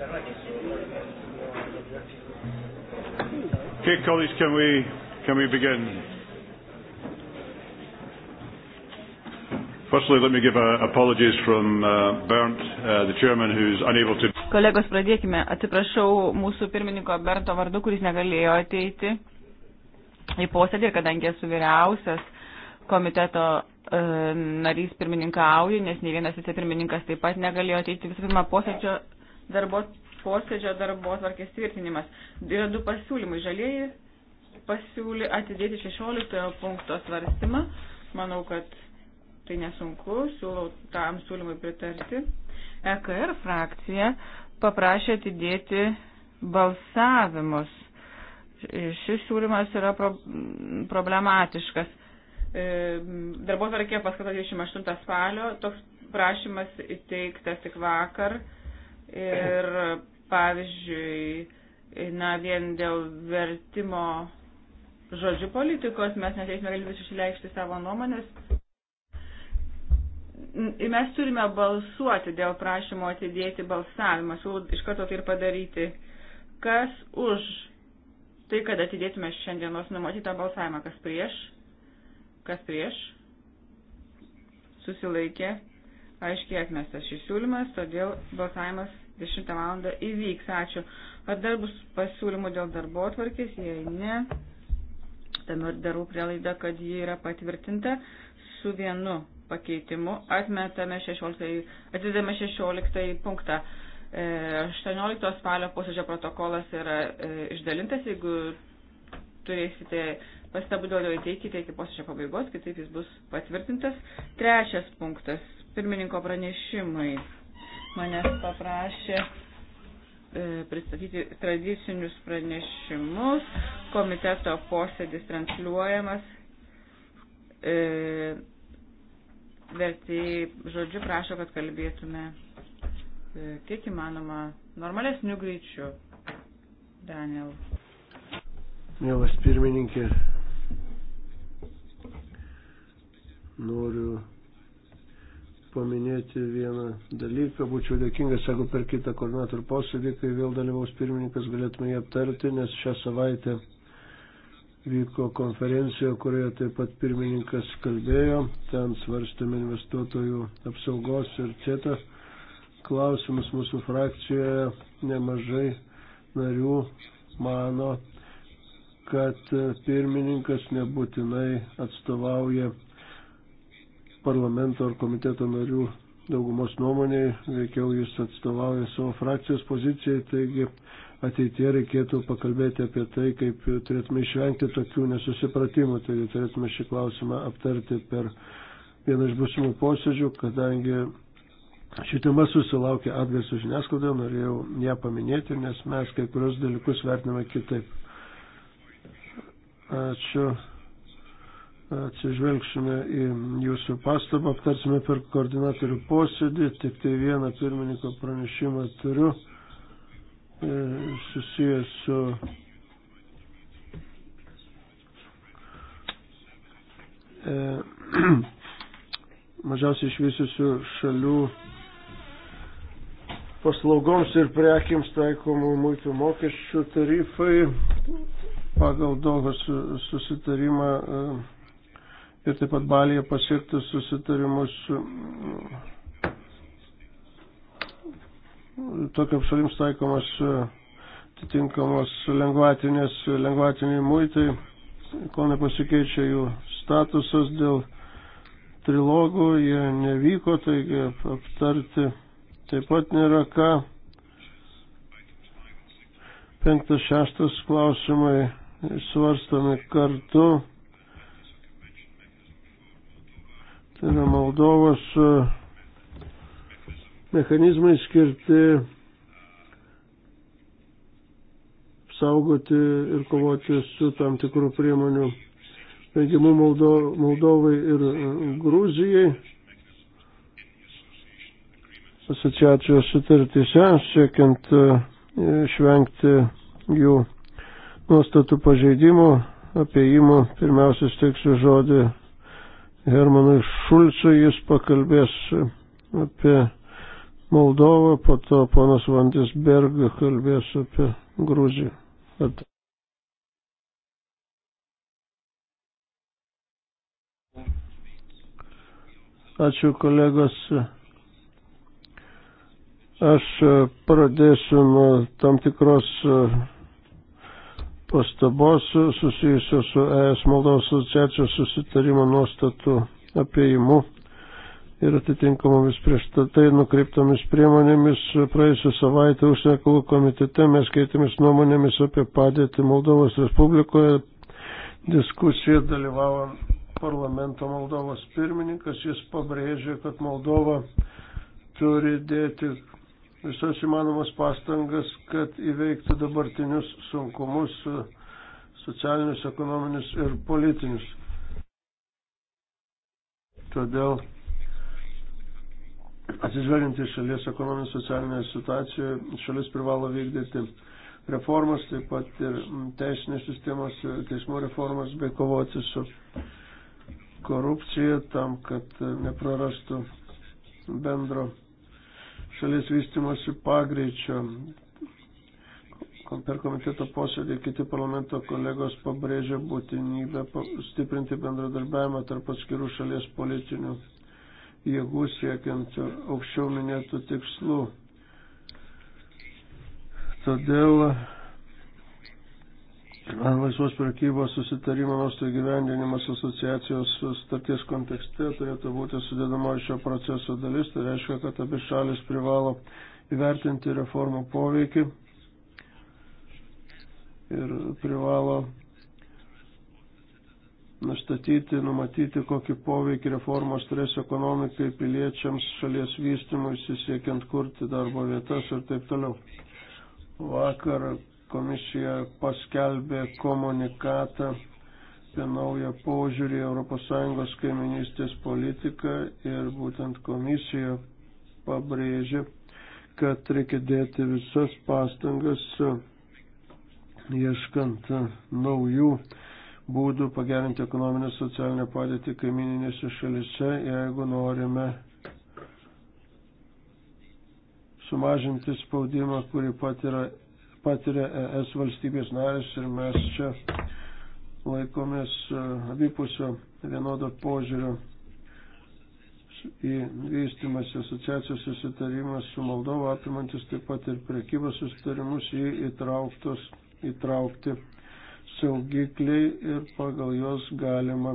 Okay, colleagues, can we, can we begin? Firstly, let me give uh, apologies from uh, Bernd, uh, the chairman, who's unable to. Kolegos, pradėkime. Atsiprašau mūsų pirmininko Berto vardu, kuris negalėjo ateiti į posėdį, kadangi esu vyriausias komiteto e, narys pirmininkauju, nes nei vienas vicepirmininkas taip pat negalėjo ateiti. Visų pirma, posėdžio darbo posėdžio darbo tvarkės tvirtinimas. Yra du pasiūlymai. Žalieji pasiūly atidėti 16 punkto svarstymą. Manau, kad tai nesunku. Siūlau tam siūlymui pritarti. EKR frakcija paprašė atidėti balsavimus. Šis siūlymas yra pro, problematiškas. E, darbo tvarkė paskata 28 spalio, toks prašymas įteiktas tik vakar Ir pavyzdžiui, na, vien dėl vertimo žodžių politikos mes neteisime galimybės išreikšti savo nuomonės. Ir mes turime balsuoti dėl prašymo atidėti balsavimą. Siūlau iš karto tai ir padaryti. Kas už tai, kad atidėtume šiandienos numatytą balsavimą? Kas prieš? Kas prieš? Susilaikė aiškiai atmestas šis siūlymas, todėl balsavimas 10 val. įvyks. Ačiū. Ar dar bus pasiūlymų dėl darbo atvarkės? Jei ne, tam ir darau prielaidą, kad ji yra patvirtinta su vienu pakeitimu. Atmetame 16, atidame 16 punktą. 18 e, spalio posėdžio protokolas yra e, išdalintas, jeigu turėsite pastabų dėl jo įteikite iki posėdžio pabaigos, kitaip jis bus patvirtintas. Trečias punktas pirmininko pranešimai. Manęs paprašė e, pristatyti tradicinius pranešimus. Komiteto posėdis transliuojamas. E, vertėjai žodžiu prašo, kad kalbėtume e, kiek įmanoma normalesnių greičių. Daniel. Mielas pirmininkė, noriu paminėti vieną dalyką. Būčiau dėkingas, jeigu per kitą koordinatorių posėdį, kai vėl dalyvaus pirmininkas, galėtume jį aptarti, nes šią savaitę vyko konferencija, kurioje taip pat pirmininkas kalbėjo. Ten svarstėme investuotojų apsaugos ir cėtą klausimus mūsų frakcijoje. Nemažai narių mano, kad pirmininkas nebūtinai atstovauja parlamento ar komiteto narių daugumos nuomoniai, veikiau jis atstovauja savo frakcijos pozicijai, taigi ateitie reikėtų pakalbėti apie tai, kaip turėtume išvengti tokių nesusipratimų, taigi turėtume šį klausimą aptarti per vieną iš būsimų posėdžių, kadangi ši tema susilaukė atgarsų žiniasklaidoje, norėjau ją paminėti, nes mes kai kurios dalykus vertiname kitaip. Ačiū atsižvelgsime į jūsų pastabą, aptarsime per koordinatorių posėdį, tik tai vieną pirmininko pranešimą turiu e, susijęs su e, mažiausiai išvysiusių šalių paslaugoms ir prekiams taikomų muitų mokesčių tarifai pagal Dohos susitarimą e, ir taip pat Balėje pasiekti susitarimus mm, tokiam šalims taikomas atitinkamos lengvatinės, lengvatiniai muitai, kol nepasikeičia jų statusas dėl trilogų, jie nevyko, taigi aptarti taip pat nėra ką. Penktas, šeštas klausimai svarstami kartu. tai yra Moldovos e, mechanizmai skirti saugoti ir kovoti su tam tikrų priemonių vengimu Moldo, Moldovai ir e, Gruzijai. Asociacijos sutartyse siekiant e, išvengti jų nuostatų pažeidimų, apiejimų, pirmiausia steiksiu žodį Hermanui Šulcui, jis pakalbės apie Moldovą, po to ponas Vandis Berg kalbės apie Gruziją. At... Ačiū kolegos. Aš pradėsiu nuo tam tikros pastabos susijusios su ES Moldovos asociacijos susitarimo nuostatų apieimu ir atitinkamomis prieš tai nukreiptomis priemonėmis. Praėjusią savaitę užsienio komitete mes keitėmis nuomonėmis apie padėtį Moldovos Respublikoje. Diskusijoje dalyvavo parlamento Moldovos pirmininkas. Jis pabrėžė, kad Moldova turi dėti visas įmanomas pastangas, kad įveiktų dabartinius sunkumus socialinius, ekonominius ir politinius. Todėl atsižvelgiant į šalies ekonominę socialinę situaciją, šalis privalo vykdyti reformas, taip pat ir teisinės sistemos, teismų reformas, bei kovoti su korupcija tam, kad neprarastų bendro šalies vystimosi pagreičio. Per komiteto posėdį kiti parlamento kolegos pabrėžė būtinybę stiprinti bendradarbiavimą tarp atskirų šalies politinių jėgų siekiant aukščiau minėtų tikslų. Todėl laisvos prekybos susitarimo nuostų įgyvendinimas asociacijos starties kontekste turėtų būti sudėdama šio proceso dalis, tai reiškia, kad abi šalis privalo įvertinti reformų poveikį ir privalo nustatyti, numatyti, kokį poveikį reformos turės ekonomikai, piliečiams, šalies vystymui, siekiant kurti darbo vietas ir taip toliau. Vakar komisija paskelbė komunikatą apie naują požiūrį ES kaiminystės politiką ir būtent komisija pabrėžė, kad reikia dėti visas pastangas ieškant naujų būdų pagerinti ekonominę socialinę padėtį kaimininėse šalise, jeigu norime sumažinti spaudimą, kurį patiria patiria ES valstybės narės ir mes čia laikomės e, abipusio vienodo požiūrio į vystimas asociacijos susitarimas su Moldova, apimantis taip pat ir prekybos susitarimus į įtrauktos, įtraukti saugikliai ir pagal jos galima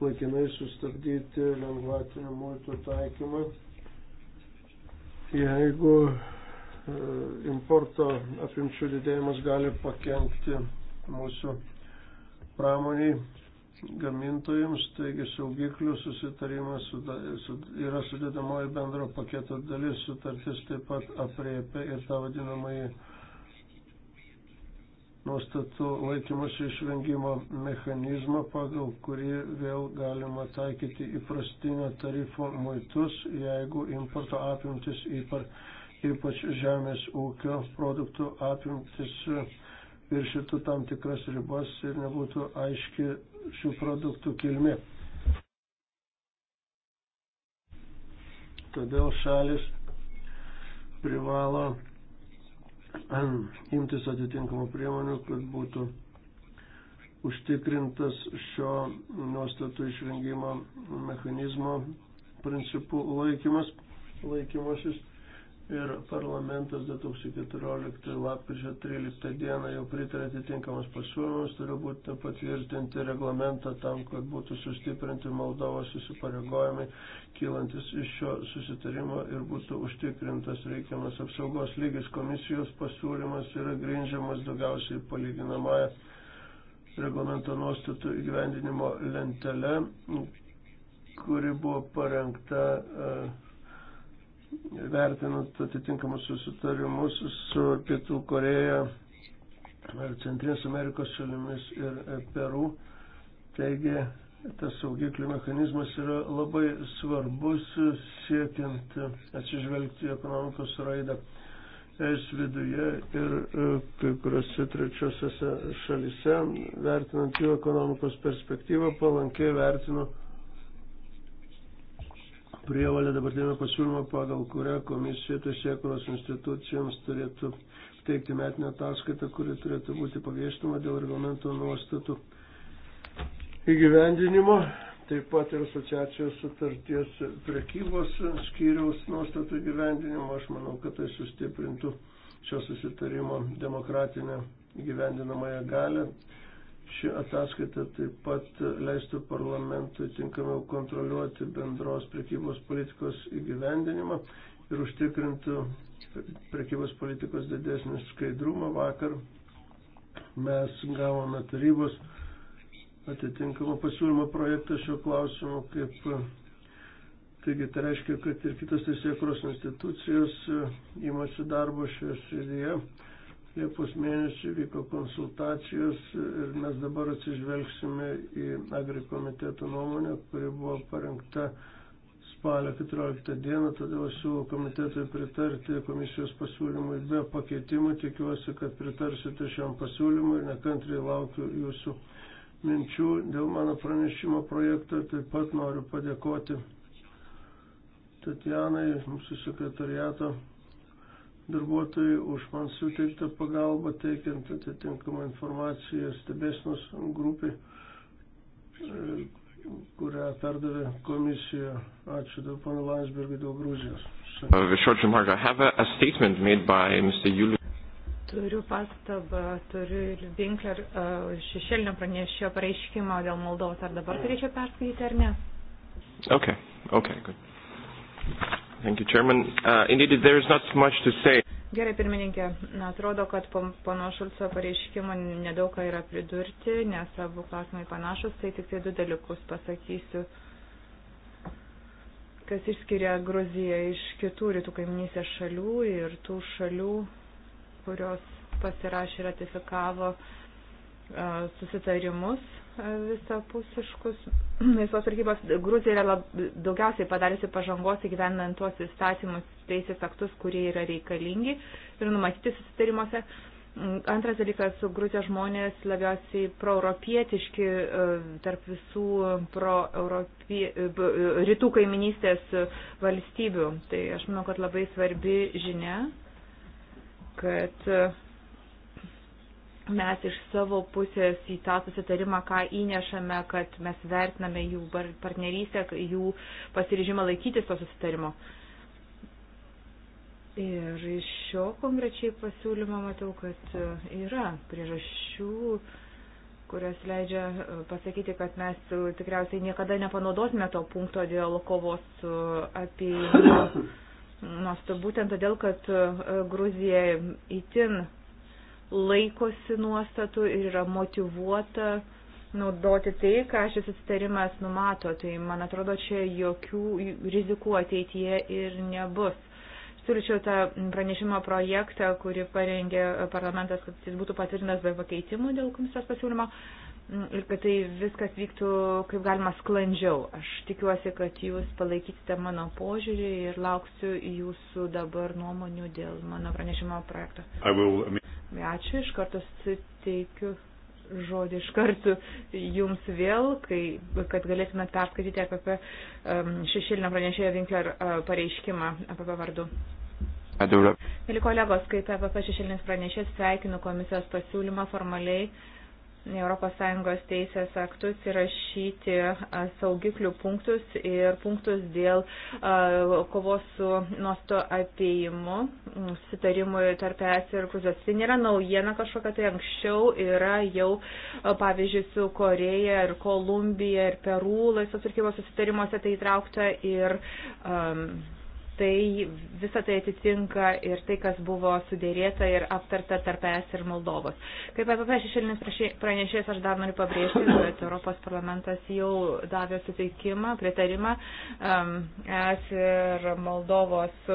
laikinai sustabdyti lengvatinį muitų taikymą, jeigu E, importo apimčių didėjimas gali pakengti mūsų pramoniai gamintojams, taigi saugiklių susitarimas yra sudėdamoji bendro paketo dalis, sutartis taip pat apriepia ir tą vadinamąjį nuostatų laikymosi išvengimo mechanizmą, pagal kurį vėl galima taikyti įprastinio tarifo muitus, jeigu importo apimtis ypač ypač žemės ūkio produktų apimtis viršytų tam tikras ribas ir nebūtų aiški šių produktų kilmė. Todėl šalis privalo imtis atitinkamų priemonių, kad būtų užtikrintas šio nuostatų išvengimo mechanizmo principų laikymas, laikymasis ir parlamentas 2014 lapkričio 13 dieną jau pritarė atitinkamas pasiūlymus, turi būti patvirtinti reglamentą tam, kad būtų sustiprinti Moldovos įsipareigojimai kylantis iš šio susitarimo ir būtų užtikrintas reikiamas apsaugos lygis. Komisijos pasiūlymas yra grindžiamas daugiausiai palyginamąją reglamento nuostatų įgyvendinimo lentelę, kuri buvo parengta uh, vertinant atitinkamus susitarimus su Pietų Koreja, Centrinės Amerikos šalimis ir e, Peru. Taigi, tas saugiklių mechanizmas yra labai svarbus siekiant atsižvelgti ekonomikos raidą es viduje ir e, kai kuriuose trečiosiuose šalise, vertinant jų ekonomikos perspektyvą, palankiai vertinu prievalę dabartinio pasiūlymo, pagal kurią komisija teisėkuros institucijoms turėtų teikti metinę ataskaitą, kuri turėtų būti paviešinama dėl reglamento nuostatų įgyvendinimo, taip pat ir asociacijos sutarties prekybos skyriaus nuostatų įgyvendinimo. Aš manau, kad tai sustiprintų šio susitarimo demokratinę įgyvendinamąją galę Ši ataskaita taip pat leistų parlamentui tinkamiau kontroliuoti bendros prekybos politikos įgyvendinimą ir užtikrintų prekybos politikos didesnį skaidrumą. Vakar mes gavome tarybos atitinkamą pasiūlymą projektą šio klausimu, kaip taigi tai reiškia, kad ir kitos teisėkros institucijos e, įmasi darbo šioje srityje. Liepos mėnesį vyko konsultacijos ir mes dabar atsižvelgsime į agrikomiteto nuomonę, kuri buvo parengta spalio 14 dieną, todėl aš siūlau komitetui pritarti komisijos pasiūlymui be pakeitimų. Tikiuosi, kad pritarsite šiam pasiūlymui ir nekantriai laukiu jūsų minčių dėl mano pranešimo projekto. Taip pat noriu padėkoti Tatjanai, mūsų sekretariato darbuotojai už man suteiktą pagalbą, teikiant atitinkamą informaciją stebėsnos grupiai, e, kurią perdavė komisija. Ačiū dėl pana Landsbergį, dėl Grūzijos. Turiu pastabą, turiu Vinkler uh, šešėlinio pranešėjo pareiškimą dėl Moldovos. Ar dabar turėčiau perskaityti ar ne? Okay, okay, good. Thank you, Chairman. Uh, indeed, there is not much to say. Gerai, pirmininkė, atrodo, kad pono Šulco pareiškimo nedaug ką yra pridurti, nes abu klausimai panašus, tai tik tai du dalykus pasakysiu, kas išskiria Gruziją iš kitų rytų kaiminysės šalių ir tų šalių, kurios pasirašė ir ratifikavo uh, susitarimus visapusiškus laisvos varkybos. Gruzija yra lab, daugiausiai padariusi pažangos įgyvenant tuos įstatymus, teisės aktus, kurie yra reikalingi ir numatyti susitarimuose. Antras dalykas, Gruzijos žmonės labiausiai proeuropietiški e, tarp visų proeuropie, e, e, rytų kaiminystės valstybių. Tai aš manau, kad labai svarbi žinia, kad mes iš savo pusės į tą susitarimą, ką įnešame, kad mes vertiname jų partnerystę, jų pasiryžimą laikytis to susitarimo. Ir iš šio konkrečiai pasiūlymo matau, kad e, yra priežasčių, kurios leidžia e, pasakyti, kad mes e, tikriausiai niekada nepanaudosime to punkto dėl kovos apie. Nors būtent todėl, kad Gruzija įtin laikosi nuostatų ir yra motivuota naudoti tai, ką šis susitarimas numato. Tai, man atrodo, čia jokių rizikų ateityje ir nebus. Siūlyčiau tą pranešimo projektą, kurį parengė parlamentas, kad jis būtų patvirtintas be pakeitimų dėl komisijos pasiūlymo. Uh, Nu, ir kad tai viskas vyktų kaip galima sklandžiau. Aš tikiuosi, kad jūs palaikysite mano požiūrį ir lauksiu jūsų dabar nuomonių dėl mano pranešimo projekto. Will... Ačiū, iš karto suteikiu žodį iš karto jums vėl, kai, kad galėtumėt perskaityti apie um, šešilinio pranešėjo Vinkler uh, pareiškimą apie pavardų. Mėly kolegos, kaip apie šešilinis pranešės, sveikinu komisijos pasiūlymą formaliai uh, ES teisės aktus įrašyti saugiklių punktus ir punktus dėl kovos su nuosto apėjimu, sutarimui tarp ES ir Gruzijos. Tai nėra naujiena kažkokia, tai anksčiau yra jau, pavyzdžiui, su Koreja ir Kolumbija ir Peru laisvos ir kybos susitarimuose tai įtraukta ir um, tai visą tai atitinka ir tai, kas buvo sudėrėta ir aptarta tarp ES ir Moldovos. Kaip apie šešėlinis pranešėjas, aš dar noriu pabrėžti, kad Europos parlamentas jau davė suteikimą, pritarimą um, ES ir Moldovos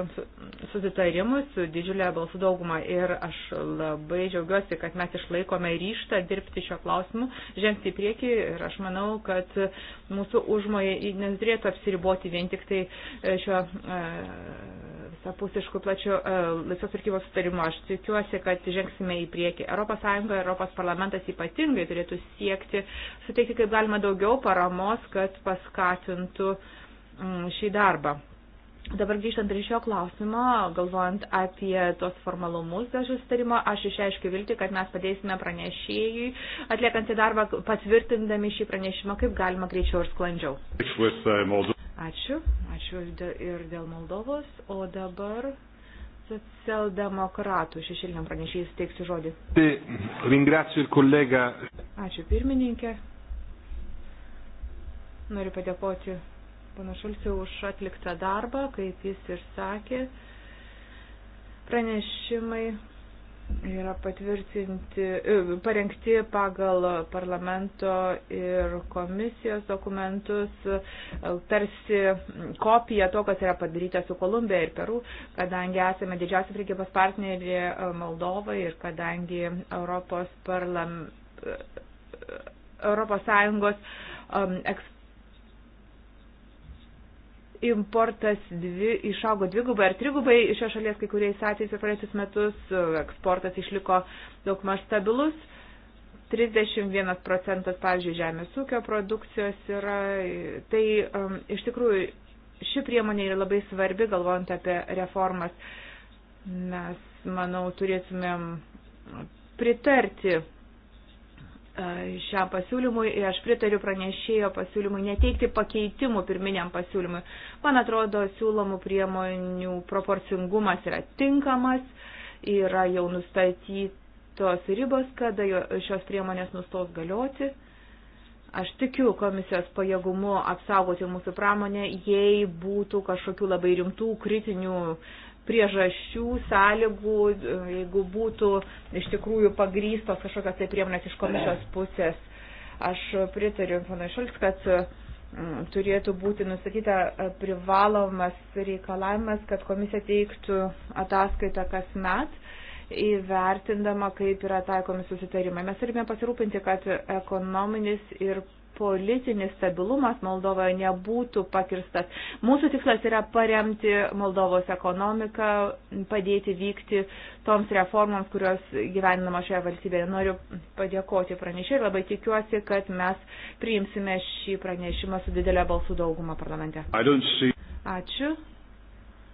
susitarimus su didžiulė balsų dauguma. Ir aš labai džiaugiuosi, kad mes išlaikome ryštą dirbti šio klausimu, žengti į priekį ir aš manau, kad mūsų užmojai neturėtų apsiriboti vien tik tai e, šio e, visapusiškų plačių e, visos prekybos sutarimo. Aš tikiuosi, kad žengsime į priekį. ES, ES parlamentas ypatingai turėtų siekti suteikti kaip galima daugiau paramos, kad paskatintų mm, šį darbą. Dabar grįžtant prie šio klausimo, galvojant apie tos formalumus dėl šio sutarimo, aš išreiškiu vilti, kad mes padėsime pranešėjui, atliekant į darbą, patvirtindami šį pranešimą kaip galima greičiau ir sklandžiau. Uh, Ačiū, ačiū ir dėl Moldovos, o dabar socialdemokratų šešėliniam pranešėjai steiksiu žodį. Ačiū pirmininkė. Noriu padėkoti panašulsiu už atliktą darbą, kaip jis ir sakė. Pranešimai yra patvirtinti, e, parengti pagal parlamento ir komisijos dokumentus, e, tarsi kopija to, kas yra padaryta su Kolumbija ir Peru, kadangi esame didžiausia prekybos partnerė e, Moldovai ir kadangi Europos parlamentas Europos Sąjungos um, eks, importas dvi, išaugo dvigubai ar trigubai iš šios šalies kai kuriais atvejais per praėjusius metus, eksportas išliko daug maž stabilus. 31 procentas, pavyzdžiui, žemės ūkio produkcijos yra. Tai um, iš tikrųjų ši priemonė yra labai svarbi, galvojant apie reformas. Mes, manau, turėtumėm pritarti E, šiam pasiūlymui ir aš pritariu pranešėjo pasiūlymui neteikti pakeitimų pirminiam pasiūlymui. Man atrodo, siūlomų priemonių proporcingumas yra tinkamas, yra jau nustatytos ribos, kada šios priemonės nustos galioti. Aš tikiu komisijos pajėgumu apsaugoti mūsų pramonę, jei būtų kažkokių labai rimtų kritinių uh, priežasčių, sąlygų, jeigu būtų iš tikrųjų pagrystos kažkokios tai priemonės iš komisijos pusės. Aš pritariu panai Šulks, kad mm, turėtų būti nustatyta e, privalomas reikalavimas, kad komisija teiktų ataskaitą kas met įvertindama, kaip yra taikomi susitarimai. Mes turime pasirūpinti, kad ekonominis ir politinis stabilumas Moldovoje nebūtų pakirstas. Mūsų tikslas yra paremti Moldovos ekonomiką, padėti vykti toms reformams, kurios gyvenama šioje valstybėje. Noriu padėkoti pranešėjai ir labai tikiuosi, kad mes priimsime šį pranešimą su didelė balsų dauguma parlamente. See... Ačiū.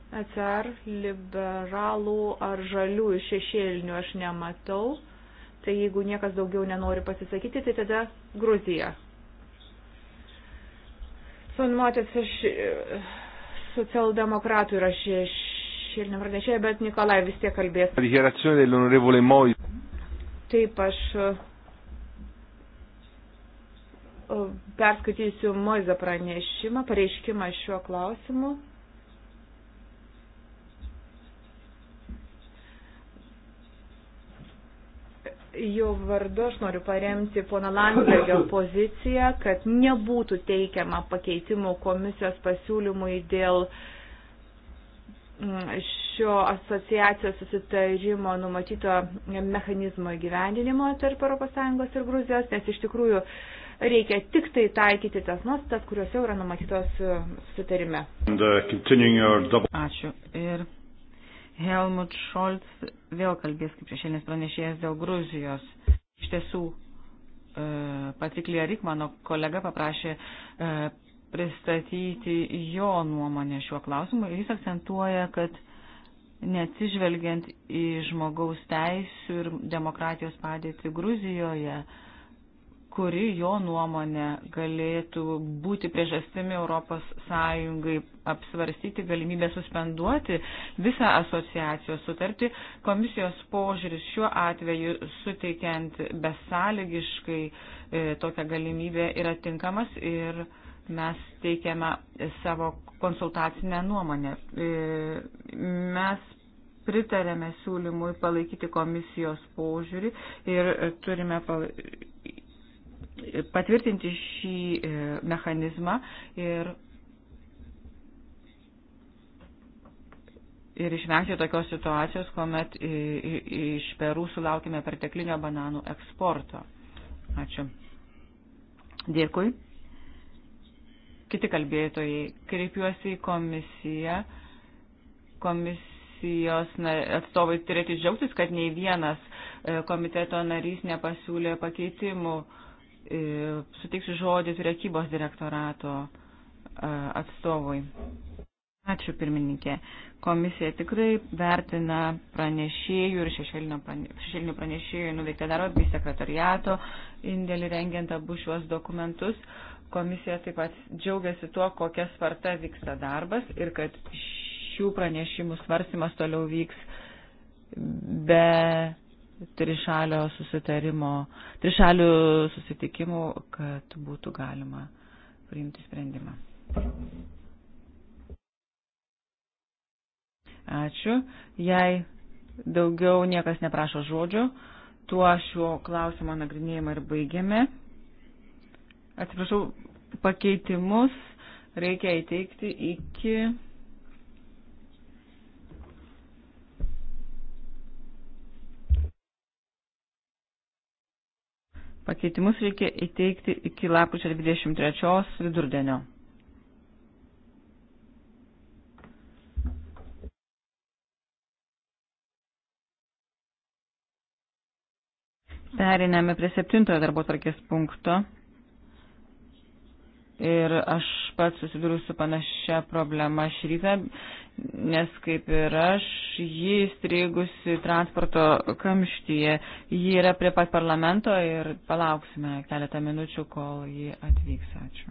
Atsar liberalų ar žalių šešėlinių aš nematau. Tai jeigu niekas daugiau nenori pasisakyti, tai tada Gruzija. Sunmotis iš e, socialdemokratų yra šešėlinė pranešėja, bet Nikolai vis tiek kalbės. Taip, aš e, perskaitysiu Moizo pranešimą, pareiškimą šiuo klausimu. jo vardu aš noriu paremti pono Landsbergio poziciją, kad nebūtų teikiama pakeitimų komisijos pasiūlymui dėl mm, šio asociacijos susitarimo numatyto mechanizmo įgyvendinimo tarp ES ir Gruzijos, nes iš tikrųjų reikia tik tai taikyti tas nuostatas, kurios jau yra numatytos susitarime. Uh, Ačiū. Ir Helmut Scholz vėl kalbės kaip šešėlinis pranešėjas dėl Gruzijos. Iš tiesų, e, Patriklija Rik, mano kolega, paprašė e, pristatyti jo nuomonę šiuo klausimu. Jis akcentuoja, kad neatsižvelgiant į žmogaus teisų ir demokratijos padėtį Gruzijoje, kuri jo nuomonė galėtų būti priežastimi Europos Sąjungai apsvarstyti galimybę suspenduoti visą asociacijos sutartį. Komisijos požiūris šiuo atveju suteikiant besąlygiškai e, tokią galimybę yra tinkamas ir mes teikiame savo konsultacinę nuomonę. E, mes pritarėme siūlymui palaikyti komisijos požiūrį ir turime patvirtinti šį e, mechanizmą ir ir išvengti tokios situacijos, kuomet iš Perų sulaukime perteklinio bananų eksporto. Ačiū. Dėkui. Kiti kalbėtojai, kreipiuosi į komisiją. Komisijos atstovai turėtų džiaugtis, kad nei vienas e, komiteto narys nepasiūlė pakeitimų. E, Sutiksiu žodį priekybos direktorato e, atstovui. Ačiū pirmininkė. Komisija tikrai vertina pranešėjų ir šešėlinių pranešėjų nuveiktą darbą bei sekretariato indėlį rengiant abu šiuos dokumentus. Komisija taip pat džiaugiasi tuo, kokia sparta vyksta darbas ir kad šių pranešimų svarstymas toliau vyks be trišalio susitarimo, trišalių susitikimų, kad būtų galima priimti sprendimą. Ačiū. Jei daugiau niekas neprašo žodžio, tuo šio klausimo nagrinėjimą ir baigiame. Atsiprašau, pakeitimus reikia įteikti iki. Pakeitimus reikia įteikti iki lapkričio 23 vidurdienio. Periname prie septintojo darbo tarkės punkto. Ir aš pats susidūriu su panašia problema šį rytą, nes kaip ir aš, ji įstrigusi transporto kamštyje. Ji yra prie pat parlamento ir palauksime keletą minučių, kol ji atvyks. Ačiū.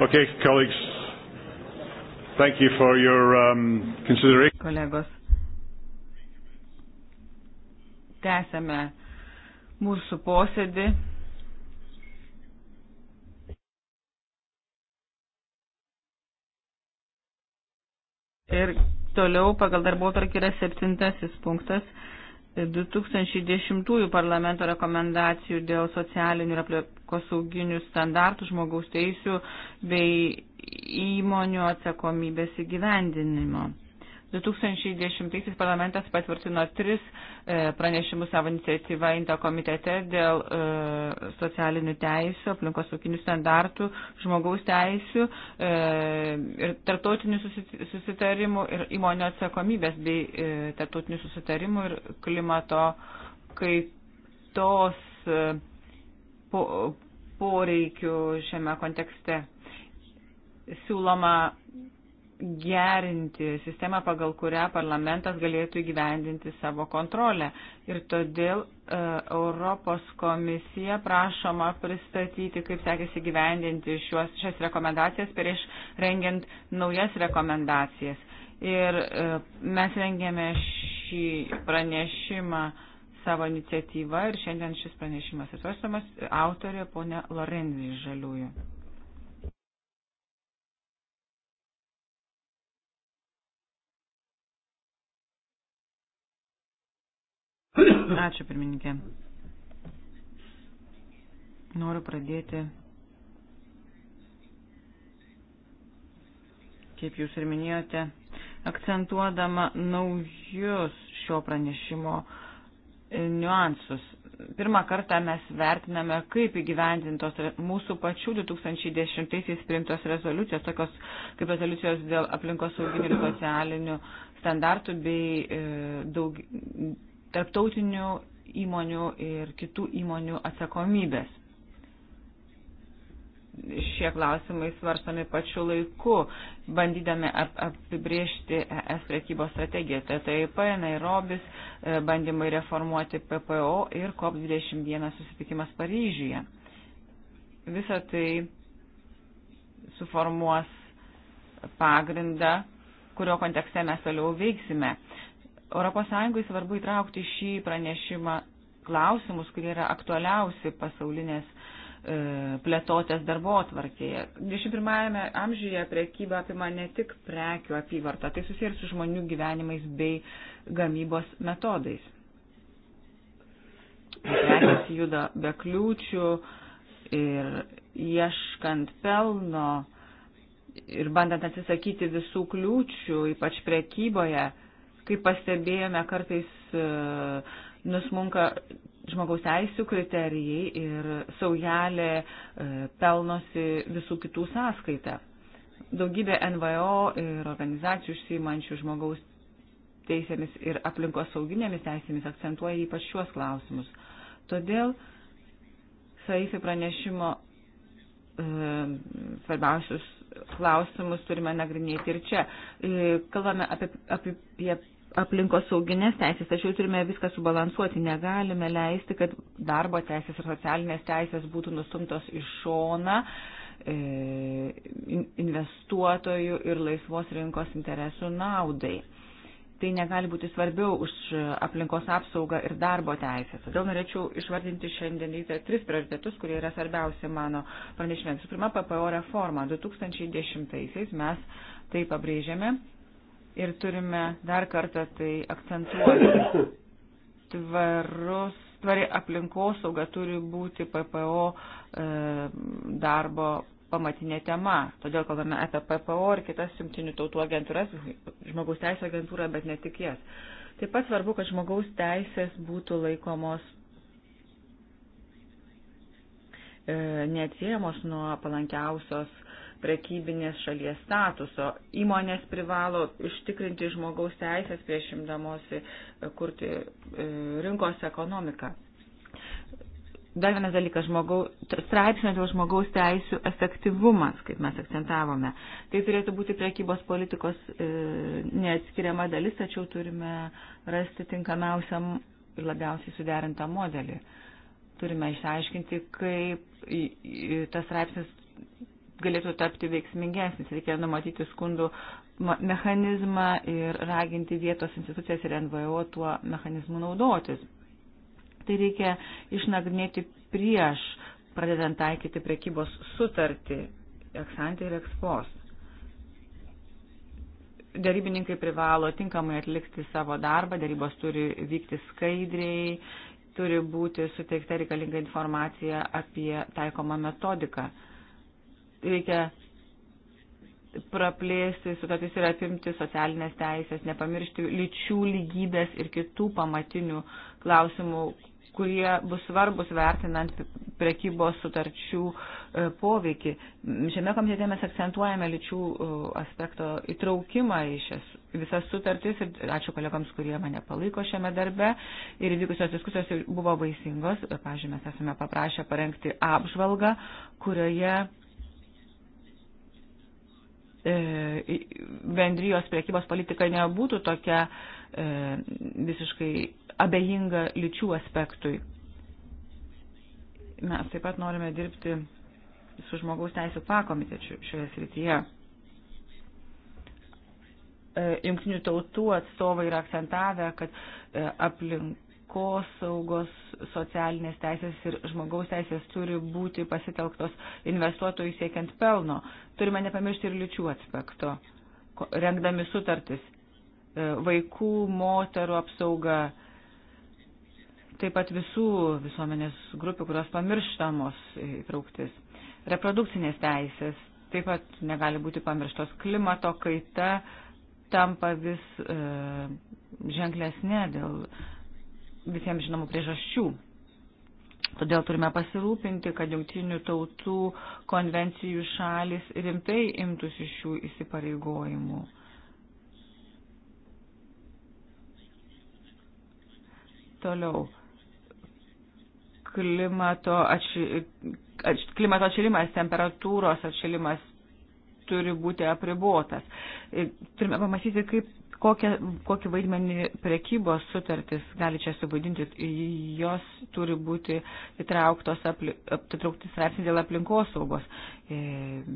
Okay, colleagues, thank you for your um, consideration. Kolegos, tęsame mūsų posėdį. Ir toliau pagal darbo tark yra septintasis punktas 2010 parlamento rekomendacijų dėl socialinių ir aplinkosauginių standartų, žmogaus teisių bei įmonių atsakomybės įgyvendinimo. 2010 parlamentas patvirtino tris e, pranešimus savo iniciatyvą INTA komitete dėl e, socialinių teisų, aplinkosaukinių standartų, žmogaus teisų e, ir tarptautinių susitarimų ir įmonio atsakomybės bei e, tarptautinių susitarimų ir klimato kaitos. E, po, poreikių šiame kontekste. Siūloma gerinti sistemą, pagal kurią parlamentas galėtų įgyvendinti savo kontrolę. Ir todėl e, Europos komisija prašoma pristatyti, kaip sekėsi įgyvendinti šios, šias rekomendacijas prieš rengiant naujas rekomendacijas. Ir e, mes rengėme šį pranešimą e, savo iniciatyvą ir šiandien šis pranešimas atvarstamas autorė ponia Lorenzija iš Žaliųjų. Ačiū pirmininkė. Noriu pradėti, kaip jūs ir minėjote, akcentuodama naujus šio pranešimo uh, niuansus. Pirmą kartą mes vertiname, kaip įgyvendintos mūsų pačių 2010-aisiais priimtos rezoliucijos, tokios kaip rezoliucijos dėl aplinkos sauginių ir socialinių standartų bei e, daug, tarptautinių įmonių ir kitų įmonių atsakomybės šie klausimai svarstami pačiu laiku, bandydami ap apibriežti ES priekybos strategiją. TTIP, Nairobis, e, bandymai reformuoti PPO ir COP21 susitikimas Paryžiuje. Visą tai suformuos pagrindą, kurio kontekste mes toliau veiksime. ES svarbu įtraukti šį pranešimą klausimus, kurie yra aktualiausi pasaulinės uh, E, plėtotės darbo atvarkėje. 21-ame amžiuje prekyba apima ne tik prekių apyvartą, tai susijęs su žmonių gyvenimais bei gamybos metodais. Prekės juda be kliūčių ir ieškant pelno ir bandant atsisakyti visų kliūčių, ypač prekyboje, kaip pastebėjome, kartais e, nusmunka žmogaus teisų kriterijai ir saujelė e, pelnosi visų kitų sąskaitą. Daugybė NVO ir organizacijų užsiimančių žmogaus teisėmis ir aplinkos sauginėmis teisėmis akcentuoja ypač šiuos klausimus. Todėl Saifi pranešimo e, svarbiausius klausimus turime nagrinėti ir čia. E, kalbame apie, apie, apie aplinkos sauginės teisės, tačiau turime viską subalansuoti, negalime leisti, kad darbo teisės ir socialinės teisės būtų nustumtos į šoną e, investuotojų ir laisvos rinkos interesų naudai. Tai negali būti svarbiau už aplinkos apsaugą ir darbo teisės. Todėl norėčiau išvardinti šiandien tris prioritetus, kurie yra svarbiausi mano pranešime. Visų pirma, PPO reforma. 2010 mes tai pabrėžėme ir turime dar kartą tai akcentuoti. Tvarus, tvari aplinkosauga turi būti PPO e, darbo pamatinė tema. Todėl kalbame apie PPO ir kitas jungtinių tautų agentūras, žmogaus teisų agentūrą, bet ne tik jas. Taip pat svarbu, kad žmogaus teisės būtų laikomos e, neatsiejamos nuo palankiausios prekybinės šalies statuso. Įmonės privalo ištikrinti žmogaus teisės priešimdamosi e, kurti e, rinkos ekonomiką. Dar vienas dalykas žmogaus, straipsnio dėl žmogaus teisų efektyvumas, kaip mes akcentavome. Tai turėtų būti prekybos politikos e, neatskiriama dalis, tačiau turime rasti tinkamiausią ir labiausiai suderintą modelį. Turime išsiaiškinti, kaip tas straipsnis galėtų tapti veiksmingesnis. Reikia numatyti skundų mechanizmą ir raginti vietos institucijas ir NVO tuo mechanizmu naudotis. Tai reikia išnagrinėti prieš pradedant taikyti prekybos sutartį eksantį ir ekspos. Darybininkai privalo tinkamai atlikti savo darbą, darybos turi vykti skaidriai, turi būti suteikta reikalinga informacija apie taikomą metodiką reikia praplėsti sutartis ir apimti socialinės teisės, nepamiršti lyčių lygybės ir kitų pamatinių klausimų, kurie bus svarbus vertinant prekybos sutarčių e, poveikį. Šiame komitete mes akcentuojame lyčių e, aspekto įtraukimą į šias visas sutartis ir ačiū kolegams, kurie mane palaiko šiame darbe ir vykusios diskusijos buvo vaisingos. Pavyzdžiui, mes esame paprašę parengti apžvalgą, kurioje E, bendrijos priekybos politika nebūtų tokia e, visiškai abejinga lyčių aspektui. Mes taip pat norime dirbti su žmogaus teisų pakomitečiu šioje srityje. E, Junktinių tautų atstovai yra akcentavę, kad aplink aplinkosaugos, socialinės teisės ir žmogaus teisės turi būti pasitelktos investuotojų siekiant pelno. Turime nepamiršti ir lyčių aspekto, rengdami sutartis, e, vaikų, moterų apsauga, taip pat visų visuomenės grupių, kurios pamirštamos įtrauktis. Reprodukcinės teisės taip pat negali būti pamirštos. Klimato kaita tampa vis e, ženklesnė dėl visiems žinomų priežasčių. Todėl turime pasirūpinti, kad jungtinių tautų konvencijų šalis rimtai imtųsi šių įsipareigojimų. Toliau. Klimato, atši, atš, klimato atšilimas, temperatūros atšilimas turi būti apribotas. Turime pamatyti, kaip kokią, kokį vaidmenį prekybos sutartis gali čia suvaidinti, jos turi būti įtrauktos, atitraukti straipsnį dėl aplinkos saugos. E,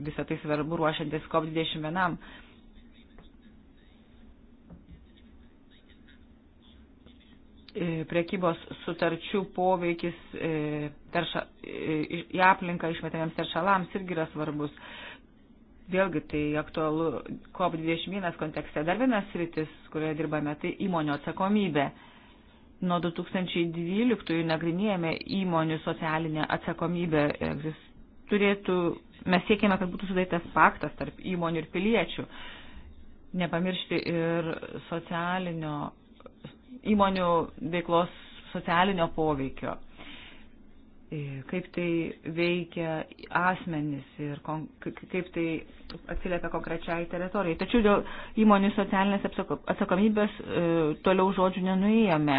Visą tai svarbu ruošiantis COP21. E, prekybos sutarčių poveikis e, terša, į aplinką išmetamiems teršalams irgi yra svarbus vėlgi tai aktualu COP21 kontekste. Dar vienas rytis, kurioje dirbame, tai įmonių atsakomybė. Nuo 2012 nagrinėjame įmonių socialinę atsakomybę. Turėtų, mes siekėme, kad būtų sudarytas paktas tarp įmonių ir piliečių. Nepamiršti ir socialinio, įmonių veiklos socialinio poveikio. E, kaip tai veikia asmenis ir kaip tai atsiliepia konkrečiai teritorijai. Tačiau dėl įmonių socialinės atsakomybės e, toliau žodžių nenuėjome.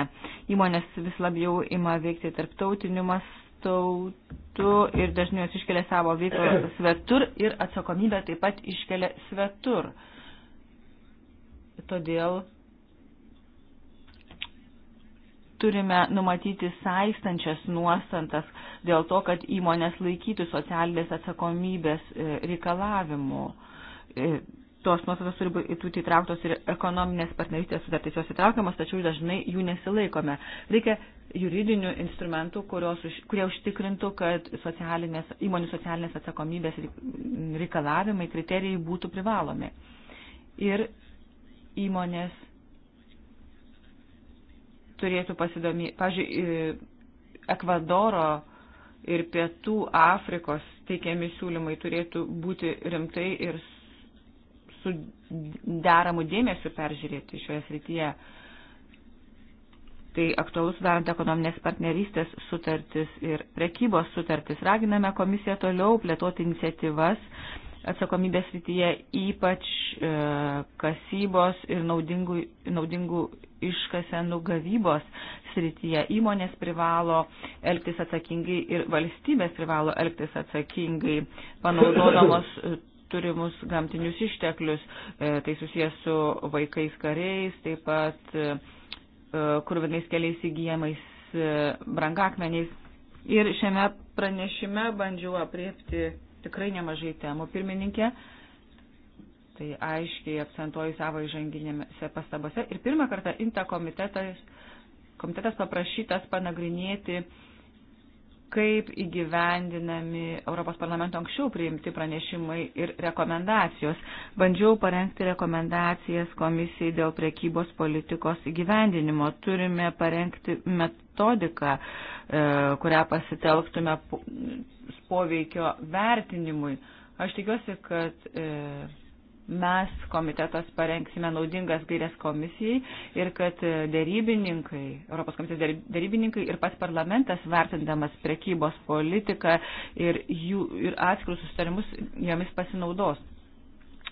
Įmonės vis labiau ima veikti tarptautiniu mastautu ir dažniau jos iškelia savo veiklą svetur ir atsakomybę taip pat iškelia svetur. Todėl turime numatyti saistančias nuostantas dėl to, kad įmonės laikytų socialinės atsakomybės e, reikalavimų. E, tos nuostatos turi būti įtrauktos ir ekonominės partnerystės sutartys jos įtraukiamas, tačiau dažnai jų nesilaikome. Reikia juridinių instrumentų, kurios, kurie užtikrintų, kad socialinės, įmonių socialinės atsakomybės reikalavimai, kriterijai būtų privalomi. Ir įmonės turėtų pasidomėti, pažiūrėjau, Ekvadoro ir Pietų Afrikos teikiami siūlymai turėtų būti rimtai ir su deramu dėmesiu peržiūrėti šioje srityje. Tai aktualus darant ekonominės partnerystės sutartis ir prekybos sutartis. Raginame komisiją toliau plėtoti iniciatyvas atsakomybės rytyje, ypač e, kasybos ir naudingų, naudingų iškasenų gavybos srityje. Įmonės privalo elgtis atsakingai ir valstybės privalo elgtis atsakingai, panaudodamos e, turimus gamtinius išteklius. E, tai susijęs su vaikais kariais, taip pat e, e kurvinais keliais įgyjamais e, brangakmeniais. Ir šiame pranešime bandžiau apriepti tikrai nemažai temų pirmininkė. Tai aiškiai akcentuoju savo įžanginėse pastabose. Ir pirmą kartą INTA komitetas, komitetas paprašytas panagrinėti, kaip įgyvendinami Europos parlamento anksčiau priimti pranešimai ir rekomendacijos. Bandžiau parengti rekomendacijas komisijai dėl priekybos politikos įgyvendinimo. Turime parengti metodiką E, kurią pasitelktume poveikio vertinimui. Aš tikiuosi, kad e, mes komitetas parengsime naudingas gairias komisijai ir kad e, dėrybininkai, Europos komisijos dėrybininkai ir pats parlamentas vertindamas prekybos politiką ir, jų, ir atskirus sustarimus jomis pasinaudos.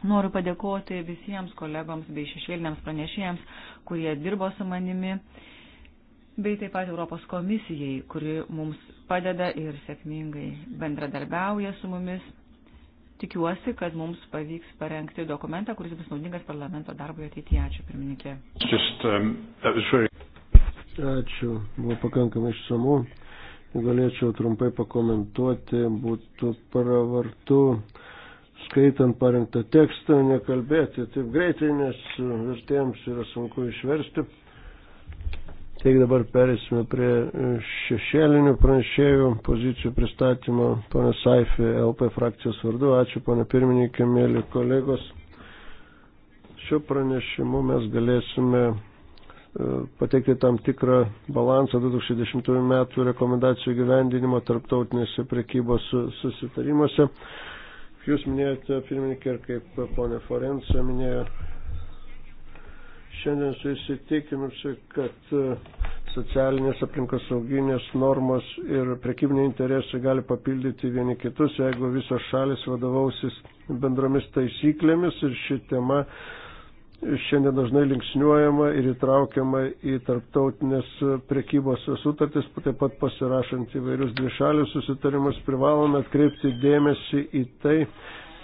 Noriu padėkoti visiems kolegoms bei šešėliniams pranešėjams, kurie dirbo su manimi. Uh, bei taip pat Europos komisijai, kuri mums padeda ir sėkmingai bendradarbiauja su mumis. Tikiuosi, kad mums pavyks parengti dokumentą, kuris bus naudingas parlamento darbui ateityje. Ačiū, pirmininkė. Just, um, very... Ačiū, buvo pakankamai išsamu. Galėčiau trumpai pakomentuoti, būtų pravartu skaitant parengtą tekstą, nekalbėti taip greitai, nes vertėjams yra sunku išversti. Taigi dabar perėsime prie e, šešėlinių pranešėjų pozicijų pristatymo. Pane Saifė, LP frakcijos vardu, ačiū pane pirmininkė, mėly kolegos. Šiuo pranešimu mes galėsime e, pateikti tam tikrą balansą 2010 metų rekomendacijų gyvendinimo tarptautinėse prekybos susitarimuose. Jūs minėjote, pirmininkė, ir kaip ponė Forensa minėjo, Šiandien su įsitikinusi, kad e, socialinės aplinkos sauginės normos ir prekybiniai interesai gali papildyti vieni kitus, jeigu visos šalis vadovausis bendromis taisyklėmis ir ši tema šiandien dažnai linksniuojama ir įtraukiama į tarptautinės prekybos sutartis, taip pat pasirašant įvairius dvišalius susitarimus, privalome atkreipti dėmesį į tai,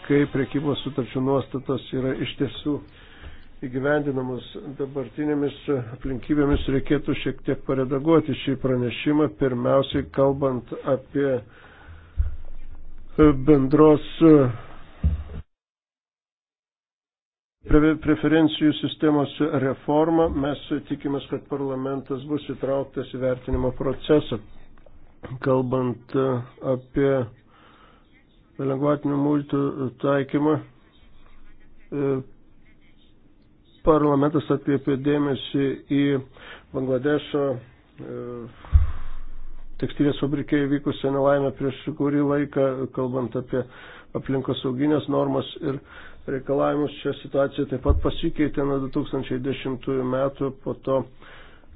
kaip prekybos sutarčių nuostatos yra iš tiesų įgyvendinamas dabartinėmis aplinkybėmis reikėtų šiek tiek paredaguoti šį pranešimą, pirmiausiai kalbant apie e, bendros e, preferencijų sistemos reformą. Mes tikimės, kad parlamentas bus įtrauktas į vertinimo procesą. Kalbant e, apie lengvatinių multų taikymą, parlamentas atkreipė dėmesį į Bangladešo e, tekstilės fabrikė įvykusią nelaimę prieš kurį laiką, kalbant apie aplinkos sauginės normas ir reikalavimus. Šią situaciją taip pat pasikeitė nuo 2010 metų po to,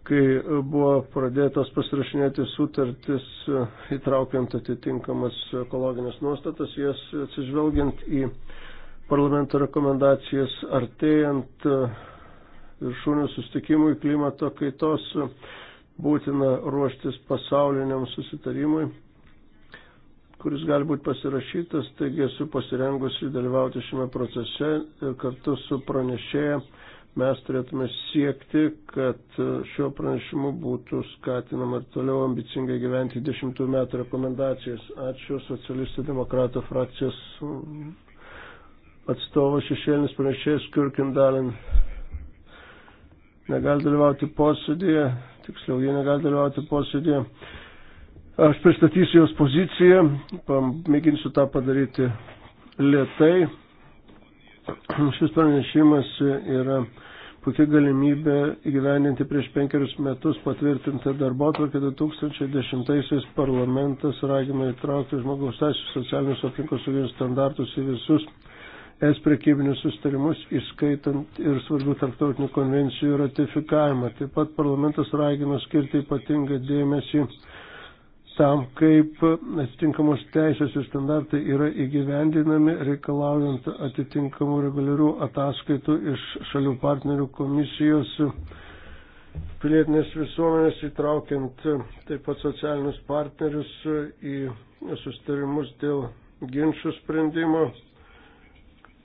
kai buvo pradėtos pasirašinėti sutartis e, įtraukiant atitinkamas ekologinės nuostatas, jas atsižvelgiant į parlamento rekomendacijas artėjant e, viršūnių sustikimui klimato kaitos būtina ruoštis pasauliniam susitarimui, kuris gali būti pasirašytas, taigi esu pasirengusi dalyvauti šiame procese ir kartu su pranešėja mes turėtume siekti, kad e, šiuo pranešimu būtų skatinama ir toliau ambicingai gyventi 10 metų rekomendacijas. Ačiū socialistų demokratų frakcijos atstovas šešėlinis pranešėjas Kirkindalin negali dalyvauti posėdėje, tiksliau, jie negali dalyvauti posėdėje. Aš pristatysiu jos poziciją, pamėginsiu tą padaryti lietai. Šis pranešimas yra puikia galimybė įgyvendinti prieš penkerius metus patvirtintą darbo atvarkę 2010-aisiais parlamentas ragina įtraukti žmogaus teisų socialinius aplinkos saugius standartus į visus es prekybinius sustarimus, įskaitant ir svarbių tarptautinių konvencijų ratifikavimą. Taip pat parlamentas ragino skirti ypatingą dėmesį tam, kaip atitinkamos teisės ir standartai yra įgyvendinami, reikalaujant atitinkamų reguliarių ataskaitų iš šalių partnerių komisijos pilietinės visuomenės, įtraukiant taip pat socialinius partnerius į sustarimus dėl ginčių sprendimo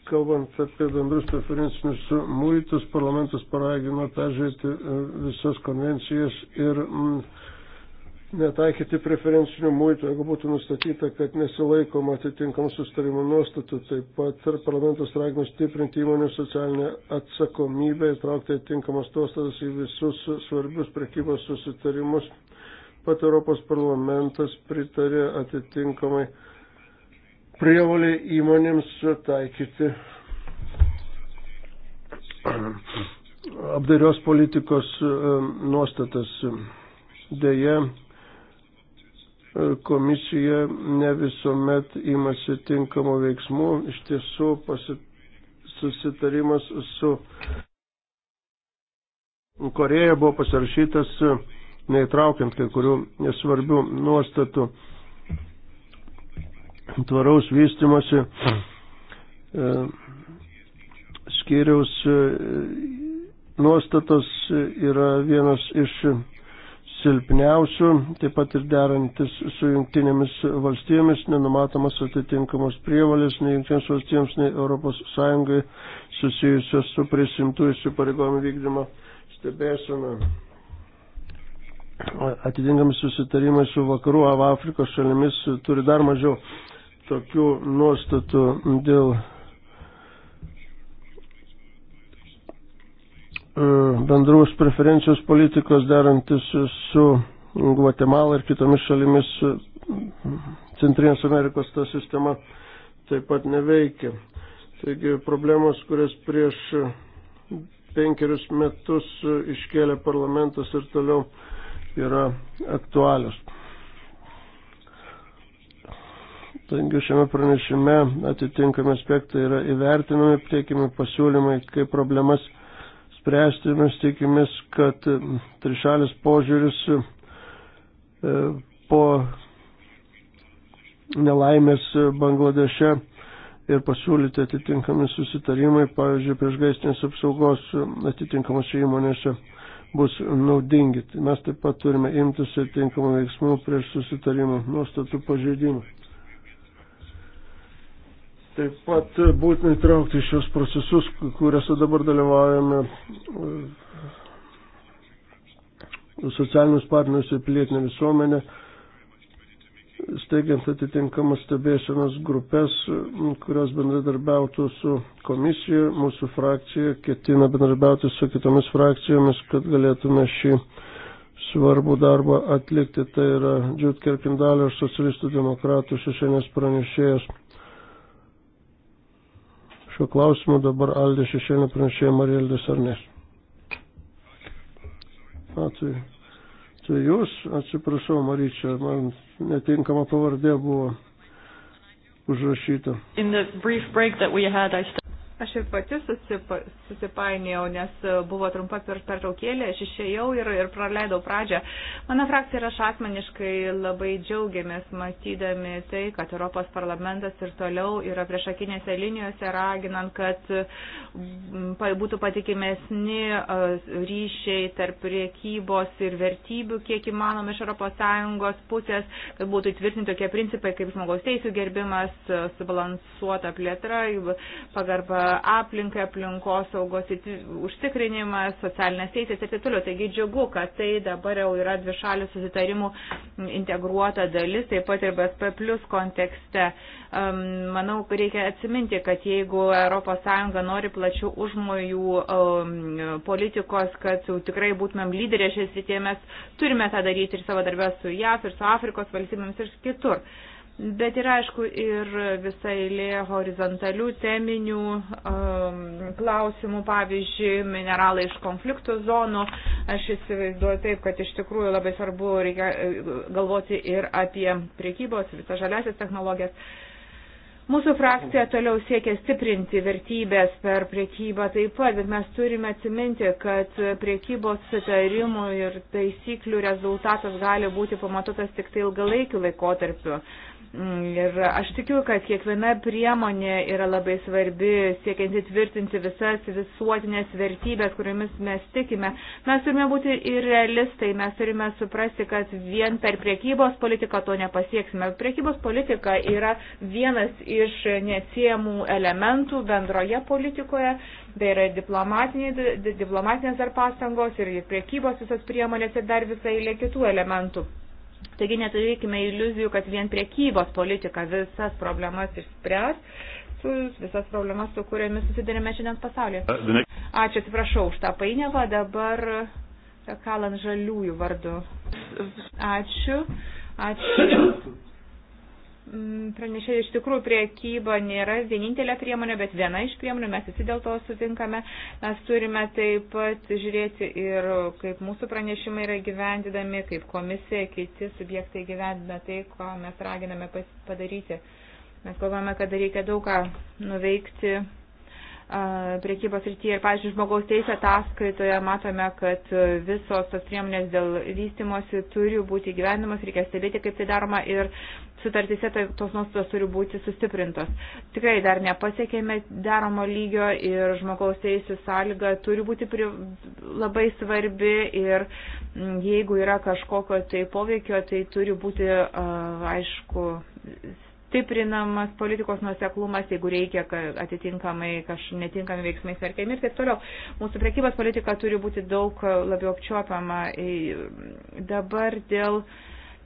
Kalbant apie bendrus preferencinius muitus, parlamentas paragino peržiūrėti e, visas konvencijas ir mm, netaikyti preferencinių muitų, jeigu būtų nustatyta, kad nesilaikoma atitinkamų sustarimų nuostatų. Taip pat ir parlamentas ragino stiprinti įmonių socialinę atsakomybę, įtraukti atitinkamas nuostatas į visus svarbius prekybos susitarimus. Pat Europos parlamentas pritarė atitinkamai prievolė įmonėms taikyti apdarios politikos e, nuostatas. Deja, e, komisija ne visuomet imasi tinkamų veiksmų. Iš tiesų, pasi, susitarimas su Koreja buvo pasirašytas e, neįtraukiant kai kurių svarbių nuostatų tvaraus vystimosi mm. e, skiriaus e, nuostatos yra vienas iš silpniausių, taip pat ir derantis su jungtinėmis valstybėmis, nenumatomas atitinkamos prievalės nei jungtinėms valstybėms, nei Europos Sąjungai susijusios su prisimtų įsipareigojimų vykdymo stebėsena. Atitinkami susitarimai su vakarų Afrikos šalimis turi dar mažiau tokių nuostatų dėl e, bendrus preferencijos politikos derantis su Guatemala ir kitomis šalimis Centrinės Amerikos ta sistema taip pat neveikia. Taigi problemos, kurias prieš penkerius metus iškėlė parlamentas ir toliau yra aktualios. Taigi šiame pranešime atitinkami aspektai yra įvertinami, teikiami pasiūlymai, kaip problemas spręsti. Mes tikimės, kad trišalis požiūris e, po nelaimės Bangladeše ir pasiūlyti atitinkami susitarimai, pavyzdžiui, prieš gaistinės apsaugos atitinkamose įmonėse bus naudingi. Mes taip pat turime imtis atitinkamų veiksmų prieš susitarimų nuostatų pažeidimą. Taip pat būtina įtraukti šios procesus, kuriuose dabar dalyvaujame e, socialinius partnerius ir pilietinę visuomenę, steigiant atitinkamas stebėsenos grupės, kurios bendradarbiautų su komisija, mūsų frakcija ketina bendradarbiauti su kitomis frakcijomis, kad galėtume šį svarbų darbą atlikti. Tai yra Džiut Kerpindalio ir socialistų demokratų šešėnės pranešėjas šiuo klausimu. Dabar Aldė šešėlė pranešėja Marielis ar ne? Ačiū. Tai jūs, atsiprašau, Maryčia, man netinkama pavardė buvo užrašyta. Had, Aš ir pati susipa, susipainėjau, nes e, buvo trumpa per pertraukėlė, aš išėjau ir, ir praleidau pradžią. Mano frakcija ir aš asmeniškai labai džiaugiamės matydami tai, kad Europos parlamentas ir toliau yra priešakinėse linijose raginant, kad būtų patikimesni e, ryšiai tarp priekybos ir vertybių, kiek įmanom iš ES pusės, kad būtų įtvirtinti tokie principai kaip žmogaus teisų gerbimas, e, subalansuota plėtra, pagarba aplinkai, aplinkos saugos užtikrinimas, socialinės teisės ir taip toliau. Taigi džiugu, kad tai dabar jau yra dvišalių susitarimų integruota dalis, taip pat ir BSP plus kontekste. Manau, reikia atsiminti, kad jeigu ES nori plačių užmojų politikos, kad jau tikrai būtumėm lyderė šiais rytėje, mes turime tą daryti ir savo darbę su JAF, ir su Afrikos valstybėms, ir kitur. Bet yra, aišku, ir visai lė horizontalių teminių um, klausimų, pavyzdžiui, mineralai iš konfliktų zonų. Aš įsivaizduoju taip, kad iš tikrųjų labai svarbu reikia e, galvoti ir apie priekybos, visą žaliasias technologijas. Mūsų frakcija toliau siekia stiprinti vertybės per priekybą taip pat, bet mes turime atsiminti, kad priekybos sutarimų ir taisyklių rezultatas gali būti pamatotas tik tai ilgalaikiu laikotarpiu Mm, ir aš tikiu, kad kiekviena priemonė yra labai svarbi, siekiant įtvirtinti visas visuotinės vertybės, kuriomis mes tikime. Mes turime būti ir realistai, mes turime suprasti, kad vien per priekybos politiką to nepasieksime. Priekybos politika yra vienas iš neatsiemų elementų bendroje politikoje, tai yra diplomatinės dar pastangos ir priekybos visas priemonės ir dar visai lė kitų elementų. Taigi neturėkime iliuzijų, kad vien priekybos politika visas problemas išspręs, visas problemas, su kuriamis susidurime šiandien pasaulyje. Ačiū, atsiprašau už tą painiavą, dabar kalant žaliųjų vardu. Ačiū, ačiū Mm, pranešė, iš tikrųjų priekyba nėra vienintelė priemonė, bet viena iš priemonių, mes visi dėl to sutinkame, mes turime taip pat žiūrėti ir kaip mūsų pranešimai yra gyvendinami, kaip komisija, kiti subjektai gyvendina tai, ko mes raginame padaryti. Mes galvojame, kad reikia daug ką nuveikti priekybos rytyje ir, pavyzdžiui, žmogaus teisė ataskaitoje matome, kad visos tos priemonės dėl vystimosi turi būti gyvenimas, reikia stebėti, kaip tai daroma ir sutartise tai tos nuostatos turi būti sustiprintos. Tikrai dar nepasiekėme daromo lygio ir žmogaus teisų sąlyga turi būti pri, labai svarbi ir mm, jeigu yra kažkokio tai poveikio, tai turi būti, uh, aišku, stiprinamas politikos nuoseklumas, jeigu reikia atitinkamai kažkokie netinkami veiksmai smerkiami ir taip toliau. Mūsų prekybos politika turi būti daug labiau apčiuopama. Dabar dėl uh,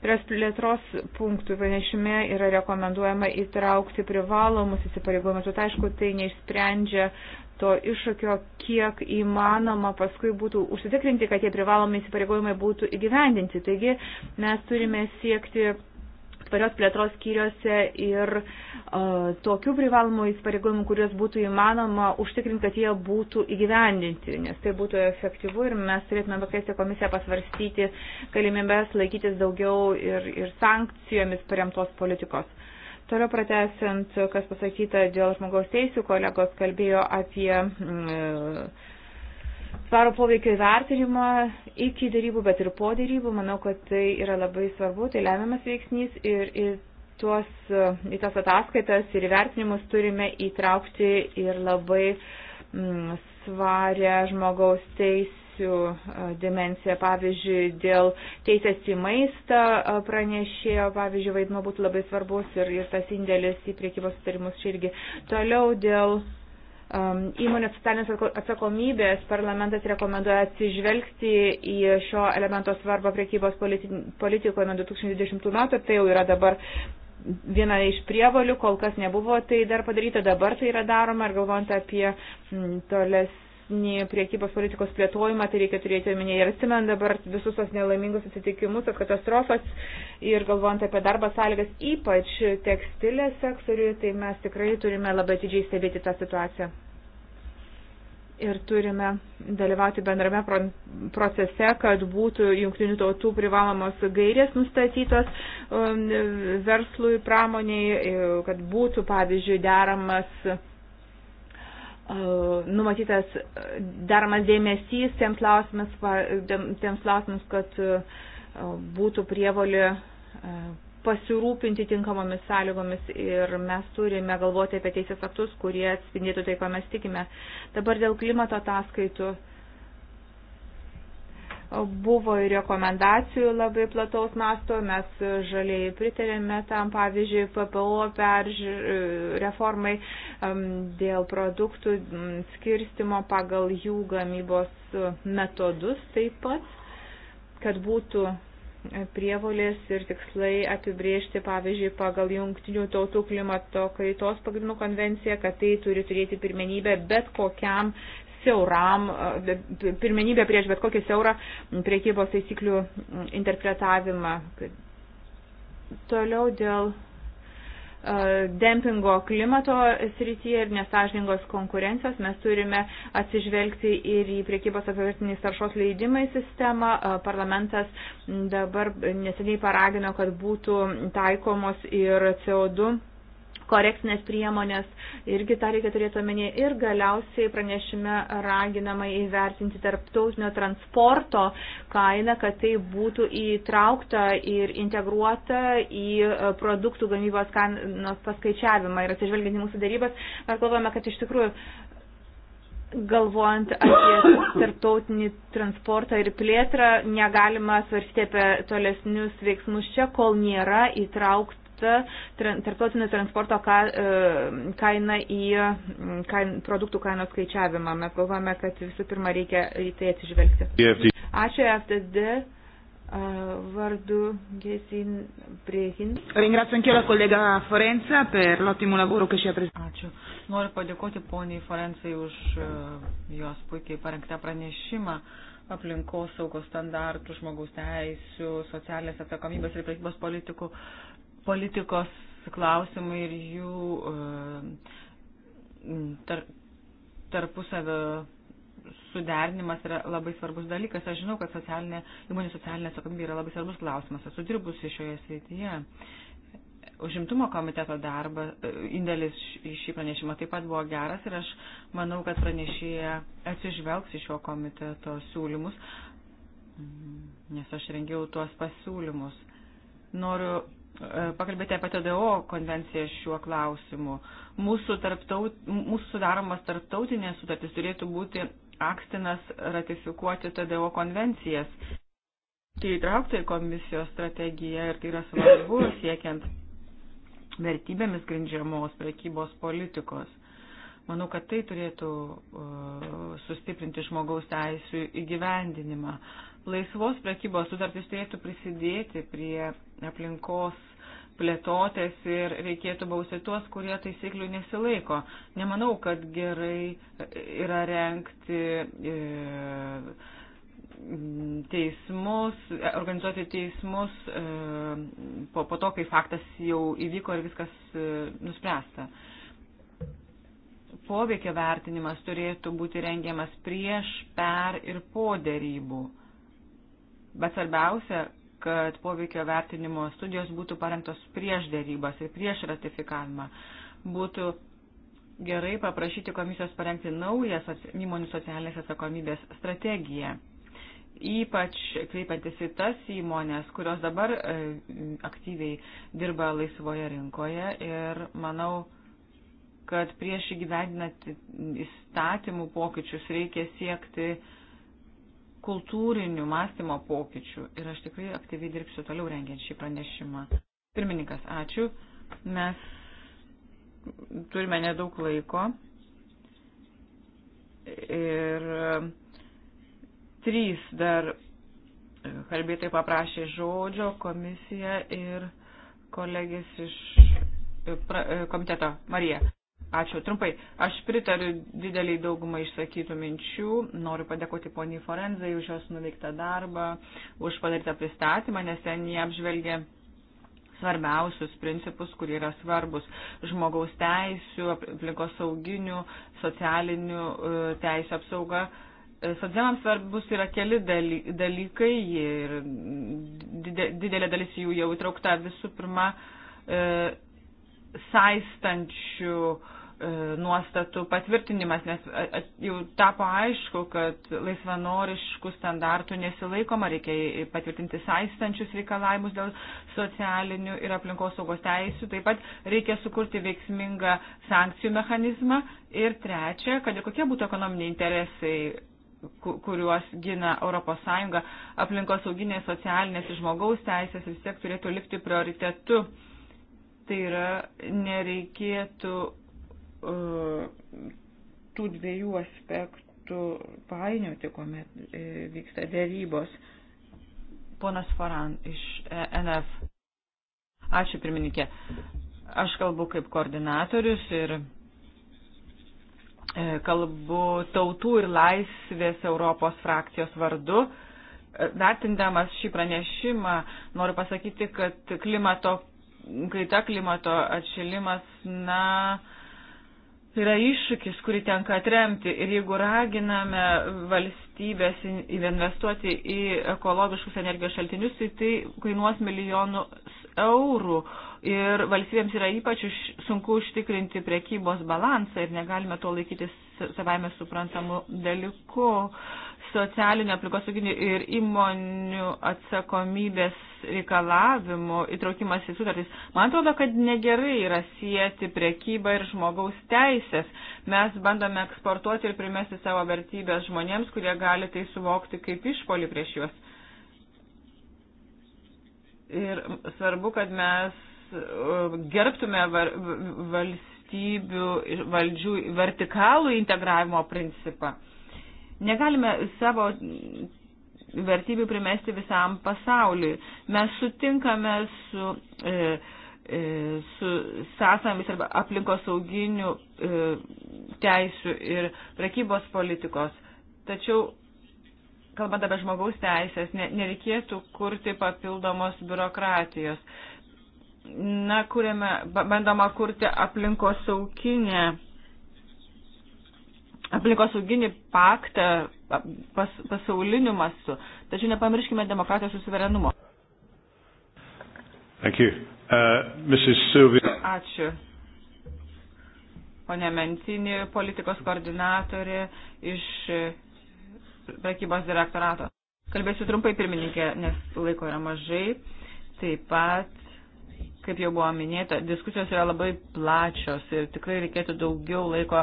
Pries plėtros punktų pranešime yra rekomenduojama įtraukti privalomus įsipareigojimus, bet aišku, tai neišsprendžia to iššūkio, kiek įmanoma paskui būtų užsitikrinti, kad tie privalomi įsipareigojimai būtų įgyvendinti. Taigi mes turime siekti tvarios plėtros skyriuose ir uh, tokių privalomų įsipareigojimų, kuriuos būtų įmanoma užtikrinti, kad jie būtų įgyvendinti, nes tai būtų efektyvu ir mes turėtume pakviesti komisiją pasvarstyti galimybės laikytis daugiau ir, ir sankcijomis paremtos politikos. Toliau pratesiant, kas pasakyta dėl žmogaus teisų, kolegos kalbėjo apie. Uh, svaro poveikio įvertinimo iki dėrybų, bet ir po dėrybų. Manau, kad tai yra labai svarbu, tai lemiamas veiksnys ir į, tuos, į tas ataskaitas ir įvertinimus turime įtraukti ir labai mm, svarę žmogaus teisų dimensiją. Pavyzdžiui, dėl teisės į maistą pranešėjo, pavyzdžiui, vaidmo būtų labai svarbus ir, ir tas indėlis į priekybos sutarimus čia irgi. Toliau dėl Um, įmonių socialinės atsakomybės parlamentas rekomenduoja atsižvelgti į šio elemento svarbą priekybos politikoje nuo 2020 metų, tai jau yra dabar viena iš prievalių, kol kas nebuvo tai dar padaryta, dabar tai yra daroma ir galvojant apie mm, toles tolesnį priekybos politikos plėtojimą, tai reikia turėti omenyje. Ir atsimenu dabar visus tos nelaimingus atsitikimus, tas katastrofas ir galvojant apie darbo sąlygas, ypač tekstilės sektoriui, tai mes tikrai turime labai atidžiai stebėti tą situaciją. Ir turime dalyvauti bendrame procese, kad būtų jungtinių tautų privalomos gairės nustatytos um, verslui, pramoniai, kad būtų, pavyzdžiui, deramas numatytas daromas dėmesys tiems klausimams, tiems klausimams kad būtų prievolė pasirūpinti tinkamomis sąlygomis ir mes turime galvoti apie teisės aktus, kurie atspindėtų tai, ko mes tikime. Dabar dėl klimato ataskaitų Buvo ir rekomendacijų labai plataus masto, mes žaliai pritarėme tam, pavyzdžiui, PPO perž... reformai dėl produktų skirstimo pagal jų gamybos metodus taip pat, kad būtų prievolės ir tikslai apibriežti, pavyzdžiui, pagal jungtinių tautų klimato kaitos pagrindų konvenciją, kad tai turi turėti pirmenybę bet kokiam siauram, e, pirmenybė prieš bet kokį siaurą priekybos taisyklių interpretavimą. Toliau dėl e, dempingo klimato srityje ir nesažningos konkurencijos mes turime atsižvelgti ir į priekybos apivartiniais taršos leidimai sistemą. E, parlamentas dabar neseniai paragino, kad būtų taikomos ir CO2 korekcinės priemonės, irgi tą reikia turėti omenyje. Ir galiausiai pranešime raginama įvertinti tarptautinio transporto kainą, kad tai būtų įtraukta ir integruota į produktų gamybos kainos paskaičiavimą. Ir atsižvelgiant į mūsų darybas, mes galvojame, kad iš tikrųjų galvojant apie tarptautinį transportą ir plėtrą, negalima svarstyti apie tolesnius veiksmus čia, kol nėra įtraukta įtraukta tarptautinio transporto e, kaina į kain, produktų kainos skaičiavimą. Mes galvojame, kad visų pirma reikia į tai atsižvelgti. Ačiū FTD. Vardu Gesin Priehin. Ringrazio anch'io la collega Forenza per l'ottimo lavoro che ci ha presentato. Ačiū. Noriu padėkoti poniai Forenzai už e, jos puikiai parengtą pranešimą aplinkos saugos standartų, žmogaus teisų, socialinės atsakomybės ir prekybos politikų politikos klausimai ir jų e, tar, tarpusavio suderinimas yra labai svarbus dalykas. Aš žinau, kad socialinė, įmonių socialinė atsakomybė yra labai svarbus klausimas. Esu dirbusi šioje srityje. Užimtumo komiteto darbas, e, indėlis į šį pranešimą taip pat buvo geras ir aš manau, kad pranešėja atsižvelgs į šio komiteto siūlymus, nes aš rengiau tuos pasiūlymus. Noriu E, pakalbėti apie TDO konvenciją šiuo klausimu. Mūsų, tarptaut, mūsų sudaromas tarptautinės sutartys turėtų būti akstinas ratifikuoti TDO konvencijas. Tai įtraukta į komisijos strategiją ir tai yra svarbu siekiant vertybėmis grindžiamos prekybos politikos. Manau, kad tai turėtų uh, sustiprinti žmogaus teisų įgyvendinimą. Uh, Laisvos prekybos sutartys turėtų prisidėti prie aplinkos plėtotės ir reikėtų bausti tuos, kurie taisyklių nesilaiko. Nemanau, kad gerai e, yra renkti e, teismus, e, organizuoti teismus e, po, po to, kai faktas jau įvyko ir viskas e, nuspręsta. Poveikio vertinimas turėtų būti rengiamas prieš, per ir po dėrybų Bet svarbiausia, kad poveikio vertinimo studijos būtų parengtos prieš dėrybas ir prieš ratifikavimą. Būtų gerai paprašyti komisijos parengti naują įmonių socialinės atsakomybės strategiją. Ypač kreipiantis į tas įmonės, kurios dabar e, aktyviai dirba laisvoje rinkoje ir manau, kad prieš įgyvendinant įstatymų pokyčius reikia siekti e, kultūrinių mąstymo pokyčių ir aš tikrai aktyviai dirbsiu toliau rengiant šį pranešimą. Pirmininkas, ačiū. Mes turime nedaug laiko ir trys dar kalbėtai paprašė žodžio komisija ir kolegės iš komiteto Marija. Ačiū trumpai. Aš pritariu dideliai daugumą išsakytų minčių. Noriu padėkoti poniai Forenzai už jos nuveiktą darbą, už padarytą pristatymą, nes ten jie apžvelgia svarbiausius principus, kurie yra svarbus žmogaus teisų, aplinkos sauginių, socialinių e, teisų apsauga. E, socdemams svarbus yra keli dalykai ir didelė dalis jų jau įtraukta visų pirma e, saistančių E, nuostatų patvirtinimas, nes jau tapo aišku, kad laisvanoriškų standartų nesilaikoma, reikia patvirtinti saistančius reikalavimus dėl socialinių ir aplinkos saugos teisų, taip pat reikia sukurti veiksmingą sankcijų mechanizmą ir trečia, kad ir kokie būtų ekonominiai interesai kuriuos gina ES, aplinkos sauginės, socialinės ir žmogaus teisės vis tiek turėtų likti prioritetu. Tai yra, nereikėtų E, tų dviejų aspektų painioti, kuomet e, vyksta dėrybos. Ponas Faran iš e NF. Ačiū, pirmininkė. Aš kalbu kaip koordinatorius ir kalbu tautų ir laisvės Europos frakcijos vardu. Vertindamas šį pranešimą, noriu pasakyti, kad klimato kaita, klimato atšilimas, na, uh, Tai yra iššūkis, kurį tenka atremti ir jeigu raginame valstybės investuoti į ekologiškus energijos šaltinius, tai tai kainuos milijonus eurų ir valstybėms yra ypač už, sunku užtikrinti prekybos balansą ir negalime to laikyti savaime suprantamu dalyku. Uh, socialinio aplikosauginio ir įmonių atsakomybės reikalavimų įtraukimas į sutartys. Man atrodo, kad negerai yra sieti prekybą ir žmogaus teisės. Mes bandome eksportuoti ir primesti savo vertybės žmonėms, kurie gali tai suvokti kaip išpolį prieš juos. Ir svarbu, kad mes uh, gerbtume var, valstybių valdžių vertikalų integravimo principą. Negalime savo vertybių primesti visam pasauliui. Mes sutinkame su, e, e, su sąsamis arba aplinkosauginių e, teisų ir prekybos politikos. Tačiau, kalbant apie žmogaus teisės, ne, nereikėtų kurti papildomos biurokratijos. Na, kuriame, bandoma kurti aplinkosauginę aplinkosauginį paktą pas, pasauliniu mastu. Tačiau nepamirškime demokratijos susiverenumo. Uh, Ačiū. Pone Mentinį, politikos koordinatorė iš prekybos direktorato. Kalbėsiu trumpai, pirmininkė, nes laiko yra mažai. Taip pat kaip jau buvo minėta, diskusijos yra labai plačios ir tikrai reikėtų daugiau laiko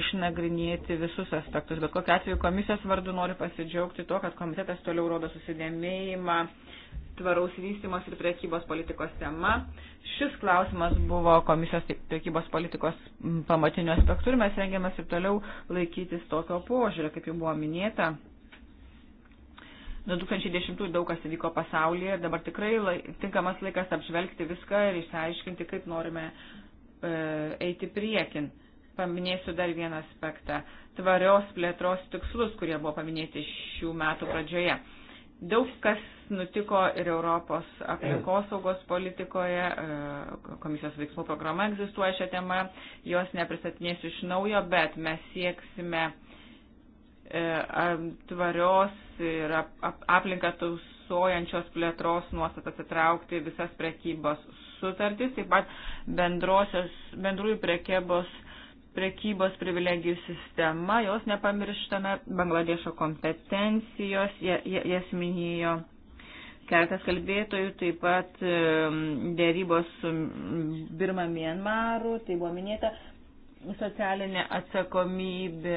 išnagrinėti visus aspektus. Bet kokiu atveju komisijos vardu noriu pasidžiaugti to, kad komitetas toliau rodo susidėmėjimą tvaraus vystimos ir priekybos politikos tema. Šis klausimas buvo komisijos priekybos politikos pamatinių aspektų ir mes rengiamės ir toliau laikytis tokio požiūrio, kaip jau buvo minėta. Nuo 2010 daug kas įvyko pasaulyje ir dabar tikrai lai, tinkamas laikas apžvelgti viską ir išsiaiškinti, kaip norime e, eiti priekin. Paminėsiu dar vieną aspektą - tvarios plėtros tikslus, kurie buvo paminėti šių metų pradžioje. Daug kas nutiko ir Europos aplinkosaugos politikoje, e, komisijos veiksmų programa egzistuoja šią temą, jos nepristatinėsiu iš naujo, bet mes sieksime E, tvarios ir aplinką tausojančios plėtros nuostatas įtraukti visas prekybos sutartys, taip pat bendrosios, bendrųjų prekybos, prekybos privilegijų sistema, jos nepamirštame, Bangladešo kompetencijos, jas minėjo. Keletas kalbėtojų taip pat e, dėrybos su Birma Mienmaru, tai buvo minėta socialinė atsakomybė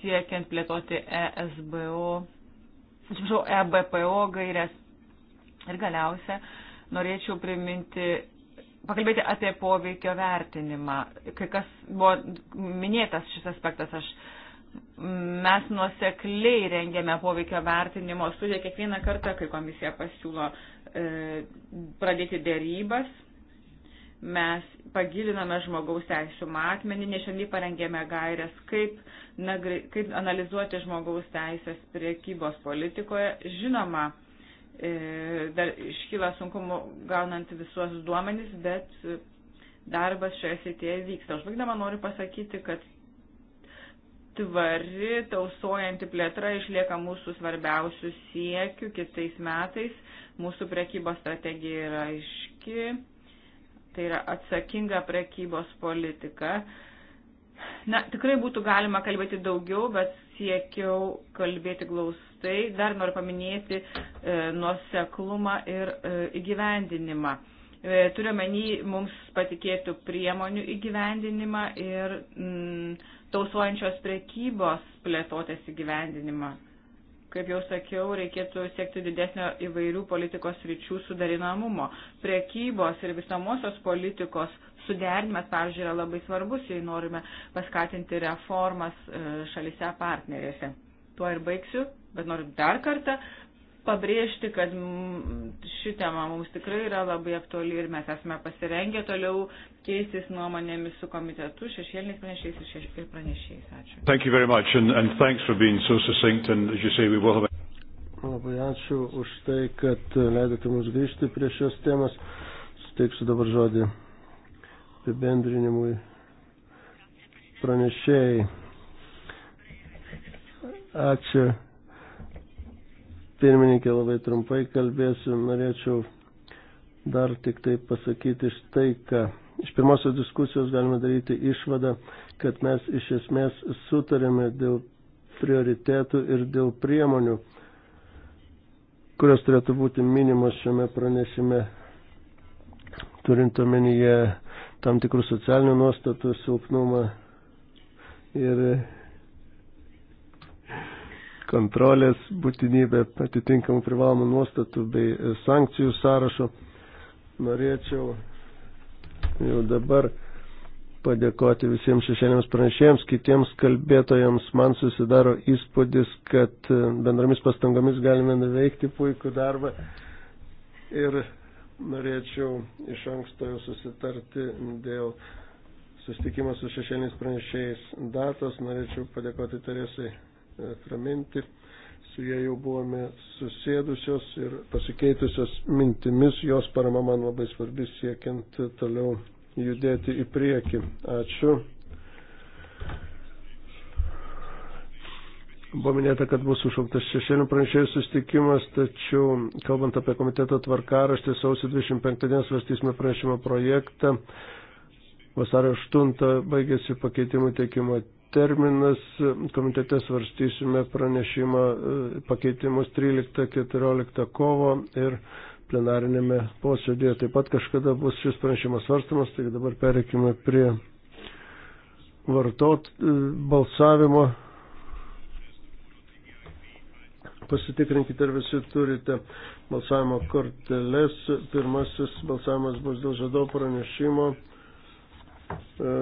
siekiant plėtoti ESBO, atsiprašau, EBPO gairias. Ir galiausia, norėčiau priminti, pakalbėti apie poveikio vertinimą. Kai kas buvo minėtas šis aspektas, aš mes nuosekliai rengėme poveikio vertinimo studiją kiekvieną kartą, kai komisija pasiūlo e, pradėti dėrybas Mes pagiliname žmogaus teisų matmenį, nešeniai parengėme gairias, kaip, nagri, kaip analizuoti žmogaus teisės priekybos politikoje. Žinoma, e, dar iškyla sunkumų gaunant visuos duomenys, bet darbas šioje srityje vyksta. Užbaigdama noriu pasakyti, kad tvari, tausojanti plėtra išlieka mūsų svarbiausių siekių kitais metais. Mūsų prekybos strategija yra aiški. Tai yra atsakinga prekybos politika. Na, tikrai būtų galima kalbėti daugiau, bet siekiau kalbėti glaustai. Dar noriu paminėti e, nuoseklumą ir e, įgyvendinimą. E, turiu menį mums patikėtų priemonių įgyvendinimą ir mm, tausojančios prekybos plėtotės įgyvendinimą kaip jau sakiau, reikėtų siekti didesnio įvairių politikos ryčių sudarinamumo. Prekybos ir visamosios politikos suderinimas, pavyzdžiui, yra labai svarbus, jei norime paskatinti reformas e, šalise partnerėse. Tuo ir baigsiu, bet noriu dar kartą pabrėžti, kad ši tema mums tikrai yra labai aktuali ir mes esame pasirengę toliau keistis nuomonėmis su komitetu, šešėliniais pranešiais ir, šeš... ir pranešiais. Ačiū. And, and so succinct, and, say, have... Labai ačiū už tai, kad leidote mums grįžti prie šios temos. Suteiksiu dabar žodį apibendrinimui pranešėjai. Ačiū pirmininkė, labai trumpai kalbėsiu, norėčiau dar tik tai pasakyti štai, ką iš pirmosios diskusijos galime daryti išvadą, kad mes iš esmės sutarėme dėl prioritėtų ir dėl priemonių, kurios turėtų būti minimos šiame pranešime, turint omenyje tam tikrų socialinių nuostatų silpnumą ir kontrolės būtinybę atitinkamų privalomų nuostatų bei sankcijų sąrašo. Norėčiau jau dabar padėkoti visiems šešėliams pranešėjams, kitiems kalbėtojams. Man susidaro įspūdis, kad bendromis pastangomis galime nuveikti puikų darbą. Ir norėčiau iš anksto jau susitarti dėl susitikimo su šešėliniais pranešėjais datos. Norėčiau padėkoti Teresai atraminti. E, Su jie jau buvome susėdusios ir pasikeitusios mintimis. Jos parama man labai svarbi siekiant toliau judėti į priekį. Ačiū. Buvo minėta, kad bus užšauktas šešėlių pranešėjų sustikimas, tačiau kalbant apie komiteto tvarkaraštį, sausio 25 dieną svarstysime pranešimo projektą. Vasario 8 baigėsi pakeitimų teikimo terminas. Komitete svarstysime pranešimą e, pakeitimus 13-14 kovo ir plenarinėme posėdėje taip pat kažkada bus šis pranešimas svarstamas, taigi dabar pereikime prie vartot e, balsavimo. Pasitikrinkite, ar visi turite balsavimo korteles. Pirmasis balsavimas bus dėl žado pranešimo. E,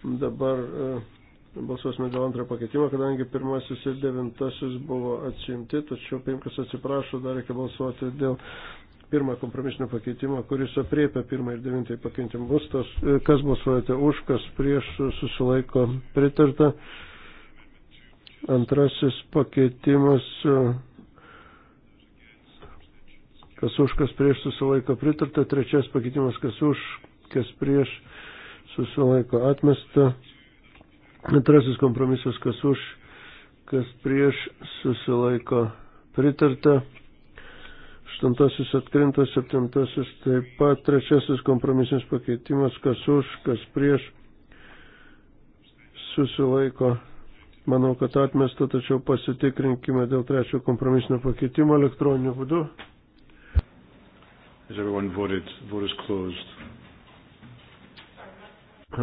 Dabar e, balsuosime dėl antrą pakeitimą, kadangi pirmasis ir devintasis buvo atsimti, tačiau Pimkas atsiprašo, dar reikia balsuoti dėl pirmą kompromisinio pakeitimą, kuris apriepia pirmą ir devintąjį pakeitimus, tas, e, kas balsuojate už, kas prieš susilaiko pritarta. Antrasis pakeitimas, e, kas už, kas prieš susilaiko pritarta. Trečias pakeitimas, kas už, kas prieš susilaiko atmesta. Antrasis kompromisas, kas už, kas prieš, susilaiko pritarta. Aštuntasis atkrinta, septintasis taip pat, trečiasis kompromisinis pakeitimas, kas už, kas prieš, susilaiko. Manau, kad atmesta, tačiau pasitikrinkime dėl trečio kompromisinio pakeitimo elektroniniu būdu. Is everyone voted? Vote is closed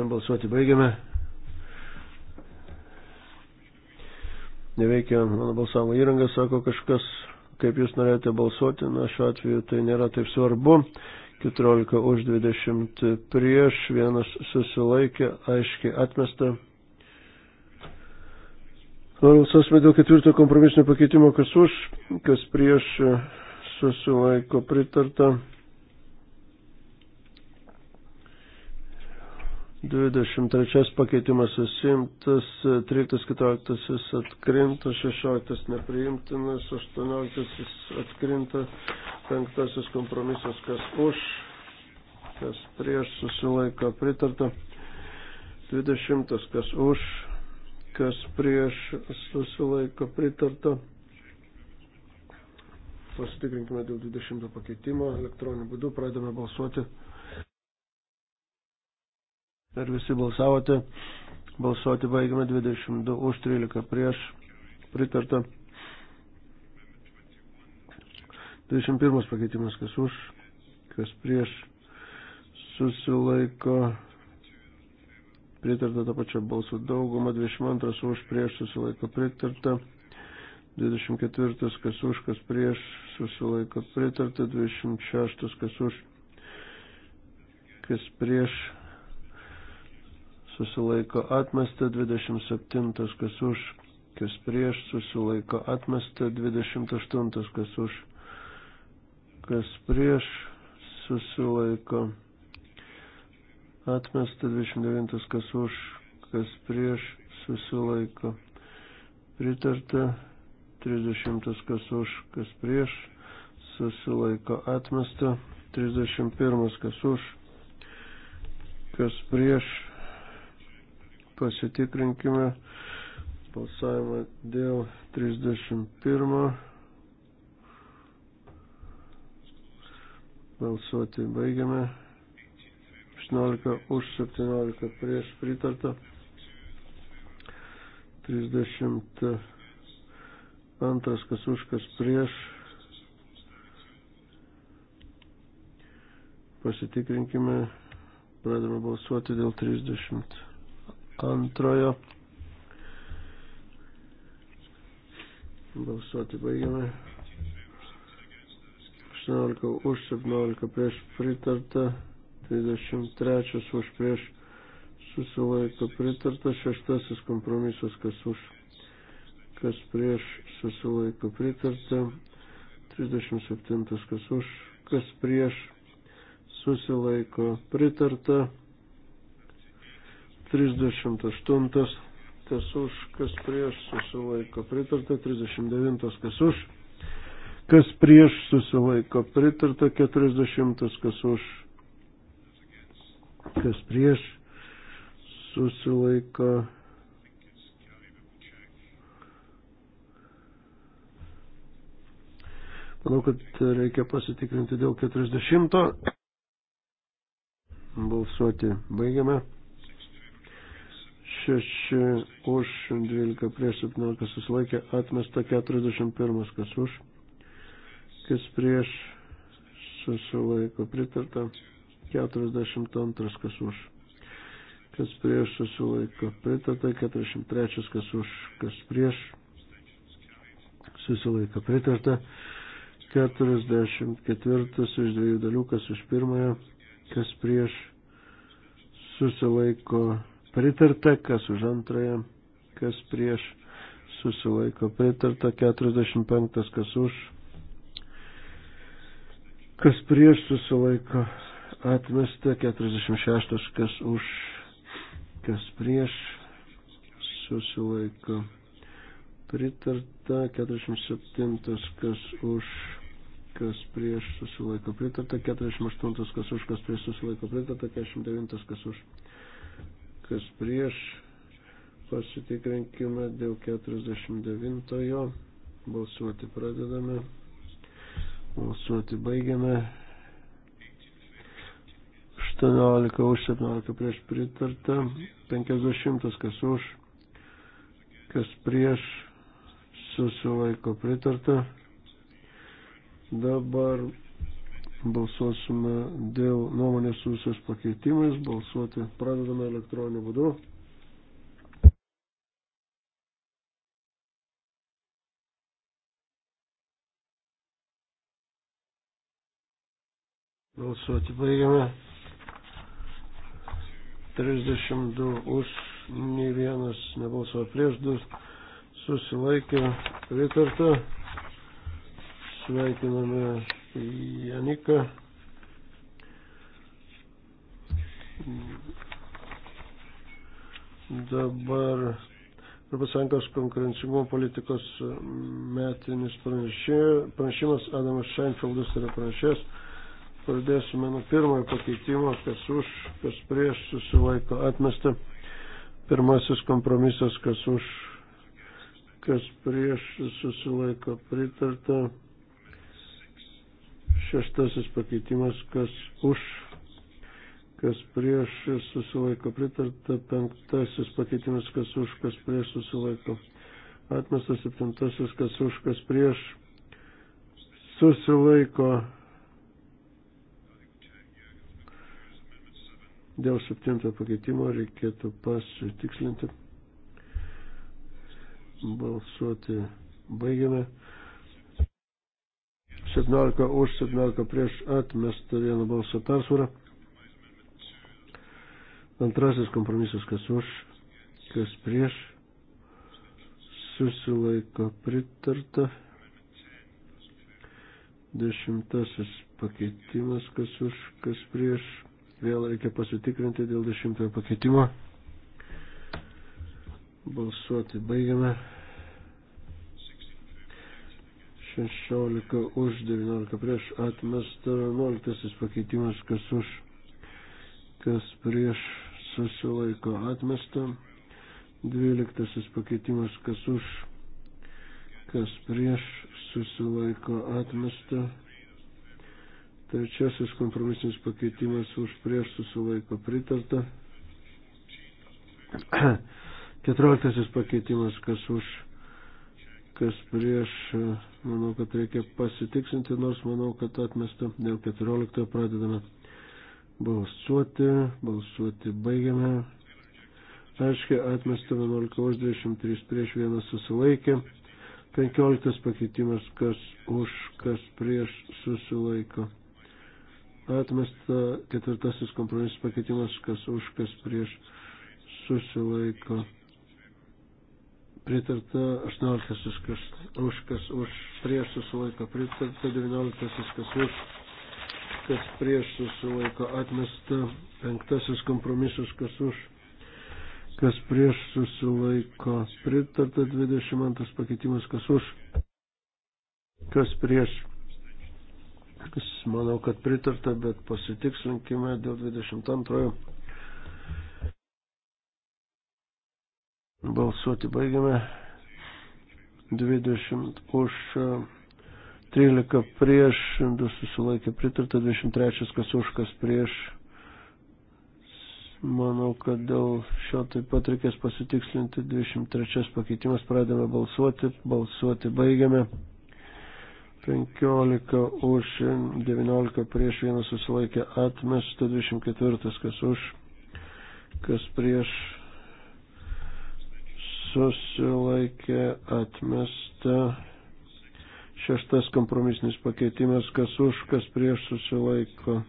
balsuoti baigiame. Neveikia mano balsavimo įranga, sako kažkas, kaip jūs norėjote balsuoti, na šiuo atveju tai nėra taip svarbu. 14 už 20 prieš, vienas susilaikė, aiškiai atmesta. Balsuosime dėl ketvirto kompromisinio pakeitimo, kas už, kas prieš susilaiko pritarta. 23 pakeitimas susimtas, 13-14 atkrinta, 16 nepriimtinas, 18 atkrinta, 5 kompromisas kas už, kas prieš susilaiko pritarta, 20 kas už, kas prieš susilaiko pritarta. Pasitikrinkime dėl 20 pakeitimo, elektroniniu būdu pradame balsuoti. Ar visi balsavote? Balsuoti baigiame 22 už 13 prieš pritarta. 21 pakeitimas, kas už, kas prieš susilaiko pritarta tą pačią balsų daugumą, 22 už prieš susilaiko pritarta, 24 kas už, kas prieš susilaiko pritarta, 26 kas už, kas prieš susilaiko atmesta 27, kas už, kas prieš, susilaiko atmesta 28, kas už, kas prieš, susilaiko atmesta 29, kas už, kas prieš, susilaiko pritarta 30, kas už, kas prieš, susilaiko atmesta 31, kas už, kas prieš, Pasitikrinkime balsavimą dėl 31. Balsuoti baigiame. 16 už 17 prieš pritarta. 32 kas už kas prieš. Pasitikrinkime. Pradame balsuoti dėl 30 antrojo. Balsuoti baigiame. 18 už 17 prieš pritarta, 33 už prieš susilaiko pritarta, 6 kompromisas kas už, kas prieš susilaiko pritarta, 37 kas už, kas prieš susilaiko pritarta. 38, kas už, kas prieš susilaiko pritarta, 39, kas už, kas prieš susilaiko pritarta, 40, kas už, kas prieš susilaiko. Manau, kad reikia pasitikrinti dėl 40. Balsuoti baigiame. 6 už 12 prieš 17 susilaikė atmesta 41 kas už, kas prieš susilaiko pritarta 42 kas už, kas prieš susilaiko pritarta 43 kas už, kas prieš susilaiko pritarta 44 iš dviejų dalių kas už pirmąją, kas prieš susilaiko pritarta pritarta, kas už antrąją, kas prieš susilaiko pritarta, 45 kas už, kas prieš susilaiko atmesta, 46 kas už, kas prieš susilaiko pritarta, 47 kas už kas prieš susilaiko pritarta, 48 kas už, kas prieš susilaiko pritarta, 49 kas už kas prieš. Pasitikrinkime dėl 49-ojo. Balsuoti pradedame. Balsuoti baigiame. 18 už 17 prieš pritarta. 50 kas už. Kas prieš susilaiko pritarta. Dabar balsuosime dėl nuomonės su visais pakeitimais, balsuoti pradedame elektroniniu būdu. Balsuoti baigiame. 32 už, nei vienas nebalsuoja prieš, du susilaikė pritarta. Sveikiname Janika. Dabar Europos Sąjungos konkurencingumo politikos metinis pranešimas Adamas Šeinfeldas yra pranešęs. Pradėsime nuo pirmojo pakeitimo, kas už, kas prieš susilaiko atmesta. Pirmasis kompromisas, kas už, kas prieš susilaiko pritarta. Šeštasis pakeitimas, kas už, kas prieš susilaiko pritarta. Penktasis pakeitimas, kas už, kas prieš susilaiko. Atmestas septintasis, kas už, kas prieš susilaiko. Dėl septinto pakeitimo reikėtų pasitikslinti. Balsuoti baigiame. 17 už, 17 prieš atmestą vieną balsą persvarą. Antrasis kompromisas, kas už, kas prieš, susilaiko pritarta. Dešimtasis pakeitimas, kas už, kas prieš. Vėl reikia pasitikrinti dėl dešimtojo pakeitimo. Balsuoti baigiame. 16 už, 19 prieš atmestą, 11 pakeitimas, kas už, kas prieš susilaiko atmestą, 12 pakeitimas, kas už, kas prieš susilaiko atmestą, trečiasis kompromisinis pakeitimas už prieš susilaiko pritarta, 14 pakeitimas, kas už, kas prieš susilaiko atmestą Manau, kad reikia pasitiksinti, nors manau, kad atmesta dėl 14 pradedame balsuoti, balsuoti baigiame. Aiškiai, atmesta 11 už 23 prieš vieną susilaikė. 15 pakeitimas, kas už, kas prieš susilaiko. Atmesta ketvirtasis kompromisas pakeitimas, kas už, kas prieš susilaiko pritarta 18 kas už, kas už, prieš susilaiko pritarta 19 kas už, kas prieš susilaiko atmesta 5 kompromisas kas už, kas prieš susilaiko pritarta 22 pakeitimas kas už, kas prieš. Manau, kad pritarta, bet pasitikslinkime dėl 22. Balsuoti baigiame. 20 už 13 prieš, 2 susilaikė pritarta, 23 kas už kas prieš. Manau, kad dėl šio taip pat reikės pasitikslinti. 23 pakeitimas pradėme balsuoti, balsuoti baigiame. 15 už, 19 prieš, 1 susilaikė atmesta, 24 kas už, kas prieš susilaikė atmesta. Šeštas kompromisinis pakeitimas, kas už, kas prieš susilaiko.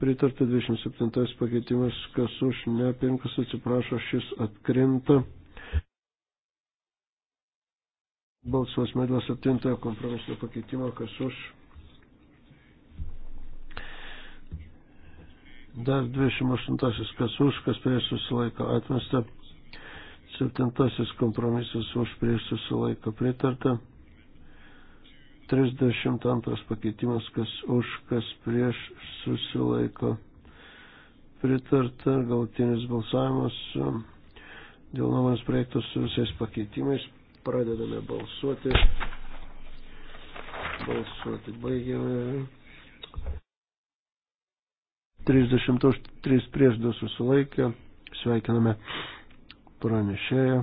Pritarta 27 pakeitimas, kas už, ne, pinkas atsiprašo, šis atkrinta. Balsuosime dėl septintojo kompromisinio pakeitimo, kas už. Dar 28 kas už, kas prieš susilaiko atmesta. Septintasis kompromisas už prieš susilaiko pritarta. 32 pakeitimas, kas už, kas prieš susilaiko pritarta. Galtinis balsavimas um, dėl nuomonės projektos su visais pakeitimais. Pradedame balsuoti. Balsuoti baigiame. 38 prieš 2 susilaikė. Sveikiname pranešėją.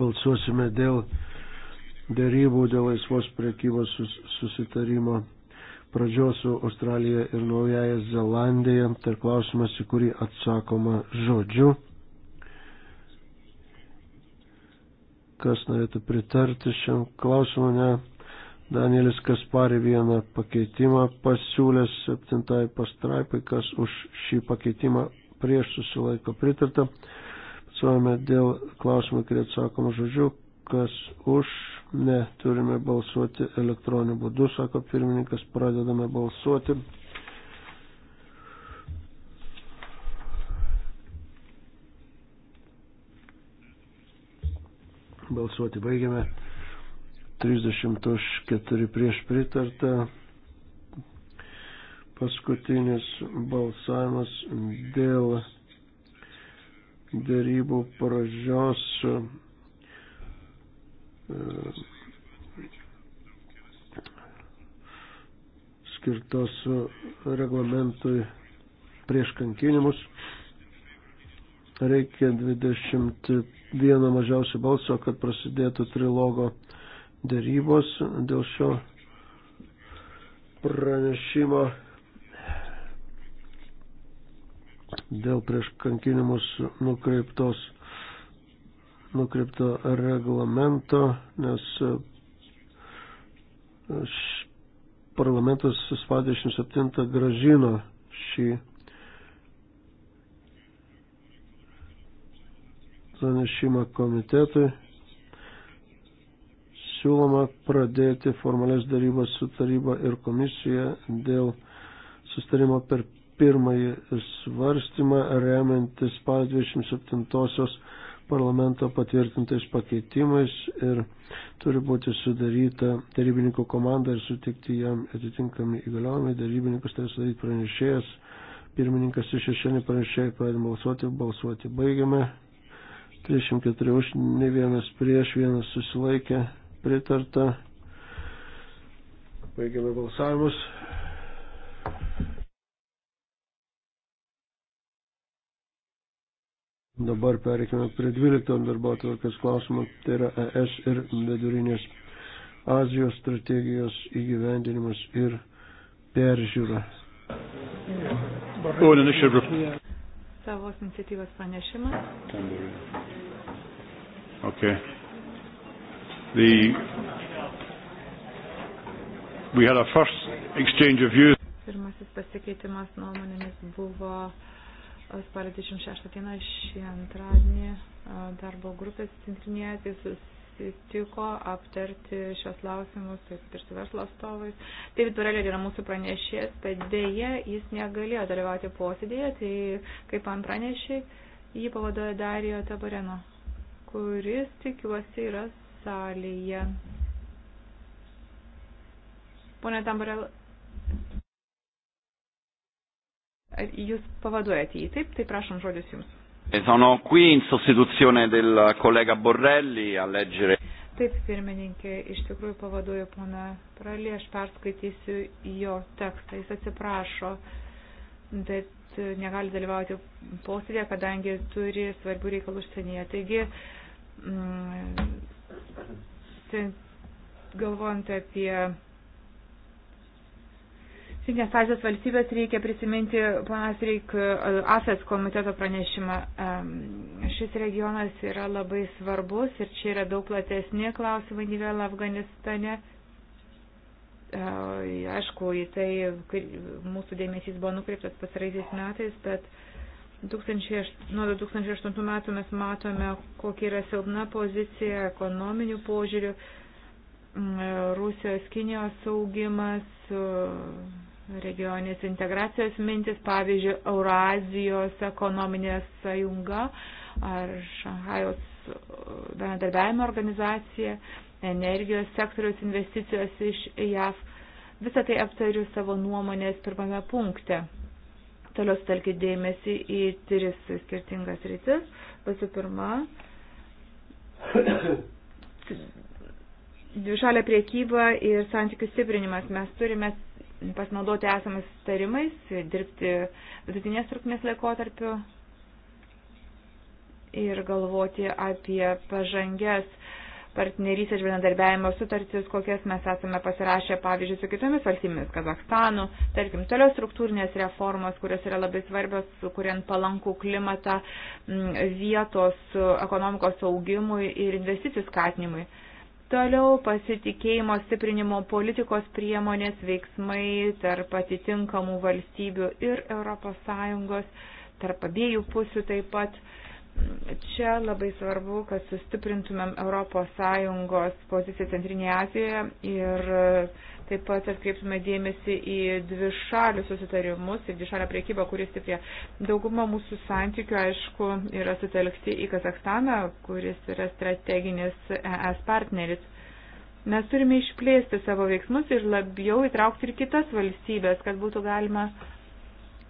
Balsuosime dėl dėrybų dėl laisvos priekybos sus, susitarimo pradžios su Australija ir Naujaja Zelandija. Tai klausimas, į kurį atsakoma žodžiu. kas norėtų pritarti šiam klausimui, ne. Danielis Kaspari vieną pakeitimą pasiūlęs septintai pastraipai, kas už šį pakeitimą prieš susilaiko pritarta. Pasuojame dėl klausimų, kurie atsakom žodžiu, kas už, ne, turime balsuoti elektroniniu būdu, sako pirmininkas, pradedame balsuoti. Balsuoti baigiame. 30 už 4 prieš pritartą. Paskutinis balsavimas dėl dėrybų pradžios skirtos reglamentui prieš kankinimus reikia 21 mažiausiai balso, kad prasidėtų trilogo dėrybos dėl šio pranešimo dėl prieš kankinimus nukreiptos nukreipto reglamento, nes parlamentas spalio 27 gražino šį pranešimą komitetui. Siūloma pradėti formalės darybas su taryba ir komisija dėl sustarimo per pirmąjį svarstymą remiantis spalio 27-osios parlamento patvirtintais pakeitimais ir turi būti sudaryta darybininko komanda ir sutikti jam atitinkami įgaliojimai. Darybininkas turi sudaryti pranešėjas, pirmininkas ir šešėlį pranešėjai pradėm balsuoti, balsuoti baigiame. 34 už, ne vienas prieš, vienas susilaikė, pritarta. Baigiame balsavimus. Dabar pereikime prie 12 darbo atvarkės klausimų, tai yra ES ir vidurinės Azijos strategijos įgyvendinimas ir peržiūra savos iniciatyvos pranešimą. Okay. The, we had a first exchange of views. Pirmasis pasikeitimas nuomonėmis buvo e, spalio 26 dieną šį antradienį e, darbo grupės centrinėje, tai sus susitiko aptarti šios klausimus taip, ir su verslo atstovais. Taip, Durelė yra mūsų pranešės, bet dėje jis negalėjo dalyvauti posėdėje, tai kaip man pranešė, jį pavadoja Darijo Tabareno, kuris tikiuosi yra salėje. Pone Tambarel, jūs pavaduojate jį, taip, tai prašom žodis jums. E sono qui in sostituzione del collega Borrelli a leggere. Taip, pirmininkė, iš tikrųjų pavaduoju poną Pralį, aš perskaitysiu jo tekstą. Jis atsiprašo, bet negali dalyvauti posėdėje, kadangi turi svarbių reikalų užsienyje. Taigi, mm, galvojant apie Jungtinės Azijos valstybės reikia prisiminti planas e, Reik AFES komiteto pranešimą. Šis regionas yra labai svarbus ir čia yra daug platesni klausimai nei vėl Afganistane. E, aišku, į tai mūsų dėmesys buvo nukreiptas pasaraisiais metais, bet 2008, nuo 2008 metų mes matome, kokia yra silpna pozicija ekonominių požiūrių. Mm, e, Rusijos, Kinijos saugimas, regioninės integracijos mintis, pavyzdžiui, Eurazijos ekonominė sąjunga ar Šanhajos uh, bendradarbiavimo organizacija, energijos sektoriaus investicijos iš JAV. Visą tai aptariu savo nuomonės pirmame punkte. Toliau stalkit dėmesį į tris skirtingas rytis. Visų pirma, dvišalė priekyba ir santykių stiprinimas. Mes turime pasinaudoti esamais tarimais, dirbti vidutinės trukmės laikotarpiu ir galvoti apie pažangės partnerystės bendradarbiavimo sutartis, kokias mes esame pasirašę, pavyzdžiui, su kitomis valstybėmis, Kazakstanu, tarkim, toliau struktūrinės reformos, kurios yra labai svarbios, kuriant palankų klimatą vietos ekonomikos augimui ir investicijų skatinimui. Toliau pasitikėjimo stiprinimo politikos priemonės veiksmai tarp atitinkamų valstybių ir ES, tarp abiejų pusių taip pat. Čia labai svarbu, kad sustiprintumėm ES poziciją Centrinėje Azijoje ir Taip pat atkreipsime dėmesį į dvi šalių susitarimus ir dvi šalią priekybą, kuris stiprė. Dauguma mūsų santykių, aišku, yra sutelkti į Kazakstaną, kuris yra strateginis ES partneris. Mes turime išplėsti savo veiksmus ir labiau įtraukti ir kitas valstybės, kad būtų galima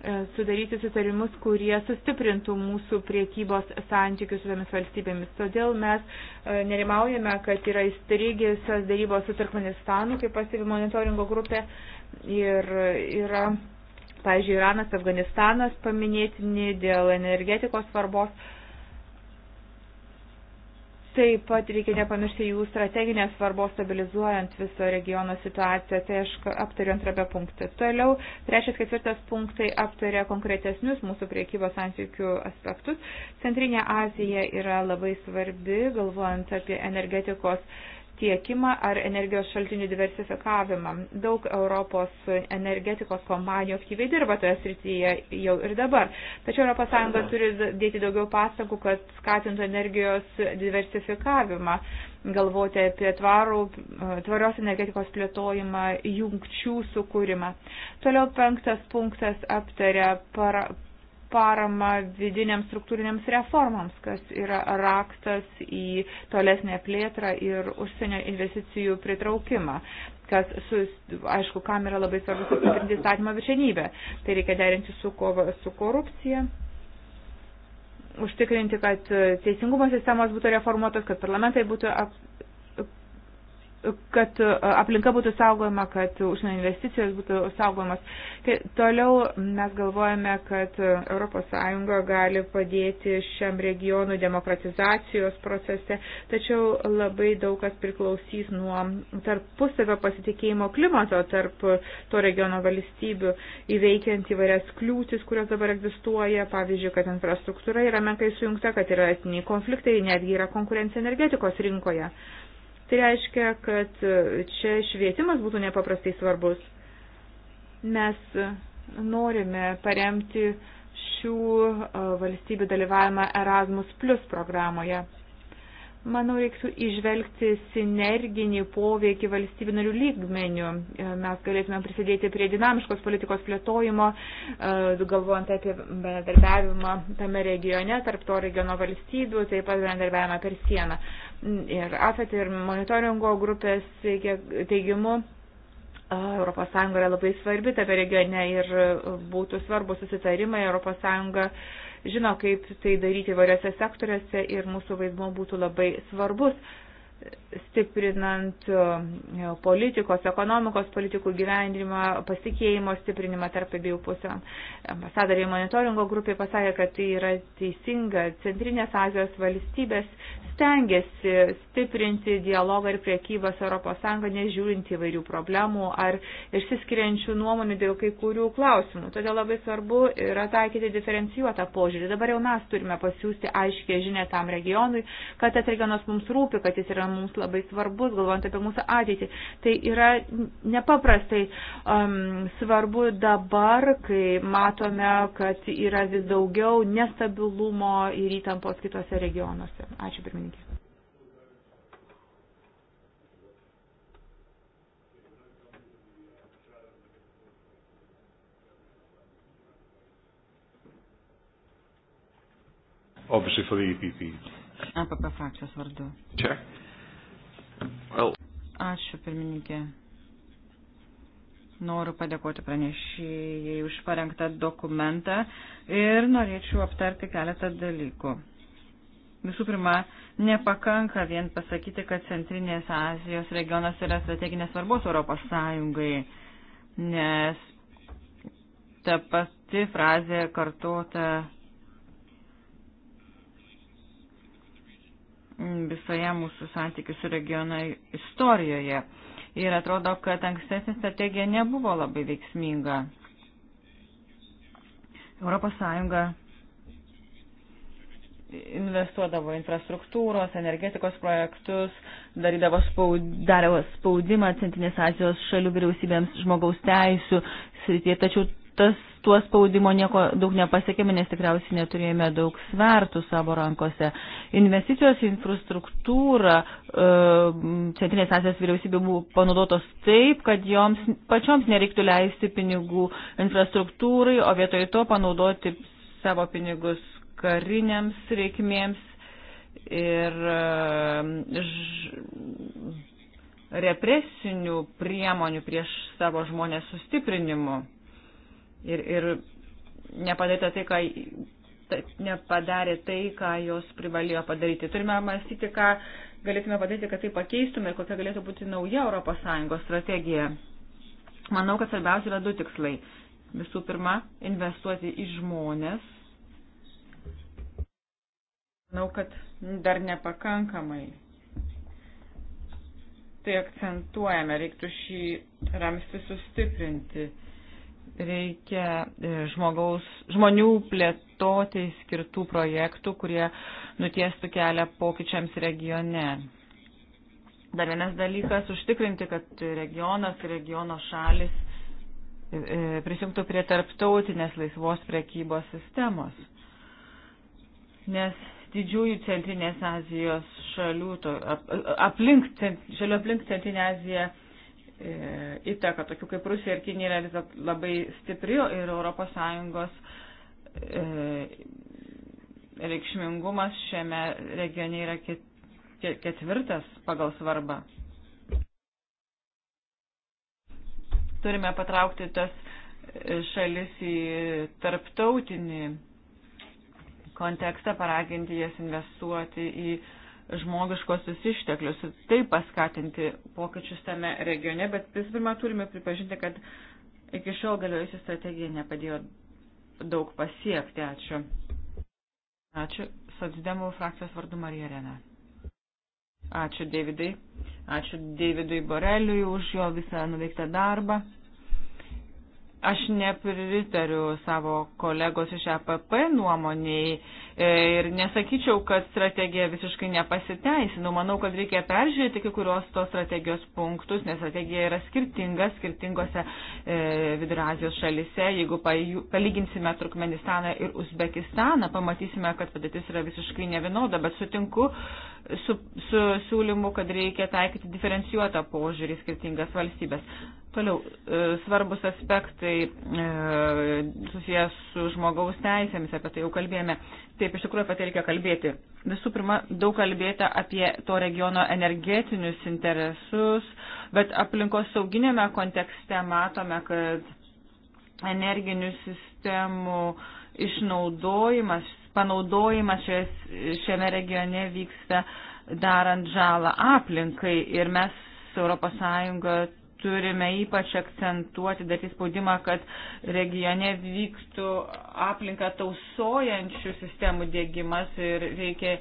E, sudaryti sutarimus, kurie sustiprintų mūsų priekybos santykius su tomis valstybėmis. Todėl mes e, nerimaujame, kad yra įstrigęsios darybos su Turkmenistanu, kaip pasivi monitoringo grupė, ir yra, pavyzdžiui, Iranas, Afganistanas paminėtini dėl energetikos svarbos. Taip pat reikia nepamiršti jų strateginės svarbos stabilizuojant viso regiono situaciją, tai aš aptariu antrame punkte. Toliau, trečias, ketvirtas punktai aptarė konkretesnius mūsų priekybos santykių aspektus. Centrinė Azija yra labai svarbi, galvojant apie energetikos uh, tiekimą ar energijos šaltinių diversifikavimą. Daug Europos energetikos kompanijų aktyviai dirba toje srityje jau ir dabar. Tačiau ES turi dėti daugiau pastangų, kad skatintų energijos diversifikavimą, galvoti apie tvarų, tvarios energetikos plėtojimą, jungčių sukūrimą. Toliau penktas punktas aptaria para, paramą vidiniams struktūriniams reformams, kas yra raktas į tolesnę plėtrą ir užsienio investicijų pritraukimą kas, su, aišku, kam yra labai svarbu sustiprinti įstatymą viršenybę. Tai reikia derinti su, kova, su korupcija užtikrinti, kad teisingumo sistemos būtų reformuotos, kad parlamentai būtų kad e, aplinka būtų saugojama, kad užsienio investicijos būtų saugomas. Tai toliau mes galvojame, kad ES gali padėti šiam regionui demokratizacijos procese, tačiau labai daug kas priklausys nuo tarpusavio pasitikėjimo klimato tarp to regiono valstybių, įveikiant įvairias kliūtis, kurios dabar egzistuoja, pavyzdžiui, kad infrastruktūra yra menkai sujungta, kad yra etiniai konfliktai, netgi yra konkurencija energetikos rinkoje. Tai reiškia, kad čia švietimas būtų nepaprastai svarbus. Mes norime paremti šių valstybių dalyvavimą Erasmus Plus programoje. Manau, reiktų išvelgti sinerginį poveikį valstybių narių lygmenių. E, mes galėtume prisidėti prie dinamiškos politikos plėtojimo, e, galvojant apie bendradarbiavimą tame regione, tarp to regiono valstybių, taip pat bendradarbiavimą per sieną. Ir AFET ir monitoringo grupės teigimu ES yra labai svarbi tame regione ir būtų svarbu susitarimai ES žino, kaip tai daryti įvairiose sektoriuose ir mūsų vaidmo būtų labai svarbus stiprinant e, politikos, ekonomikos politikų gyvendimą, pasikeimo stiprinimą tarp abiejų pusių. Ambasadoriai monitoringo grupė pasakė, kad tai yra teisinga. Centrinės Azijos valstybės stengiasi stiprinti dialogą ir priekybą su ES, nežiūrint įvairių problemų ar išsiskiriančių nuomonių dėl kai kurių klausimų. Todėl labai svarbu yra taikyti diferencijuotą požiūrį. Dabar jau mes turime pasiūsti aiškę žinę tam regionui, kad tas regionas mums rūpi, kad jis yra mums labai svarbus, galvojant apie mūsų ateitį. Tai yra nepaprastai um, svarbu dabar, kai matome, kad yra vis daugiau nestabilumo ir įtampos kitose regionuose. Ačiū pirmininkė. obviously for the EPP. EPP frakcijos vardu. Čia. Well. Ačiū, pirmininkė. Noriu padėkoti pranešėjai už parengtą dokumentą ir norėčiau aptarti keletą dalykų. Visų pirma, nepakanka vien pasakyti, kad Centrinės Azijos regionas yra strateginės svarbos Europos Sąjungai, nes ta pati frazė kartuota visoje mūsų santykių su regiono istorijoje. Ir atrodo, kad ankstesnė strategija nebuvo labai veiksminga. Europos Sąjunga investuodavo infrastruktūros, energetikos projektus, darydavo spaud, darė spaudimą Centrinės Azijos šalių vyriausybėms žmogaus teisų srityje, tačiau tas, tuo spaudimo nieko daug nepasiekėme, nes tikriausiai neturėjome daug svertų savo rankose. Investicijos į infrastruktūrą e, Centrinės Azijos vyriausybė buvo panaudotos taip, kad joms pačioms nereiktų leisti pinigų infrastruktūrai, o vietoj to panaudoti savo pinigus kariniams reikmėms ir e, ž, represinių priemonių prieš savo žmonės sustiprinimu ir, ir nepadaryta tai, ką nepadarė tai, ką jos privalėjo padaryti. Turime mąstyti, ką galėtume padaryti, kad tai pakeistume ir kokia galėtų būti nauja ES strategija. Manau, kad svarbiausia yra du tikslai. Visų pirma, investuoti į žmonės. Manau, kad dar nepakankamai. Tai akcentuojame, reiktų šį ramstį sustiprinti reikia e, žmogaus, žmonių plėtoti skirtų projektų, kurie nutiestų kelią pokyčiams regione. Dar vienas dalykas - užtikrinti, kad regionas, regiono šalis e, e, prisijungtų prie tarptautinės laisvos prekybos sistemos. Nes didžiųjų Centrinės Azijos šalių, to, ap, aplink, šalių aplink Centrinę Aziją E, įtaka, tokių kaip Rusija ir Kinija yra vis dėlto labai stipri ir ES e, reikšmingumas šiame regione yra ketvirtas pagal svarbą. Turime patraukti tas šalis į tarptautinį kontekstą, paraginti jas investuoti į uh, žmogiškosius išteklius, taip paskatinti pokyčius tame regione, bet vis pirma turime pripažinti, kad iki šiol galiojusi strategija nepadėjo daug pasiekti. Ačiū. Ačiū. Sodsdemų frakcijos vardu Marija Rena. Ačiū Davidai. Ačiū Davidui Boreliui už jo visą nuveiktą darbą. Aš nepritariu savo kolegos iš EPP nuomoniai e, ir nesakyčiau, kad strategija visiškai nepasiteisino. Manau, kad reikia peržiūrėti kai kurios tos strategijos punktus, nes strategija yra skirtinga skirtingose e, Vidurazijos šalise. Jeigu palyginsime Turkmenistaną ir Uzbekistaną, pamatysime, kad padėtis yra visiškai nevienoda, bet sutinku su, su siūlymu, kad reikia taikyti diferencijuotą požiūrį skirtingas valstybės. Toliau, e, svarbus aspektai e, susijęs su žmogaus teisėmis, apie tai jau kalbėjome. Taip, iš tikrųjų, apie tai reikia kalbėti. Visų pirma, daug kalbėta apie to regiono energetinius interesus, bet aplinkos sauginėme kontekste matome, kad energinių sistemų išnaudojimas, panaudojimas šiame, šiame regione vyksta darant žalą aplinkai ir mes Europos Sąjunga turime ypač akcentuoti, daryti spaudimą, kad regione vyktų aplinką tausojančių sistemų dėgymas ir reikia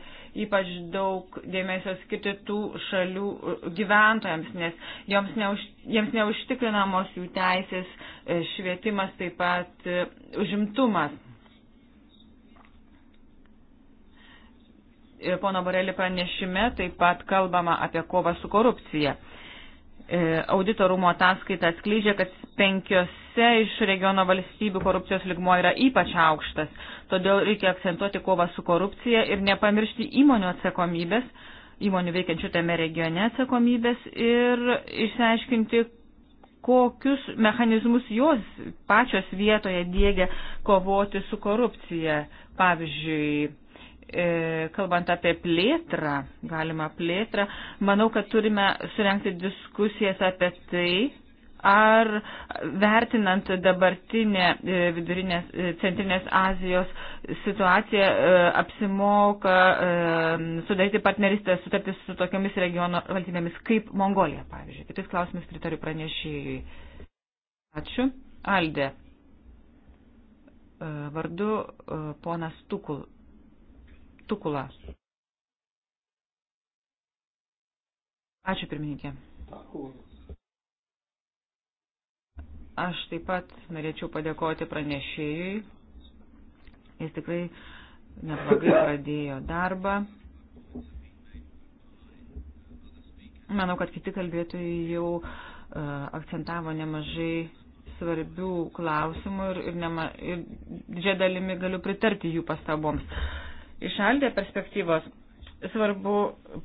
ypač daug dėmesio skirti tų šalių uh, gyventojams, nes joms neuž, jiems neužtikrinamos jų teisės uh, švietimas, taip pat uh, užimtumas. Pono Borelį pranešime taip pat kalbama apie kovą su korupcija. E, audito rūmo ataskaita atskleidžia, kad penkiose iš regiono valstybių korupcijos ligmo yra ypač aukštas. Todėl reikia akcentuoti kovą su korupcija ir nepamiršti įmonių atsakomybės, įmonių veikiančių tame regione atsakomybės ir išsiaiškinti, kokius mechanizmus jos pačios vietoje dėgia kovoti su korupcija. Pavyzdžiui, E, kalbant apie plėtrą, galima plėtrą, manau, kad turime surenkti diskusijas apie tai, ar vertinant dabartinę e, vidurinės e, centrinės Azijos situaciją apsimoka sudaryti partneristę sutartis su tokiamis regiono valstybėmis kaip Mongolija, pavyzdžiui. Kitais klausimais pritariu pranešėjui. Ačiū. Aldė. Vardu ponas Tukul Tukula. Ačiū pirmininkė. Aš taip pat norėčiau padėkoti pranešėjui. Jis tikrai neblogai pradėjo darbą. Manau, kad kiti kalbėtojai jau uh, akcentavo nemažai svarbių klausimų ir, ir, nema, ir didžia dalimi galiu pritarti jų pastaboms. Uh, išaldė perspektyvos, svarbu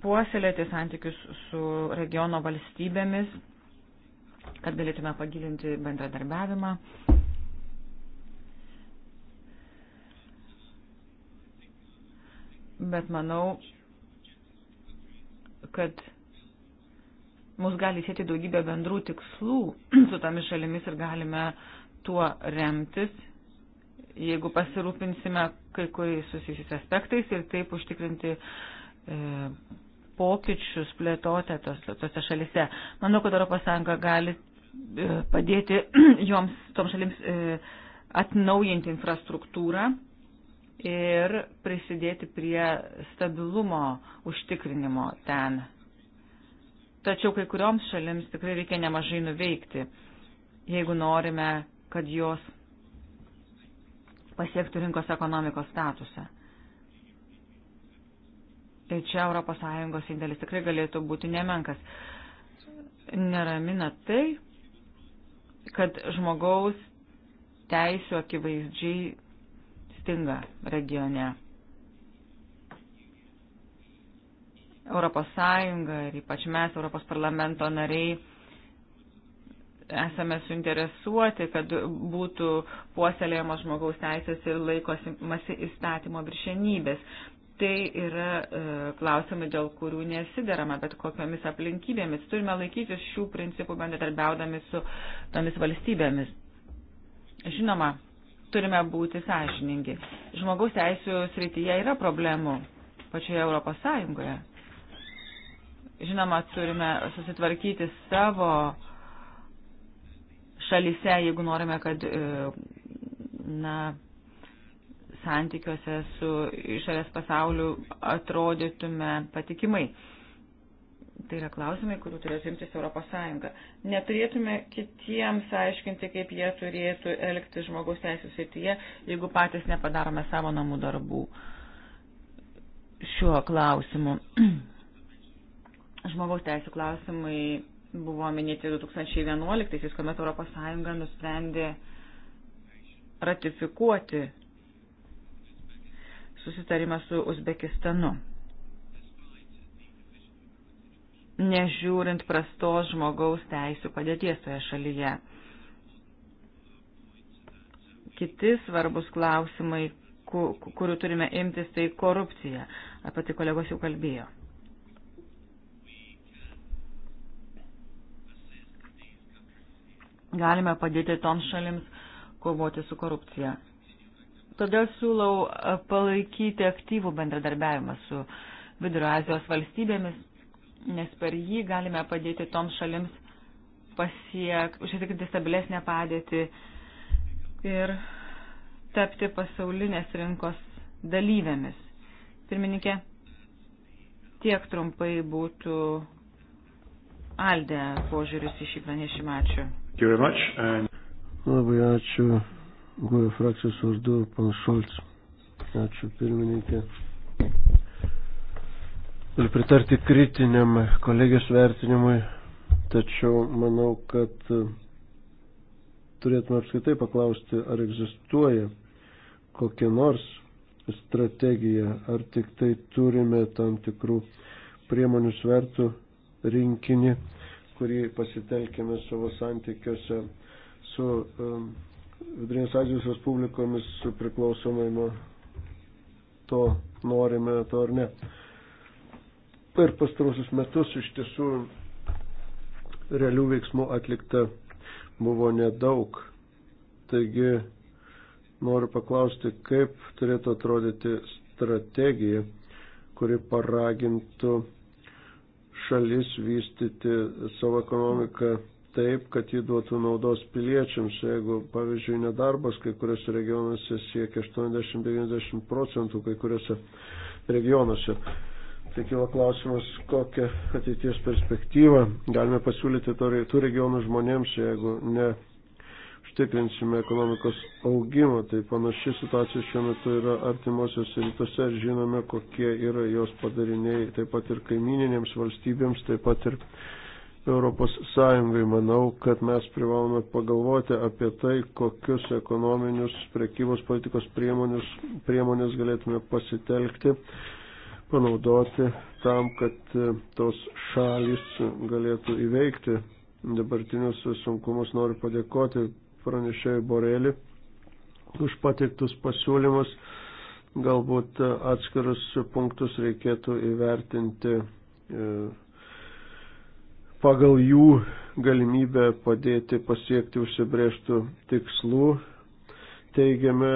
puoselėti santykius su regiono valstybėmis, kad galėtume pagilinti bendradarbiavimą. Bet manau, kad mus gali sėti daugybę bendrų tikslų su tomis šalimis ir galime tuo remtis, jeigu pasirūpinsime, kai kuriais susijusiais aspektais ir taip užtikrinti e, pokyčius plėtoti tos, tose šalise. Manau, kad ES gali e, padėti joms, tom šalims e, atnaujinti infrastruktūrą ir prisidėti prie stabilumo užtikrinimo ten. Tačiau kai kurioms šalims tikrai reikia nemažai nuveikti, jeigu norime, kad jos pasiektų rinkos ekonomikos statusą. Tai čia ES indėlis tikrai galėtų būti nemenkas. Neramina tai, kad žmogaus teisų akivaizdžiai stinga regione. ES ir ypač mes, ES parlamento nariai, esame suinteresuoti, kad būtų puoselėjamos žmogaus teisės ir laikosi įstatymo viršenybės. Tai yra e, klausimai, dėl kurių nesiderama, bet kokiomis aplinkybėmis turime laikytis šių principų bendradarbiaudami su tomis valstybėmis. Žinoma, turime būti sąžiningi. Žmogaus teisų srityje yra problemų pačioje Europos Sąjungoje. Žinoma, turime susitvarkyti savo uh, šalise, jeigu norime, kad e, na, santykiuose su išorės pasauliu atrodytume patikimai. Tai yra klausimai, kurių turės imtis Europos Sąjunga. Neturėtume kitiems aiškinti, kaip jie turėtų elgti žmogaus teisų srityje, jeigu patys nepadarome savo namų darbų šiuo klausimu. Žmogaus teisų klausimai buvo minėti 2011, kuomet ES nusprendė ratifikuoti susitarimą su Uzbekistanu. Nežiūrint prastos žmogaus teisų padėties toje šalyje. Kiti svarbus klausimai, kurių turime imtis, tai korupcija. Apie tai kolegos jau kalbėjo. galime padėti toms šalims kovoti su korupcija. Todėl siūlau e, palaikyti aktyvų bendradarbiavimą su Vidurio Azijos valstybėmis, nes per jį galime padėti toms šalims pasiekti, užsitikrinti stabilesnę padėtį ir tapti pasaulinės rinkos dalyvėmis. Pirmininkė, tiek trumpai būtų Aldė požiūris į šį pranešimą. Ačiū. And... Labai ačiū. Guoja frakcijos vardu, pan Šolc. Ačiū pirmininkė. Ir pritarti kritiniam kolegijos vertinimui, tačiau manau, kad e, turėtume apskaitai paklausti, ar egzistuoja kokia nors strategija, ar tik tai turime tam tikrų priemonių svertų rinkinį, kurį pasitelkėme savo santykiuose su um, Vidurinės Azijos Respublikomis priklausomai nuo to norime, to ar ne. Per pastarosius metus iš tiesų realių veiksmų atlikta buvo nedaug. Taigi noriu paklausti, kaip turėtų atrodyti strategija, kuri paragintų šalis vystyti savo ekonomiką taip, kad jį duotų naudos piliečiams. Jeigu, pavyzdžiui, nedarbas kai kuriuose regionuose siekia 80-90 procentų, kai kuriuose regionuose. Tai kilo klausimas, kokią ateities perspektyvą galime pasiūlyti tų regionų žmonėms, jeigu ne užtikrinsime ekonomikos augimą. Tai panaši situacija šiuo metu yra artimuosiuose rytuose ir žinome, kokie yra jos padariniai taip pat ir kaimininėms valstybėms, taip pat ir Europos Sąjungai. Manau, kad mes privalome pagalvoti apie tai, kokius ekonominius prekybos politikos priemonės, priemonės galėtume pasitelkti panaudoti tam, kad e, tos šalis galėtų įveikti dabartinius sunkumus noriu padėkoti pranešėjai Borelį už pateiktus pasiūlymus. Galbūt atskirus punktus reikėtų įvertinti e, pagal jų galimybę padėti pasiekti užsibrėžtų tikslų. Teigiame,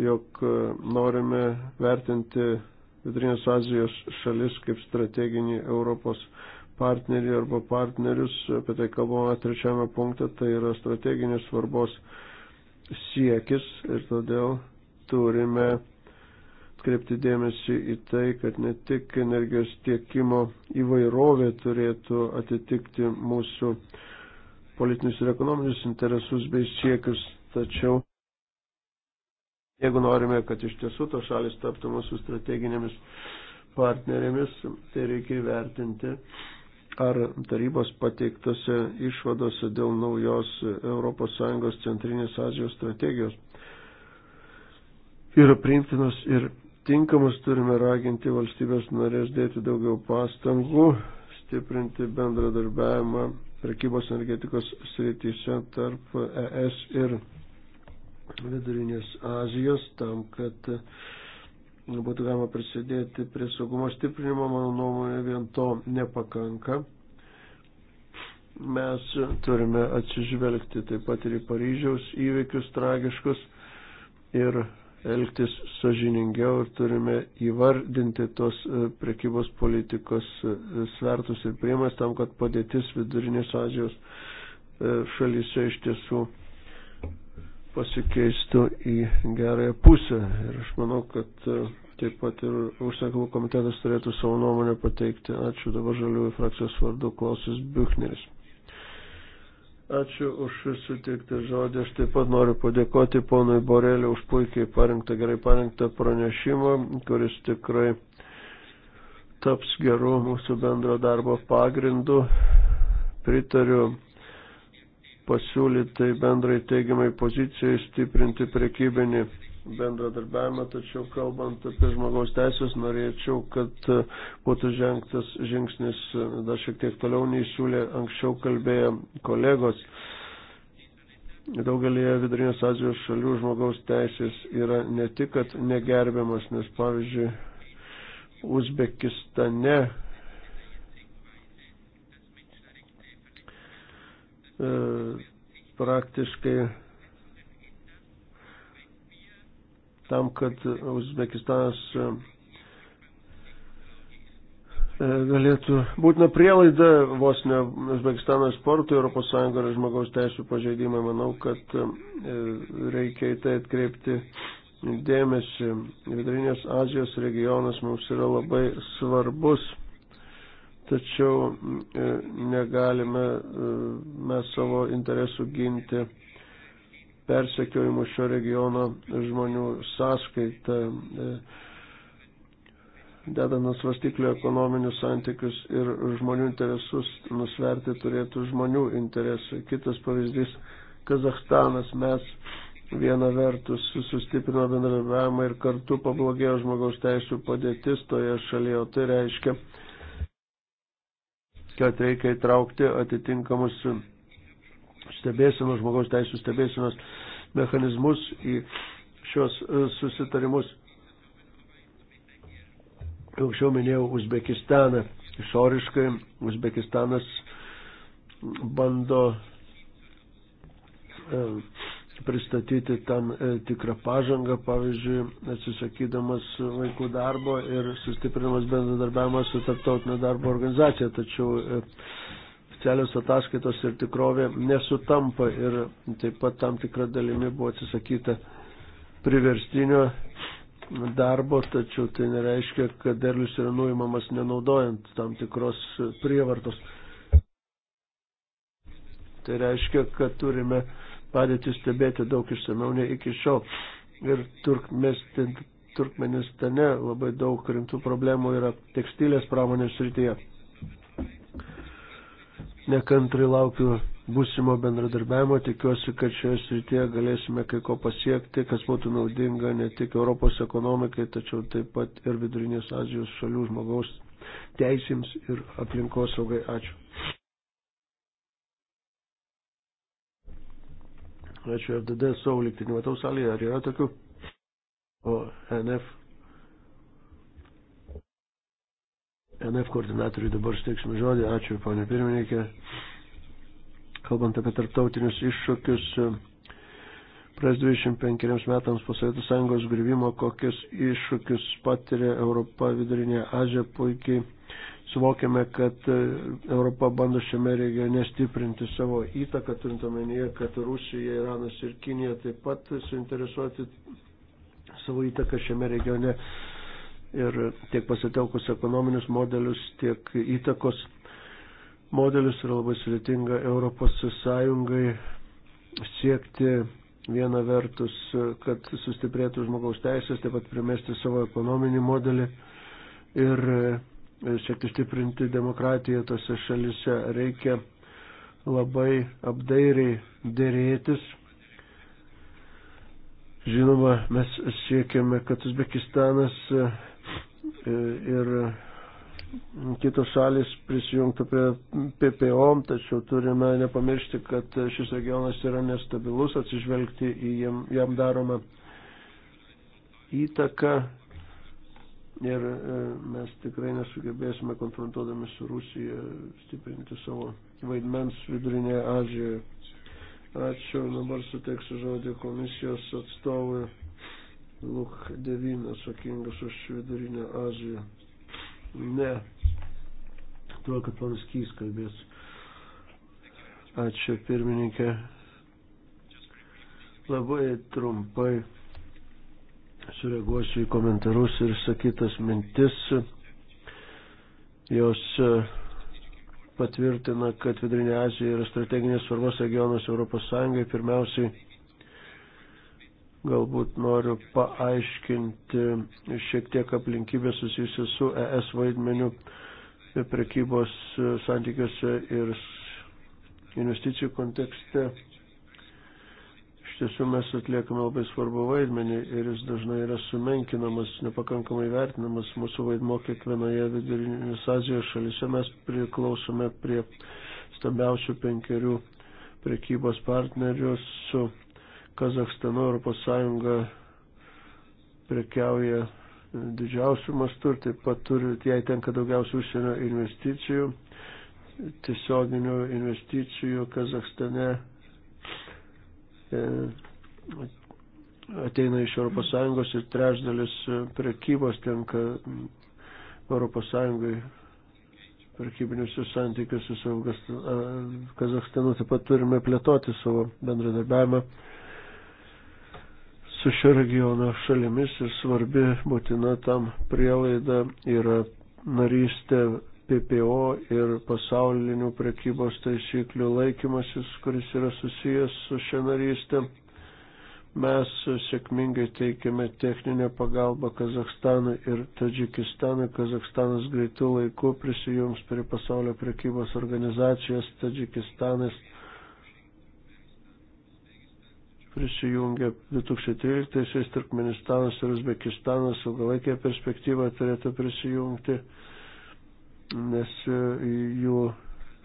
jog e, norime vertinti Vidrinės Azijos šalis kaip strateginį Europos partnerį arba partnerius, apie tai kalbama trečiame punkte, tai yra strateginės svarbos siekis ir todėl turime atkreipti dėmesį į tai, kad ne tik energijos tiekimo įvairovė turėtų atitikti mūsų politinius ir ekonominius interesus bei siekius, tačiau jeigu norime, kad iš tiesų tos šalis taptų mūsų strateginėmis partnerėmis, tai reikia įvertinti ar tarybos pateiktose išvadose dėl naujos ES centrinės Azijos strategijos yra priimtinos ir tinkamas turime raginti valstybės norės dėti daugiau pastangų, stiprinti bendradarbiavimą prekybos energetikos srityse tarp ES ir Vidurinės Azijos tam, kad būtų galima prisidėti prie saugumo stiprinimo, mano nuomonė, vien to nepakanka. Mes turime atsižvelgti taip pat ir į Paryžiaus įvykius tragiškus ir elgtis sažiningiau ir turime įvardinti tos e, prekybos politikos e, svertus ir priemas tam, kad padėtis vidurinės Azijos e, šalyse iš tiesų pasikeistų į gerąją pusę. Ir aš manau, kad e, taip pat ir užsienkalų komitetas turėtų savo nuomonę pateikti. Ačiū dabar žaliųjų frakcijos vardu Klausis Bichneris. Ačiū už suteiktą žodį. Aš taip pat noriu padėkoti ponui Borelį už puikiai parengtą, gerai parengtą pranešimą, kuris tikrai taps geru mūsų bendro darbo pagrindu. Pritariu pasiūlytai bendrai teigiamai pozicijai stiprinti prekybinį bendradarbiavimą, tačiau kalbant apie žmogaus teisės, norėčiau, kad e, būtų žengtas žingsnis e, dar šiek tiek toliau nei siūlė anksčiau kalbėję kolegos. Daugelėje Vidurinės Azijos šalių žmogaus teisės yra ne tik, kad negerbiamas, nes pavyzdžiui, Uzbekistane E, praktiškai tam, kad Uzbekistanas e, galėtų būtina prielaida vos ne Uzbekistano sportui Europos Sąjungo ir žmogaus teisų pažeidimai. Manau, kad e, reikia į tai atkreipti dėmesį. Vidurinės Azijos regionas mums yra labai svarbus tačiau e, negalime e, mes savo interesų ginti persekiojimų šio regiono žmonių sąskaitą, e, dedant svastiklių ekonominius santykius ir žmonių interesus, nusverti turėtų žmonių interesai. Kitas pavyzdys - Kazahstanas. Mes viena vertus sustiprino bendradarbiavimą ir kartu pablogėjo žmogaus teisų padėtis toje šalyje, o tai reiškia, kad reikia įtraukti atitinkamus stebėsinos, žmogaus teisų stebėsinos mechanizmus į šios e, susitarimus. Anksčiau minėjau Uzbekistaną. Išoriškai Uzbekistanas bando e, pristatyti tam e, tikrą pažangą, pavyzdžiui, atsisakydamas vaikų darbo ir sustiprinamas bendradarbiavimas su tarptautinio darbo organizacija, tačiau oficialios e, ataskaitos ir tikrovė nesutampa ir taip pat tam tikrą dalimi buvo atsisakyta priverstinio darbo, tačiau tai nereiškia, kad derlius yra nuimamas nenaudojant tam tikros prievartos. Tai reiškia, kad turime padėtį stebėti daug išsameu nei iki šiol. Ir Turkmenistane labai daug rimtų problemų yra tekstilės pramonės srityje. Nekantrai laukiu būsimo bendradarbiavimo, tikiuosi, kad šioje srityje galėsime kai ko pasiekti, kas būtų naudinga ne tik Europos ekonomikai, tačiau taip pat ir Vidurinės Azijos šalių žmogaus teisėms ir aplinkosaugai. Ačiū. Ačiū FDD savo likti, nematau salėje, ar yra tokių? O NF. NF koordinatoriui dabar steiksime žodį. Ačiū, ponė pirmininkė. Kalbant apie tarptautinius iššūkius, praėjus 25 metams po Sovietų sąjungos grįvimo, kokius iššūkius patiria Europa, Vidurinė Azija puikiai suvokiame, kad e, Europa bando šiame regione stiprinti savo įtaką, turint omenyje, kad Rusija, Iranas ir Kinija taip pat suinteresuoti savo įtaką šiame regione ir tiek pasitelkus ekonominius modelius, tiek įtakos modelius yra labai sudėtinga Europos Sąjungai siekti viena vertus, kad sustiprėtų žmogaus teisės, taip pat primesti savo ekonominį modelį ir siekti stiprinti demokratiją tose šalise, reikia labai apdairiai dėrėtis. Žinoma, mes siekiame, kad Uzbekistanas e, ir kitos šalis prisijungtų prie PPO, tačiau turime nepamiršti, kad šis regionas yra nestabilus, atsižvelgti į jam, jam daromą įtaką Ir e, mes tikrai nesugebėsime konfrontuodami su Rusija stiprinti savo vaidmens vidurinėje Azijoje. Ačiū, dabar suteiksiu žodį komisijos atstovui Luk 9 atsakingas už vidurinę Aziją. Ne, tuo, kad panas Kys kalbės. Ačiū, pirmininkė. Labai trumpai sureaguosiu į komentarus ir sakytas mintis. Jos e, patvirtina, kad Vidurinė Azija yra strateginės svarbos regionas Europos Sąjungai. Pirmiausiai galbūt noriu paaiškinti šiek tiek aplinkybę susijusią su ES vaidmeniu prekybos santykiuose ir investicijų kontekste Iš tiesų mes atliekame labai svarbu vaidmenį ir jis dažnai yra sumenkinamas, nepakankamai vertinamas mūsų vaidmo kiekvienoje vidurinės Azijos šalise. Mes priklausome prie stambiausių penkerių prekybos partnerių su Kazakstanu Europos Sąjunga prekiauja didžiausių mastų ir taip pat turi, jai tenka daugiausiai užsienio investicijų, tiesioginių investicijų Kazakstane E, ateina iš ES ir trečdalis e, prekybos tenka ES prekybiniuose santykiuose su Kazakstanu. Taip pat turime plėtoti savo bendradarbiavimą su šio regiono šalimis ir svarbi būtina tam prielaida yra narystė PPO ir pasaulinių prekybos taisyklių laikymasis, kuris yra susijęs su šia narystė. Mes sėkmingai teikiame techninę pagalbą Kazakstanui ir Tadžikistanui. Kazakstanas greitų laikų prisijungs prie pasaulio prekybos organizacijos. Tadžikistanas prisijungė 2013-aisiais Turkmenistanas ir Uzbekistanas ilgalaikėje perspektyvoje turėtų prisijungti nes e, jų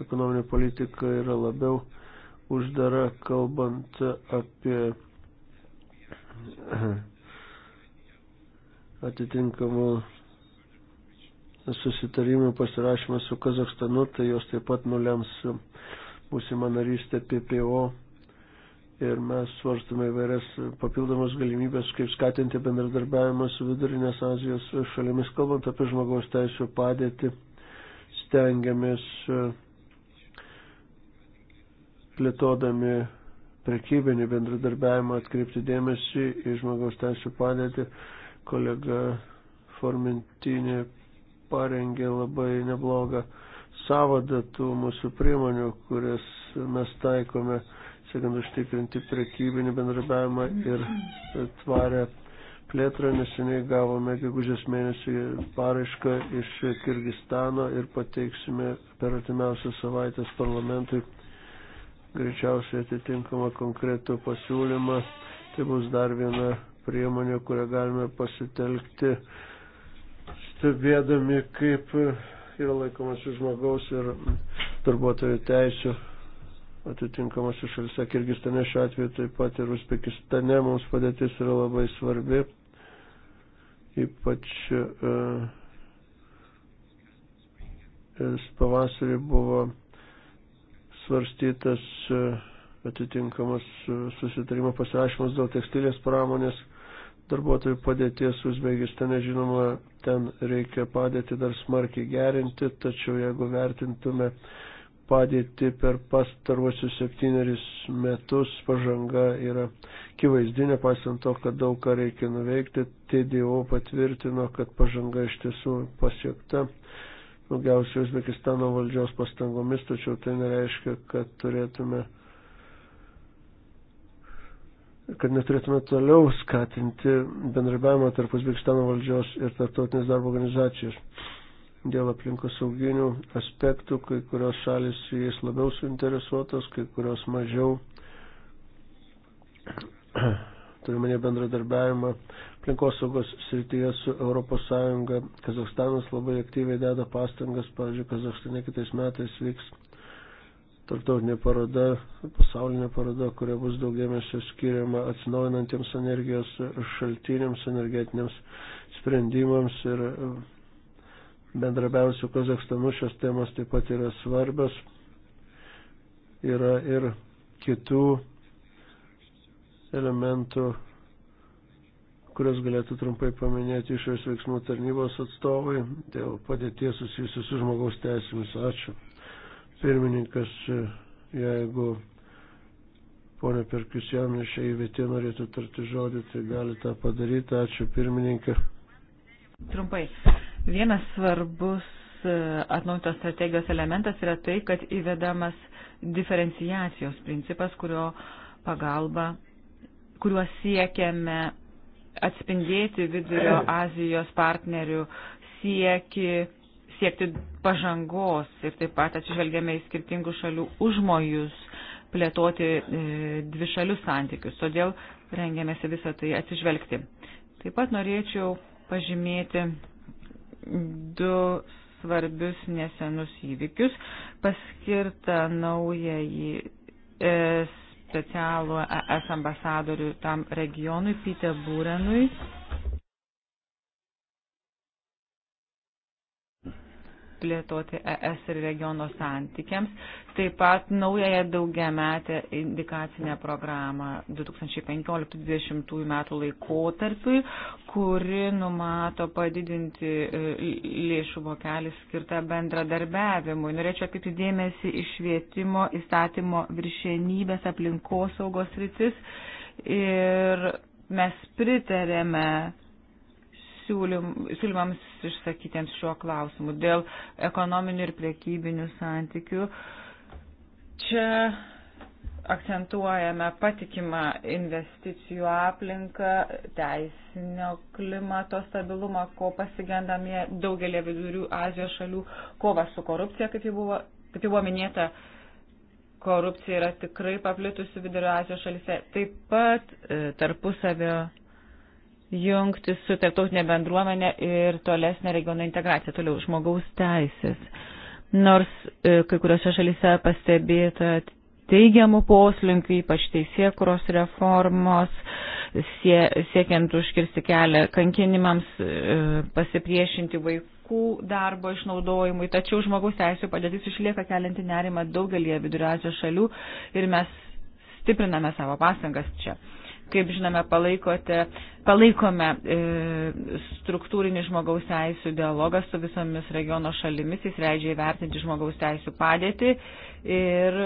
ekonominė politika yra labiau uždara, kalbant apie atitinkamų susitarimų pasirašymą su Kazakstanu, tai jos taip pat nulems būsimą narystę PPO ir mes svarstame įvairias papildomas galimybės, kaip skatinti bendradarbiavimą su Vidurinės Azijos šalimis, kalbant apie žmogaus teisų padėtį stengiamės e, plėtodami prekybinį bendradarbiavimą atkreipti dėmesį į žmogaus teisų padėtį. Kolega Formentinė parengė labai neblogą savadą tų mūsų priemonių, kurias mes taikome, siekiant užtikrinti prekybinį bendradarbiavimą ir tvarę plėtrą. Neseniai gavome gegužės mėnesį paraišką iš Kirgistano ir pateiksime per artimiausias savaitės parlamentui greičiausiai atitinkamą konkretų pasiūlymą. Tai bus dar viena priemonė, kurią galime pasitelkti, stebėdami, kaip yra laikomasi žmogaus ir darbuotojų teisų atitinkamose šalise. Kirgistane šiuo atveju taip pat ir Uzbekistane mums padėtis yra labai svarbi. Ypač e, pavasarį buvo svarstytas e, atitinkamas e, susitarimo pasirašymas dėl tekstilės pramonės darbuotojų padėties Uzbekistane, žinoma, ten reikia padėti dar smarkiai gerinti, tačiau jeigu vertintume padėtį per pastaruosius septynerius metus pažanga yra kivaizdi, nepaisant to, kad daug ką reikia nuveikti. TDO patvirtino, kad pažanga iš tiesų pasiekta daugiausiai Uzbekistano valdžios pastangomis, tačiau tai nereiškia, kad turėtume kad neturėtume toliau skatinti bendrabiavimą tarp Uzbekistano valdžios ir tarptautinės darbo organizacijos dėl aplinkosauginių aspektų, kai kurios šalis jais labiau suinteresuotos, kai kurios mažiau. Turime nebendradarbiavimą aplinkosaugos srityje su ES. Kazakstanas labai aktyviai deda pastangas. Pavyzdžiui, Kazakstane kitais metais vyks tarptautinė paroda, pasaulinė paroda, kuria bus daug dėmesio skiriama atsinaujinantiems energijos šaltiniams, energetiniams sprendimams ir bendrabiausių Kazakstanu šios temos taip pat yra svarbios. Yra ir kitų elementų, kurias galėtų trumpai paminėti išvės veiksmų tarnybos atstovai dėl padėties susijusių su žmogaus teisėmis. Ačiū. Pirmininkas, jeigu ponė Perkusian iš EIVT norėtų tarti žodį, tai gali tą padaryti. Ačiū pirmininkė. Trumpai. Vienas svarbus e, atnaujintos strategijos elementas yra tai, kad įvedamas diferenciacijos principas, kurio pagalba, kuriuo siekiame atspindėti vidurio Azijos partnerių sieki, siekti pažangos ir taip pat atsižvelgiame į skirtingų šalių užmojus plėtoti e, dvišalius santykius. Todėl rengiamėsi visą tai atsižvelgti. Taip pat norėčiau pažymėti du svarbius nesenus įvykius, paskirta naująjį e, specialų ES ambasadorių tam regionui, Pite Būrenui. plėtoti ES ir regiono santykiams, taip pat naująją daugiametę indikacinę programą 2015-2020 metų laikotarpiui, kuri numato padidinti e, lėšų vokelį skirtą bendradarbiavimui. Norėčiau atkreipti dėmesį išvietimo įstatymo viršienybės aplinkosaugos rytis ir mes pritarėme siūlym, siūlymams išsakytiems šiuo klausimu. Dėl ekonominių ir priekybinių santykių čia akcentuojame patikimą investicijų aplinką, teisinio klimato stabilumą, ko pasigendame daugelį vidurių Azijos šalių, kova su korupcija, kaip jau buvo, kaip jau buvo minėta, korupcija yra tikrai paplitusi vidurio Azijos šalise, taip pat e, tarpusavio jungti su tarptautinė bendruomenė ir tolesnė regiono integracija, toliau žmogaus teisės. Nors e, kai kuriuose šalyse pastebėta teigiamų poslinkių, ypač teisėkuros reformos, sie, siekiant užkirsti kelią kankinimams, e, pasipriešinti vaikų darbo išnaudojimui, tačiau žmogaus teisų padėtis išlieka kelianti nerimą daugelie vidurio Azijos šalių ir mes stipriname savo pastangas čia kaip žinome, palaikote, palaikome e, struktūrinį žmogaus teisų dialogą su visomis regiono šalimis, jis leidžia įvertinti žmogaus teisų padėtį ir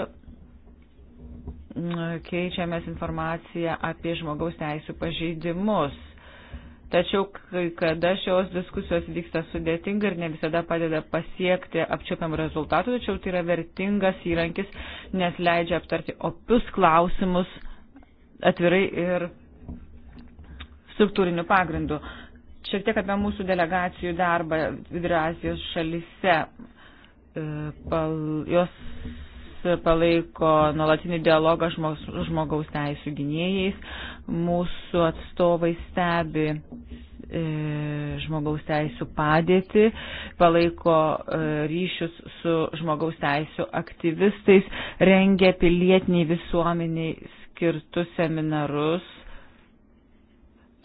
keičiamės informaciją apie žmogaus teisų pažeidimus. Tačiau, kai kada šios diskusijos vyksta sudėtinga ir ne visada padeda pasiekti apčiopiam rezultatų, tačiau tai yra vertingas įrankis, nes leidžia aptarti opius klausimus atvirai ir struktūriniu pagrindu. Šiek tiek apie mūsų delegacijų darbą Vidurio Azijos šalise. E, pal, jos palaiko nuolatinį dialogą žmog, žmogaus teisų gynėjais. Mūsų atstovai stebi e, žmogaus teisų padėtį, palaiko e, ryšius su žmogaus teisų aktyvistais, rengia pilietiniai visuomeniai skirtus seminarus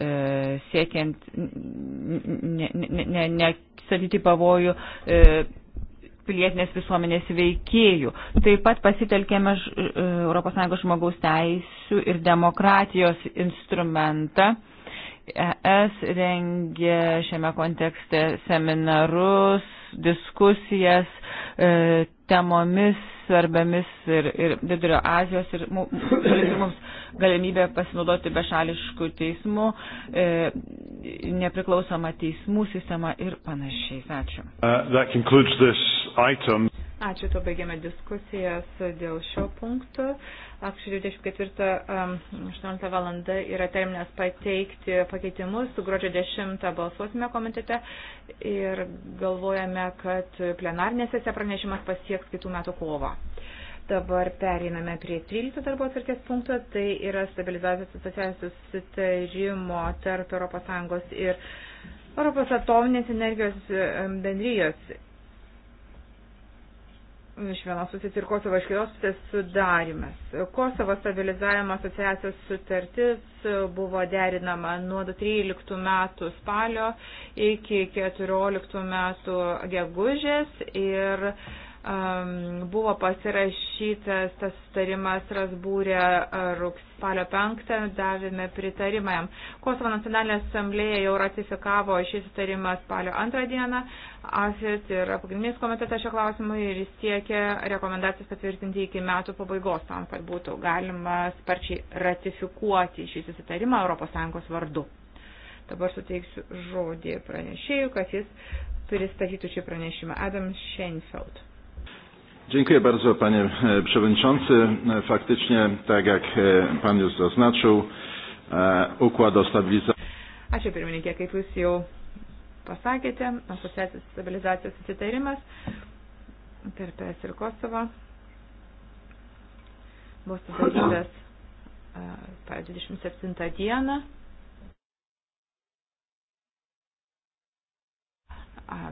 e, siekiant nestatyti ne, ne, ne pavojų e, pilietinės visuomenės veikėjų. Taip pat pasitelkėme ES žmogaus teisų ir demokratijos instrumentą. E, ES rengė šiame kontekste seminarus, diskusijas e, temomis svarbiamis ir, ir Vidurio Azijos ir mums galimybė pasinaudoti bešališkų teismų, e, nepriklausoma teismų sistema ir panašiais. Ačiū. Uh, Ačiū, to baigėme diskusijas dėl šio punkto. Akšį 24.18 val. yra terminas pateikti pakeitimus. Su gruodžio 10 balsuosime komitete ir galvojame, kad plenarnė sesija pranešimas pasieks kitų metų kovą. Dabar periname prie 13 darbo atvarkės punkto, tai yra stabilizacijos asociacijos susitarimo tarp ES ir ES atominės energijos um, bendrijos iš vienos pusės ir Kosovo iš kitos pusės sudarimas. Kosovo stabilizavimo asociacijos sutartis buvo derinama nuo 13 metų spalio iki 14 metų gegužės ir uh, um, buvo pasirašytas tas sutarimas Rasbūrė spalio 5, davėme pritarimą jam. Kosovo nacionalinė asamblėja jau ratifikavo šį sutarimą spalio 2 dieną. AFIT yra pagrindinis komitetas šio klausimu ir jis siekia rekomendacijas patvirtinti iki metų pabaigos tam, kad būtų galima sparčiai ratifikuoti šį susitarimą ES vardu. Dabar suteiksiu žodį pranešėjų, kad jis pristatytų šį pranešimą. Adam Sheinfeld. Dziękuję bardzo panie e, przewodniczący. E, faktycznie, tak jak e, pan już zaznaczył, układ o stabilizacji. Ačiū pirmininkė, kaip jūs jau pasakėte, asociacijos stabilizacijos susitarimas tarp ES ir Kosovo buvo sudarytas 27 dieną.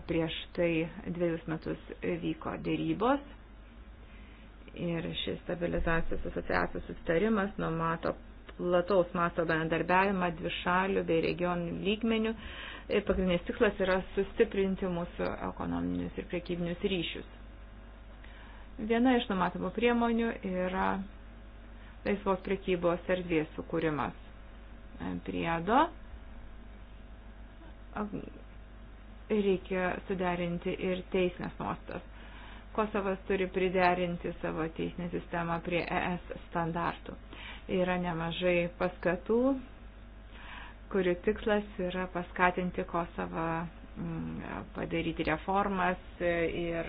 Prieš tai dviejus metus vyko dėrybos Ir šis stabilizacijos asociacijos sustarimas numato plataus masto bendarbiavimą dvišalių bei regionų lygmenių. Ir pagrindinis tikslas yra sustiprinti mūsų ekonominius ir priekybinius ryšius. Viena iš numatomų priemonių yra laisvos priekybos erdvės sukūrimas. Priedo reikia suderinti ir teisinės nuostas. Kosovas turi priderinti savo teisinę sistemą prie ES standartų. Yra nemažai paskatų, kurių tikslas yra paskatinti Kosovą mm, padaryti reformas ir,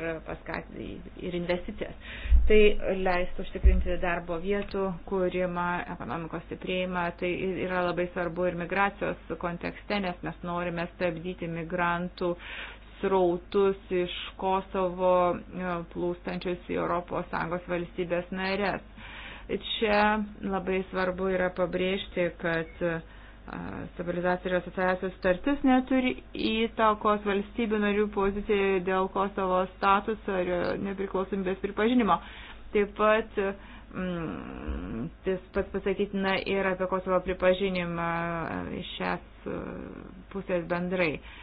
ir investicijas. Tai leistų užtikrinti darbo vietų kūrimą, ekonomikos stiprėjimą. Tai yra labai svarbu ir migracijos kontekste, nes mes norime stabdyti migrantų srautus iš Kosovo e, plūstančius į ES valstybės narės. Čia labai svarbu yra pabrėžti, kad e, stabilizacijos ir asociacijos startis neturi įtakos valstybių narių pozicijai dėl Kosovo statuso ir nepriklausomybės pripažinimo. Taip pat mm, tas pats pasakytina ir apie Kosovo pripažinimą e, iš šias pusės bendrai. Uh,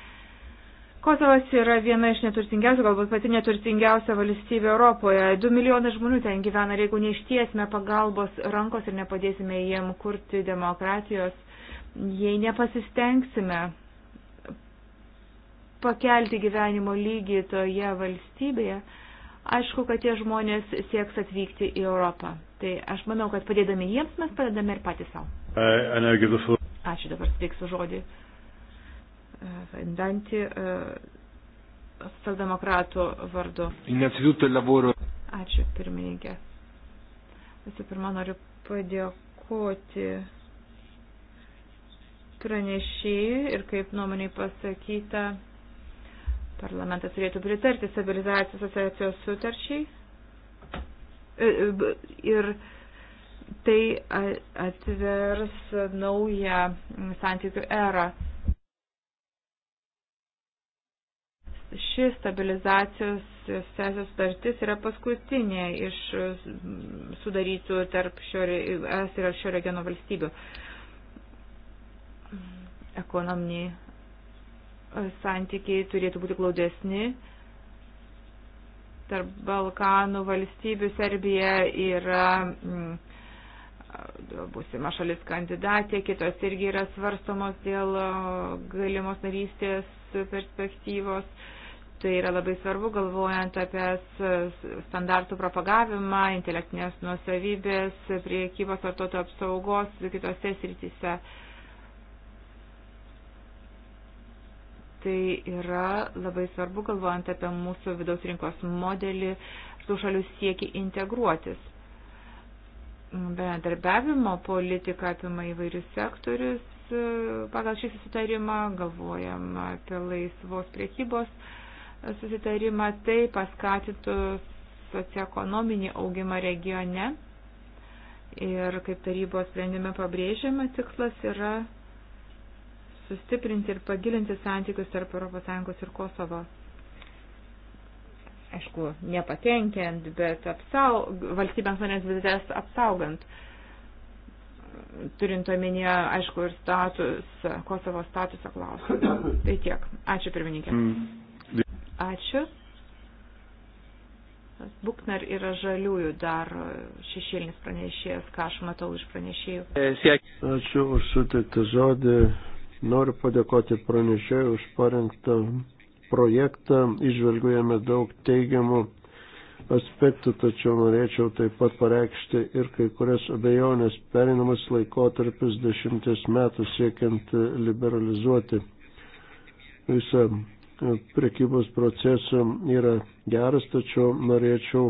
Kosovas yra viena iš neturtingiausių, galbūt pati neturtingiausia valstybė Europoje. 2 milijonai žmonių ten gyvena ir jeigu neištiesime pagalbos rankos ir nepadėsime jiem kurti demokratijos, jei nepasistengsime pakelti gyvenimo lygį toje valstybėje, aišku, kad tie žmonės sieks atvykti į Europą. Tai aš manau, kad padėdami jiems mes padedame ir patys savo. Ačiū dabar suteiksiu žodį. Vendanti, e, socialdemokratų vardu. Ačiū, pirmininkė. Visų pirma, noriu padėkoti pranešėjai ir kaip nuomonai pasakyta, parlamentas turėtų pritarti stabilizacijos asociacijos sutarčiai. E, e, ir tai atvers naują santykių erą ši stabilizacijos sesijos sutartis yra paskutinė iš mm, sudarytų tarp šio, es ir šio regiono valstybių. Ekonominiai e, santykiai turėtų būti glaudesni. Tarp Balkanų valstybių Serbija yra mm, e, būsima šalis kandidatė, kitos irgi yra svarstomos dėl e, galimos narystės perspektyvos Tai yra labai svarbu, galvojant apie standartų propagavimą, intelektinės nuosavybės, priekybos vartotojų apsaugos kitose srityse. Tai yra labai svarbu, galvojant apie mūsų vidaus rinkos modelį, tų šalių siekį integruotis. Bendarbiavimo politika apima įvairius sektorius pagal šį susitarimą, galvojam apie laisvos priekybos susitarimą, tai paskatytų socioekonominį augimą regione. Ir kaip tarybos sprendime pabrėžiama, tikslas yra sustiprinti ir pagilinti santykius tarp ES ir Kosovo. Aišku, nepakenkiant, bet apsaug, valstybėms manęs vizitės apsaugant. Turint omenyje, aišku, ir status, Kosovo statuso klausimą. Tai tiek. Ačiū pirmininkė. Mm. Ačiū. Bukner yra žaliųjų dar šešėlinis pranešėjas, ką aš matau iš pranešėjų. E, Ačiū už sutiktą žodį. Noriu padėkoti pranešėjui už parengtą projektą. Išvelgujame daug teigiamų aspektų, tačiau norėčiau taip pat pareikšti ir kai kurias abejonės perinamas laikotarpis dešimties metų siekiant liberalizuoti visą prekybos procesų yra geras, tačiau norėčiau,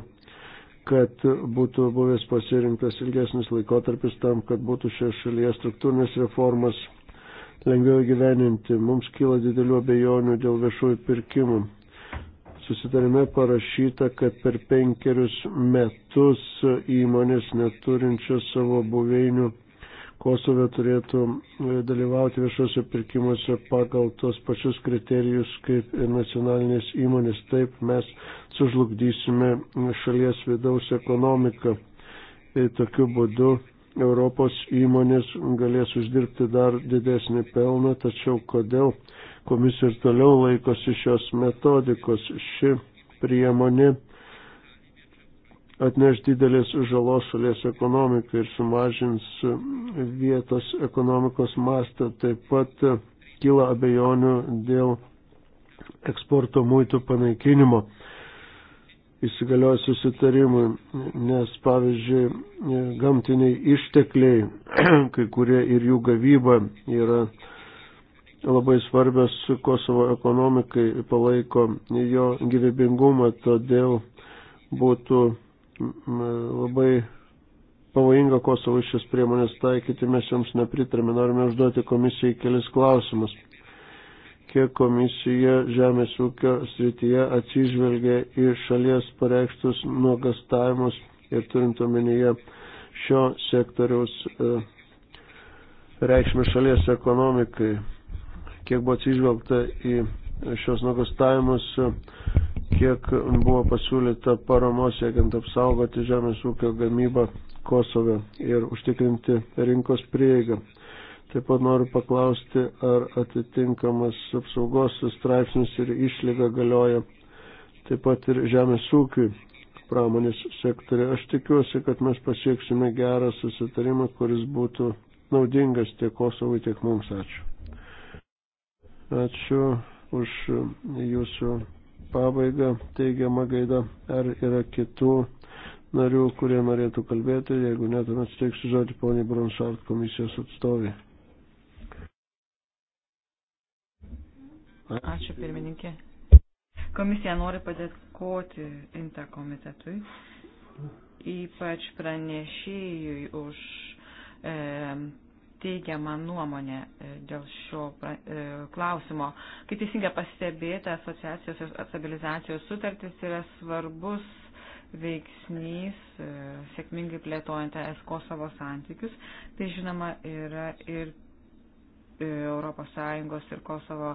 kad būtų buvęs pasirinktas ilgesnis laikotarpis tam, kad būtų šioje šalyje struktūrinės reformas lengviau gyveninti. Mums kyla didelių abejonių dėl viešųjų pirkimų. Susitarime parašyta, kad per penkerius metus įmonės neturinčios savo buveinių Kosove turėtų e, dalyvauti viešuose pirkimuose pagal tos pačius kriterijus kaip ir nacionalinės įmonės. Taip mes sužlugdysime šalies vidaus ekonomiką. Ir tokiu būdu Europos įmonės galės uždirbti dar didesnį pelną, tačiau kodėl komisija ir toliau laikosi šios metodikos. Ši priemonė atneš didelės žalos šalies ekonomikai ir sumažins e, vietos ekonomikos mastą. Taip pat e, kyla abejonių dėl eksporto muitų panaikinimo įsigaliojus susitarimui, nes pavyzdžiui, e, gamtiniai ištekliai, kai kurie ir jų gavyba yra labai svarbios Kosovo ekonomikai, palaiko jo gyvybingumą, todėl būtų labai pavojinga Kosovui šias priemonės taikyti, mes joms nepritarėme. Norime užduoti komisijai kelis klausimus. Kiek komisija žemės ūkio srityje atsižvelgia į šalies pareikštus nuogastavimus ir turint omenyje šio sektoriaus e, reikšmę šalies ekonomikai, kiek buvo atsižvelgta į šios nuogastavimus kiek buvo pasiūlyta paramos siekiant apsaugoti žemės ūkio gamybą Kosove ir užtikrinti rinkos prieigą. Taip pat noriu paklausti, ar atitinkamas apsaugos straipsnis ir išlyga galioja taip pat ir žemės ūkiui pramonės sektoriai. Aš tikiuosi, kad mes pasieksime gerą susitarimą, kuris būtų naudingas tiek Kosovui, tiek mums. Ačiū. Ačiū už jūsų pabaigą teigiamą gaidą. Ar yra kitų narių, kurie norėtų kalbėti? Jeigu ne, tuomet steiksiu žodį poniai Bronšart komisijos atstovė. Ačiū pirmininkė. Komisija nori padėkoti INTA komitetui, ypač pranešėjui už e, teigiamą nuomonę e, dėl šio e, klausimo. Kaip teisingai pastebėta, asociacijos ir stabilizacijos sutartis yra svarbus veiksnys e, sėkmingai plėtojant ES Kosovo santykius. Tai žinoma yra ir ES ir Kosovo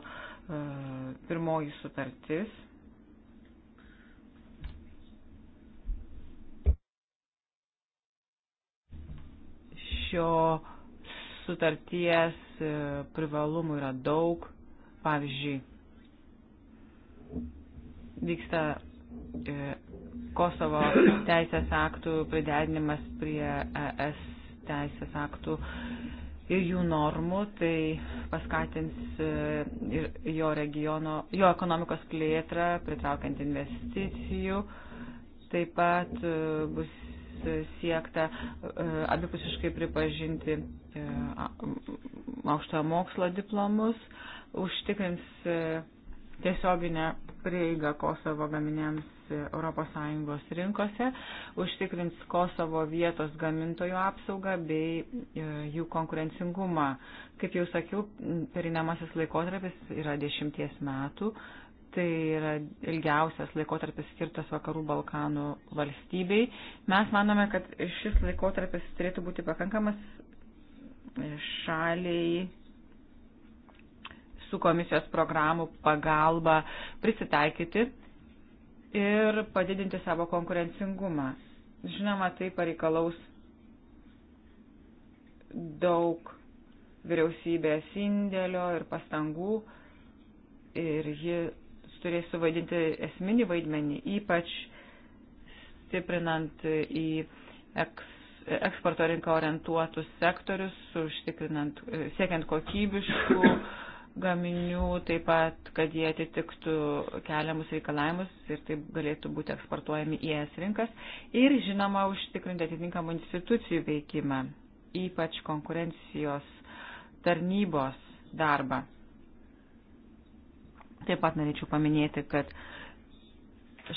pirmoji sutartis. Šio sutarties e, privalumų yra daug. Pavyzdžiui, vyksta e, Kosovo teisės aktų pridedinimas prie ES teisės aktų ir jų normų, tai paskatins e, ir jo regiono, jo ekonomikos plėtrą, pritraukiant investicijų. Taip pat bus siekta e, abipusiškai pripažinti e, aukštojo mokslo diplomus, užtikrins e, tiesioginę prieigą Kosovo gaminiams ES rinkose, užtikrins Kosovo vietos gamintojų apsaugą bei jų konkurencingumą. Kaip jau sakiau, perinamasis laikotarpis yra dešimties metų tai yra ilgiausias laikotarpis skirtas Vakarų Balkanų valstybei. Mes manome, kad šis laikotarpis turėtų būti pakankamas šaliai su komisijos programų pagalba prisitaikyti ir padidinti savo konkurencingumą. Žinoma, tai pareikalaus daug vyriausybės indėlio ir pastangų ir ji turės suvaidinti esminį vaidmenį, ypač stiprinant į eks, eksporto rinką orientuotus sektorius, užtikrinant, e, siekiant kokybiškų gaminių, taip pat, kad jie atitiktų keliamus reikalavimus ir taip galėtų būti eksportuojami į ES rinkas ir, žinoma, užtikrinti atitinkamų institucijų veikimą, ypač konkurencijos tarnybos darbą. Taip pat norėčiau paminėti, kad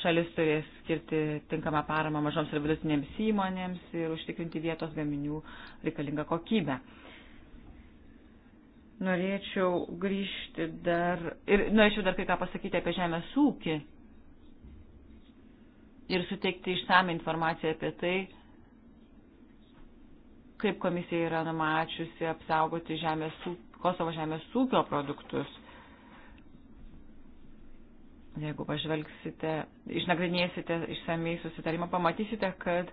šalis turės skirti tinkamą paramą mažoms ir vidutinėms įmonėms ir užtikrinti vietos gaminių reikalingą kokybę. Norėčiau grįžti dar ir norėčiau dar kai ką pasakyti apie žemės ūkį ir suteikti išsame informaciją apie tai, kaip komisija yra numačiusi apsaugoti žemės, Kosovo žemės ūkio produktus Jeigu pažvelgsite, išnagrinėsite išsamei susitarimą, pamatysite, kad e,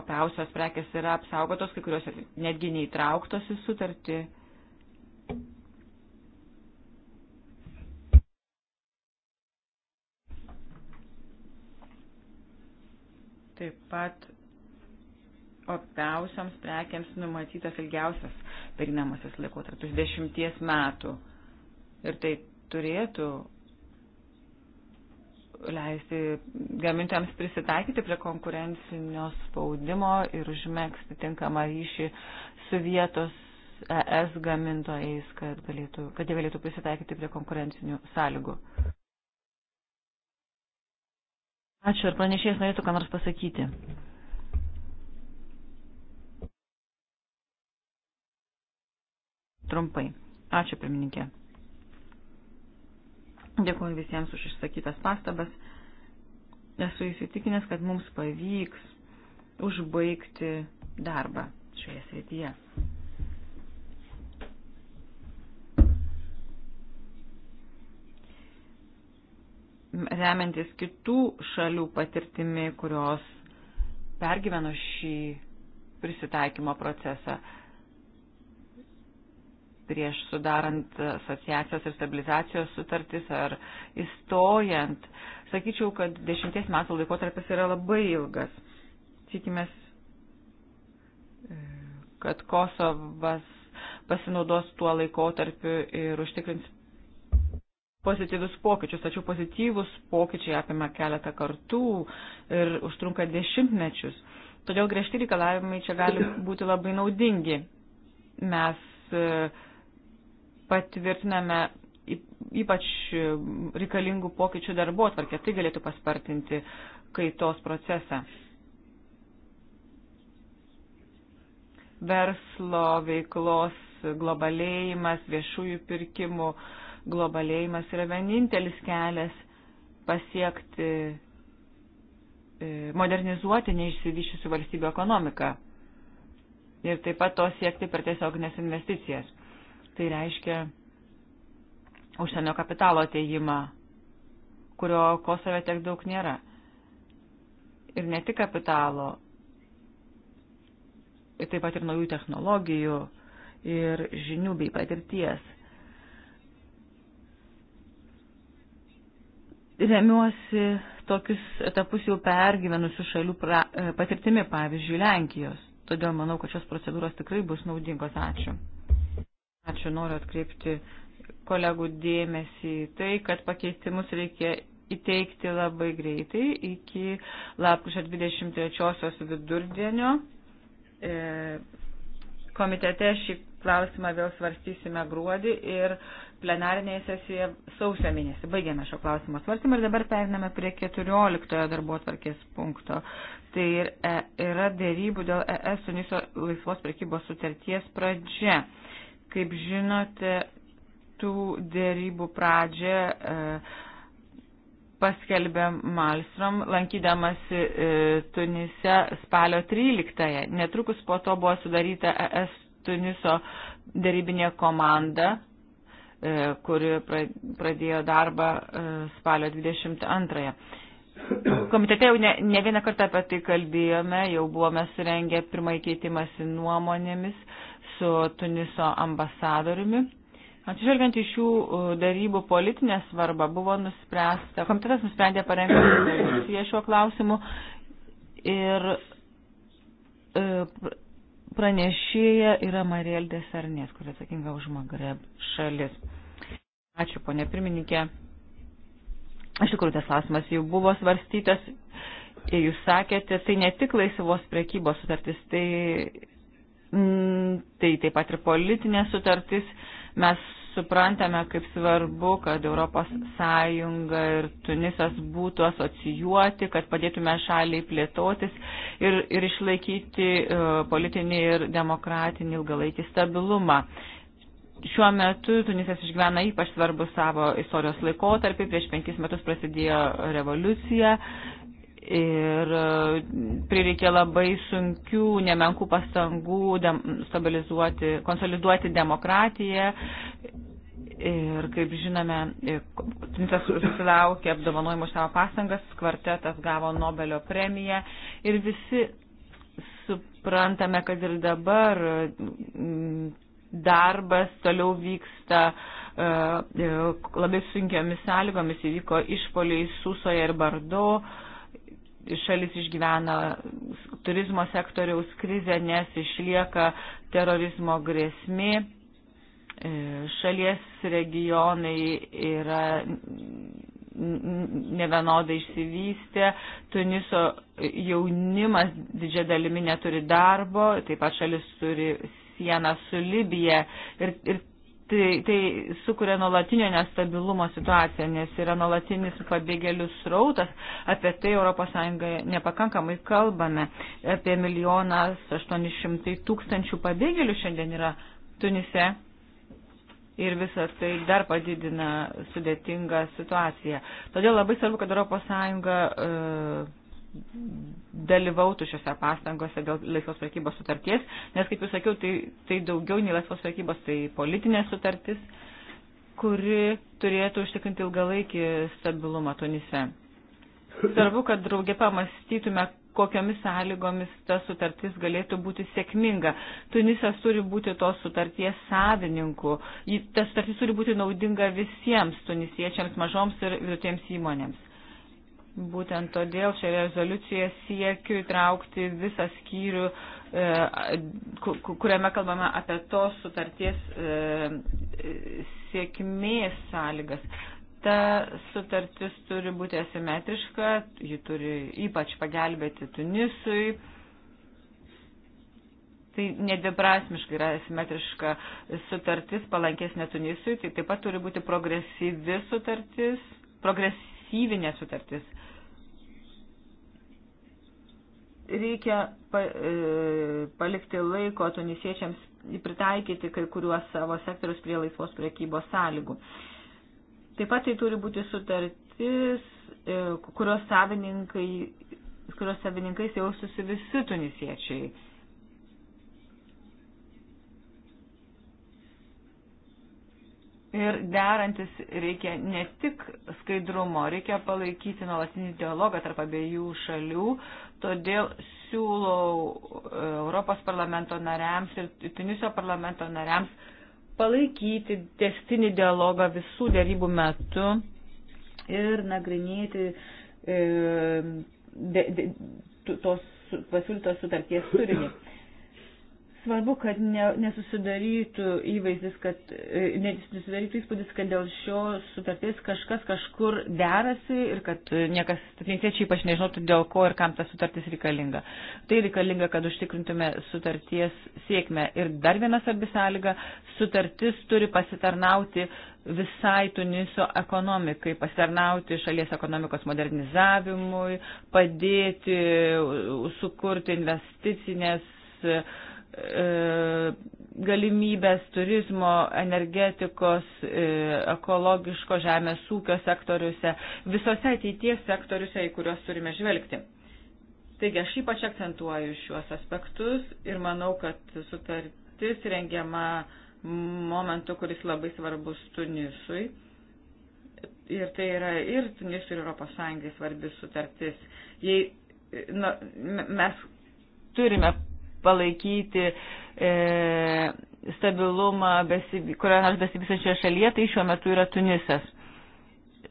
opiausios prekes yra apsaugotos, kai kurios netgi neįtrauktos į sutartį. Taip pat opiausiams prekiams numatytas ilgiausias perinamasis laikotarpis - dešimties metų. Ir tai turėtų leisti gamintojams prisitaikyti prie konkurencinio spaudimo ir užmėgsti tinkamą ryšį su vietos ES gamintojais, kad, galėtų, kad jie galėtų prisitaikyti prie konkurencinių sąlygų. Ačiū ir pranešėjas norėtų ką nors pasakyti. Trumpai. Ačiū, pirmininkė. Dėkuoju visiems už išsakytas pastabas. Esu įsitikinęs, kad mums pavyks užbaigti darbą šioje srityje. Remiantis kitų šalių patirtimi, kurios pergyveno šį prisitaikymo procesą, prieš sudarant asociacijos ir stabilizacijos sutartis ar įstojant. Sakyčiau, kad dešimties metų laikotarpis yra labai ilgas. Tikimės, e, kad Kosovas pasinaudos tuo laikotarpiu ir užtikrins pozityvius pokyčius, tačiau pozityvus pokyčiai apima keletą kartų ir užtrunka dešimtmečius. Todėl griežti reikalavimai čia gali būti labai naudingi. Mes e, patvirtiname ypač reikalingų pokyčių darbo atvarkę. Tai galėtų paspartinti kaitos procesą. Verslo veiklos globalėjimas, viešųjų pirkimų globalėjimas yra vienintelis kelias pasiekti e, modernizuoti neišsivyšusių valstybių ekonomiką. Ir taip pat to siekti per tiesioginės investicijas. Tai reiškia užsienio kapitalo ateimą, kurio Kosove tiek daug nėra. Ir ne tik kapitalo, ir taip pat ir naujų technologijų ir žinių bei patirties. Remiuosi tokius etapus jau pergyvenusių šalių pra, e, patirtimi, pavyzdžiui, Lenkijos. Todėl manau, kad šios procedūros tikrai bus naudingos. Ačiū. Ačiū, noriu atkreipti kolegų dėmesį į tai, kad pakeitimus reikia įteikti labai greitai iki lapkričio 23 vidurdienio. E, komitete šį klausimą vėl svarstysime gruodį ir plenarinėje sesijoje sausio mėnesį. Baigėme šio klausimo svarstymą ir dabar periname prie 14 darbo atvarkės punkto. Tai e, yra dėrybų dėl ES Tuniso laisvos prekybos sutarties pradžia. Kaip žinote, tų dėrybų pradžią e, paskelbė Malstrom, lankydamasi e, Tunise spalio 13-ąją. Netrukus po to buvo sudaryta ES Tuniso dėrybinė komanda, e, kuri pradėjo darbą e, spalio 22-ąją. Komitete jau ne, ne vieną kartą apie tai kalbėjome, jau buvome surengę pirmąjį keitimąsi nuomonėmis. E, su Tuniso ambasadoriumi. Atsižvelgiant iš šių darybų politinę svarbą, buvo nuspręsta, komitetas nusprendė parengti rezoliuciją šiuo klausimu ir e, pranešėja yra Mariel Desarnės, kuri atsakinga už Magreb šalis. Ačiū, ponė pirmininkė. Iš tikrųjų, tas klausimas jau buvo svarstytas. Jūs sakėte, tai ne tik laisvos prekybos sutartis, tai Mm, tai taip pat ir politinė sutartis. Mes suprantame, kaip svarbu, kad ES ir Tunisas būtų asocijuoti, kad padėtume šaliai plėtotis ir, ir išlaikyti uh, politinį ir demokratinį ilgalaikį stabilumą. Šiuo metu Tunisas išgyvena ypač svarbu savo istorijos laikotarpį. Prieš penkis metus prasidėjo revoliucija ir e, prireikė labai sunkių, nemenkų pastangų stabilizuoti, konsoliduoti demokratiją. Ir kaip žinome, e, Tunisas susilaukė apdovanojimų už savo pastangas, kvartetas gavo Nobelio premiją ir visi suprantame, kad ir dabar mm, darbas toliau vyksta e, labai sunkiomis sąlygomis, įvyko išpoliai Susoje ir Bardo šalis išgyvena turizmo sektoriaus krizę, nes išlieka terorizmo grėsmi. E, šalies regionai yra nevenodai išsivystę, Tuniso jaunimas didžia dalimi neturi darbo, taip pat šalis turi sieną su Libija ir, ir tai, tai sukuria nuolatinio nestabilumo situaciją, nes yra nuolatinis pabėgėlių srautas, apie tai ES nepakankamai kalbame, apie milijonas 800 tūkstančių pabėgėlių šiandien yra Tunise ir visas tai dar padidina sudėtingą situaciją. Todėl labai svarbu, kad ES dalyvautų šiuose pastangose dėl laisvos prekybos sutarties, nes, kaip jau sakiau, tai, tai daugiau nei laisvos prekybos, tai politinė sutartis, kuri turėtų užtikrinti ilgalaikį stabilumą Tunise. Svarbu, kad draugė pamastytume, kokiomis sąlygomis ta sutartis galėtų būti sėkminga. Tunisas turi būti tos sutarties savininku. Ta sutartis turi būti naudinga visiems tunisiečiams, mažoms ir vidutėms įmonėms. Būtent todėl šioje rezoliucijoje siekiu įtraukti visą skyrių, e, kuriame kalbame apie tos sutarties e, sėkmės sąlygas. Ta sutartis turi būti asimetriška, ji turi ypač pagelbėti Tunisui. Tai nedviprasmiškai yra asimetriška sutartis palankesnė Tunisui, tai taip pat turi būti progresyvi sutartis, progresyvi masyvinė sutartis. Reikia pa, e, palikti laiko tunisiečiams pritaikyti kai kuriuos savo sektorius prie laisvos priekybos sąlygų. Taip pat tai turi būti sutartis, e, kurios savininkai kurios savininkais jaustusi visi tunisiečiai. Ir derantis reikia ne tik skaidrumo, reikia palaikyti nuolatinį dialogą tarp abiejų šalių. Todėl siūlau e, Europos parlamento nariams ir Tuniso parlamento nariams palaikyti testinį dialogą visų dėrybų metu ir nagrinėti e, de, de, tos pasiūlytos sutarties turinį. Svarbu, kad ne, nesusidarytų įvaizdis, kad e, nesusidarytų įspūdis, kad dėl šio sutarties kažkas kažkur derasi ir kad niekas, tatinksiečiai ypač nežinotų, dėl ko ir kam ta sutartis reikalinga. Tai reikalinga, kad užtikrintume sutarties sėkmę. Ir dar viena svarbi sąlyga - sutartis turi pasitarnauti visai Tuniso ekonomikai, pasitarnauti šalies ekonomikos modernizavimui, padėti sukurti investicinės E, galimybės turizmo, energetikos, e, ekologiško žemės ūkio sektoriuose, visose ateities sektoriuose, į kuriuos turime žvelgti. Taigi aš ypač akcentuoju šiuos aspektus ir manau, kad sutartis rengiama momentu, kuris labai svarbus Tunisui. Ir tai yra ir Tunisui, ir Europos Sąjungai svarbi sutartis. Jei na, mes turime palaikyti e, stabilumą, kurioje nors besivysančioje šalyje, tai šiuo metu yra Tunisas.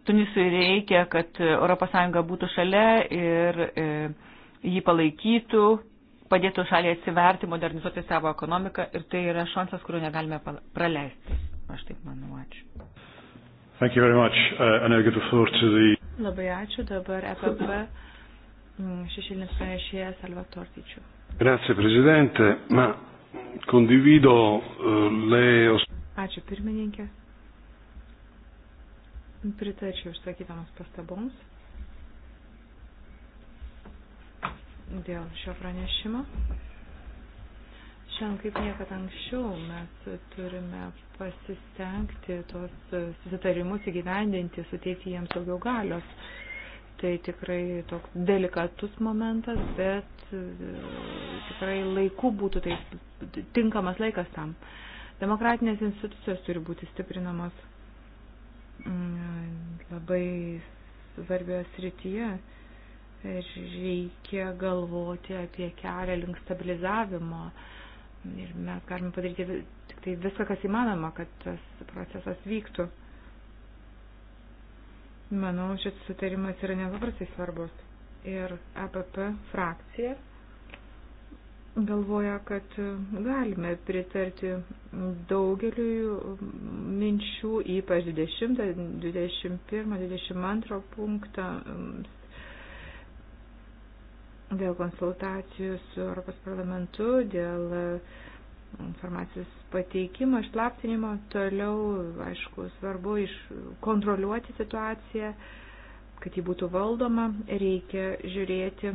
Tunisui reikia, kad ES būtų šalia ir e, jį palaikytų, padėtų šaliai atsiverti, modernizuoti savo ekonomiką ir tai yra šansas, kurio negalime praleisti. Aš taip manau, ačiū. Thank you very much. Uh, and I give the floor to the... Labai ačiū dabar EPP mm, šešėlinis pranešėjas Salvator Tyčiu. Grazie, prezidente. Ma condivido uh, le. Ačiū pirmininkė. Pritarčiau išsakytams pastaboms dėl šio pranešimo. Šiandien kaip niekad anksčiau mes turime pasistengti tos susitarimus įgyvendinti, suteikti jiems daugiau galios. Tai tikrai toks delikatus momentas, bet e, tikrai laiku būtų tai tinkamas laikas tam. Demokratinės institucijos turi būti stiprinamos mm, labai svarbioje srityje ir reikia galvoti apie kelią link stabilizavimo. Ir mes galime padaryti tik tai viską, kas įmanoma, kad tas procesas vyktų. Manau, šis sutarimas yra nepaprastai svarbus. Ir APP frakcija galvoja, kad galime pritarti daugeliu minčių, ypač 20, 21, 22 punktą dėl konsultacijų su Europos parlamentu, dėl uh, informacijos pateikimo, išlaptinimo, toliau, aišku, svarbu kontroliuoti situaciją, kad ji būtų valdoma, reikia žiūrėti,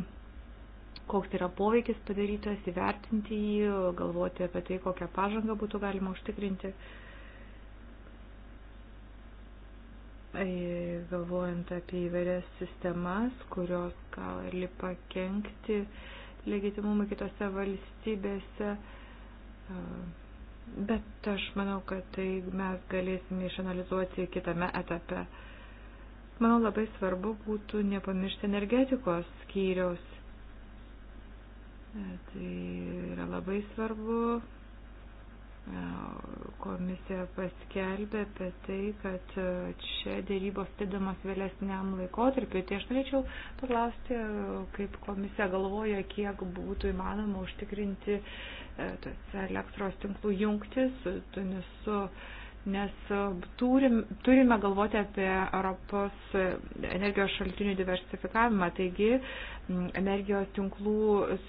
koks yra poveikis padarytas, įvertinti jį, galvoti apie tai, kokią pažangą būtų galima užtikrinti. E, galvojant apie įvairias sistemas, kurios gali pakenkti legitimumui kitose valstybėse, Bet aš manau, kad tai mes galėsime išanalizuoti kitame etape. Manau, labai svarbu būtų nepamiršti energetikos skyriaus. Tai yra labai svarbu. Komisija paskelbė apie tai, kad čia dėrybos stidamas vėlesniam laikotarpiu. Tai aš norėčiau paklausti, kaip komisija galvoja, kiek būtų įmanoma užtikrinti uh, E, tas elektros tinklų jungtis su Tunisu, nes e, turim, turime galvoti apie Europos e, energijos šaltinių diversifikavimą. Taigi energijos tinklų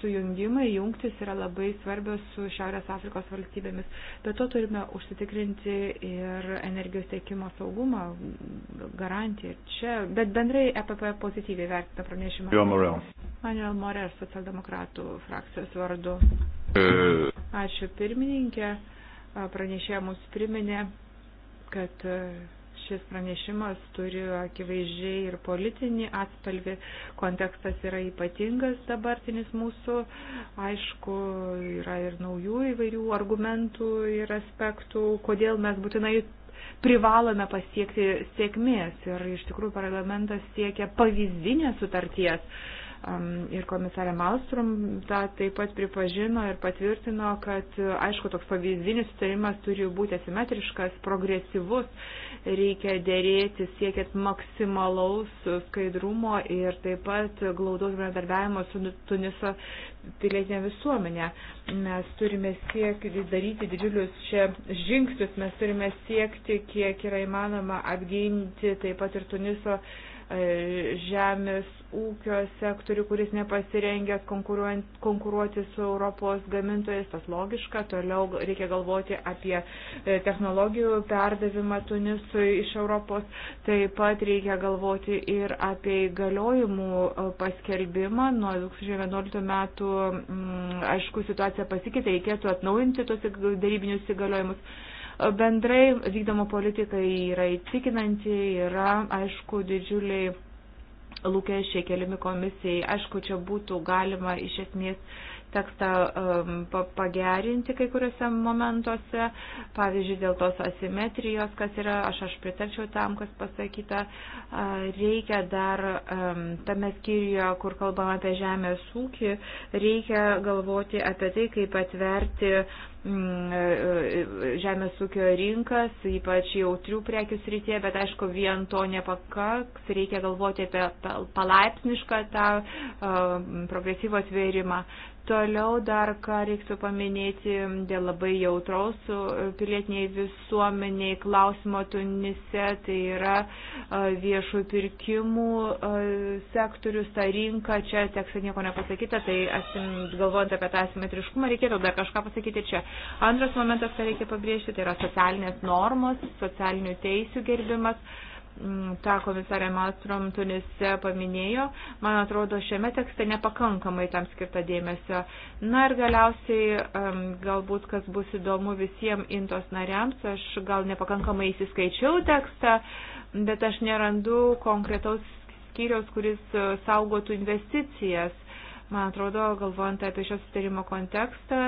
sujungimai, jungtis yra labai svarbios su Šiaurės Afrikos valstybėmis. Be to turime užsitikrinti ir energijos tiekimo saugumą, garantiją. Čia, bet bendrai EPP pozityviai vertina pranešimą. Manuel Morel, socialdemokratų frakcijos vardu. E. Ačiū pirmininkė, pranešėja mus priminė, kad e, šis pranešimas turi akivaizdžiai ir politinį atspalvį. Kontekstas yra ypatingas dabartinis mūsų. Aišku, yra ir naujų įvairių argumentų ir aspektų, kodėl mes būtinai privalome pasiekti sėkmės. Ir iš tikrųjų parlamentas siekia pavyzdinės sutarties Ir komisarė Malstrom tą taip pat pripažino ir patvirtino, kad, aišku, toks pavyzdinis sutarimas turi būti asimetriškas, progresyvus, reikia dėrėti siekiant maksimalaus skaidrumo ir taip pat glaudaus bendradarbiavimo su nu-, Tuniso pilietinė visuomenė. Mes turime siekti daryti didžiulius čia žingsnius, mes turime siekti, kiek yra įmanoma apginti taip pat ir Tuniso uh, E, žemės ūkio sektorių, kuris nepasirengęs konkuruoti su Europos gamintojais, tas logiška. Toliau reikia galvoti apie e, technologijų perdavimą Tunisui iš Europos. Taip pat reikia galvoti ir apie įgaliojimų e, paskelbimą. Nuo 2011 metų, mm, aišku, situacija pasikeitė, reikėtų atnaujinti tos darybinius įgaliojimus Bendrai vykdomo politika yra įtikinanti, yra, aišku, didžiuliai lūkesčiai keliami komisijai. Aišku, čia būtų galima iš esmės tekstą um, pagerinti kai kuriuose momentuose, pavyzdžiui, dėl tos asimetrijos, kas yra, aš, aš pritarčiau tam, kas pasakyta, uh, reikia dar um, tame skyriuje, kur kalbame apie žemės ūkį, reikia galvoti apie tai, kaip atverti uh, Mm, e, e, žemės ūkio rinkas, ypač jautrių prekių srityje, bet aišku, vien to nepakaks, reikia galvoti apie palaipsnišką tą progresyvos vėrimą. Toliau dar ką reiktų paminėti dėl labai jautraus e, pilietiniai visuomeniai klausimo Tunise, tai yra e, viešų pirkimų e, sektorius, ta rinka, čia tekste nieko nepasakyta, tai asim, galvojant apie tą asimetriškumą reikėtų dar kažką pasakyti čia. Antras momentas, ką reikia pabrėžti, tai yra socialinės normos, socialinių teisių gerbimas Mm, tą komisarė Malstrom Tunise paminėjo, man atrodo, šiame tekste nepakankamai tam skirta dėmesio. Na ir galiausiai, galbūt, kas bus įdomu visiems intos nariams, aš gal nepakankamai įsiskaičiau tekstą, bet aš nerandu konkretaus skyriaus, kuris e, saugotų investicijas. Man atrodo, galvojant apie šios sutarimo kontekstą,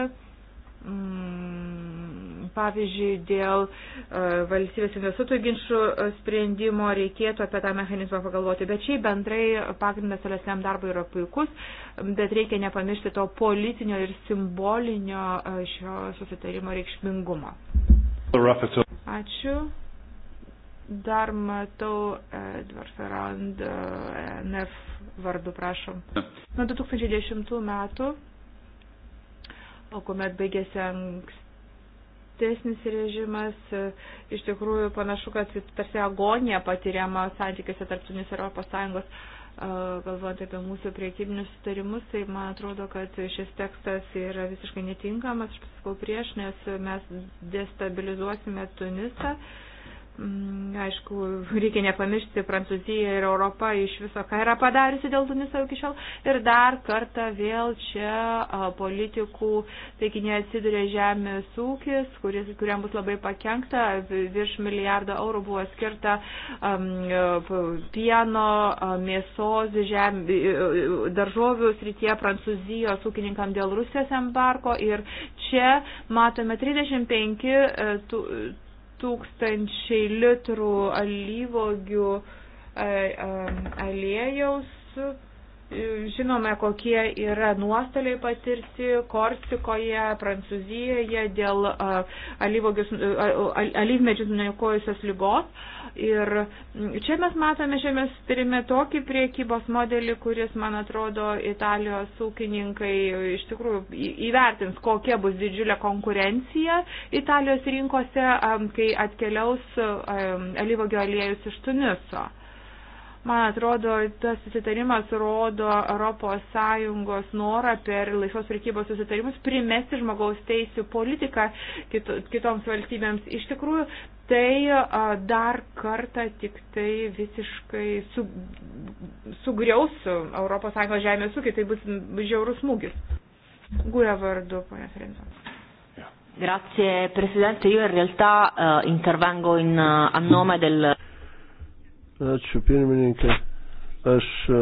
Mm, pavyzdžiui, dėl e, valstybės investuotojų ginčių e, sprendimo reikėtų apie tą mechanizmą pagalvoti. Bet šiaip bendrai pagrindas tolesniam darbui yra puikus, bet reikia nepamiršti to politinio ir simbolinio e, šio susitarimo reikšmingumo. Ačiū. Dar matau Edward Ferrand NF vardu, prašom. Nuo 2010 metų o kuomet baigėsi ankstesnis režimas, iš tikrųjų panašu, kad tarsi agonija patiriama santykiuose tarp Tunis ir Europos Sąjungos galvojant apie mūsų priekybinius sutarimus, tai man atrodo, kad šis tekstas yra visiškai netinkamas, aš pasakau prieš, nes mes destabilizuosime Tunisą. Uh, Mm, aišku, reikia nepamiršti, Prancūzija ir Europa iš viso, ką yra padariusi dėl Tuniso iki šiol. Ir dar kartą vėl čia politikų taikinėje atsiduria žemės ūkis, kuris, kuriam bus labai pakengta. Virš milijardo eurų buvo skirta um, pieno, mėsos, žem, daržovių srityje Prancūzijos ūkininkam dėl Rusijos embargo. Ir čia matome 35 e, tų, tūkstančiai litrų alyvogių e, e, aliejaus Žinome, kokie yra nuostoliai patirti Korsikoje, Prancūzijoje dėl alyvmedžius nunekojusios lygos. Ir čia mes matome, čia mes turime tokį priekybos modelį, kuris, man atrodo, Italijos ūkininkai iš tikrųjų įvertins, kokia bus didžiulė konkurencija Italijos rinkose, kai atkeliaus alyvogio aliejus iš Tuniso. Man atrodo, tas susitarimas rodo ES norą per laisvos prekybos susitarimus primesti žmogaus teisų politiką kitoms valstybėms. Iš tikrųjų, tai dar kartą tik tai visiškai su, sugriaus ES žemės ūkį, tai bus žiaurus smūgis. Guja vardu, ponia Frenzo. Grazie Presidente, io in realtà uh, intervengo in, uh, a nome del Ačiū pirmininkė. Aš e,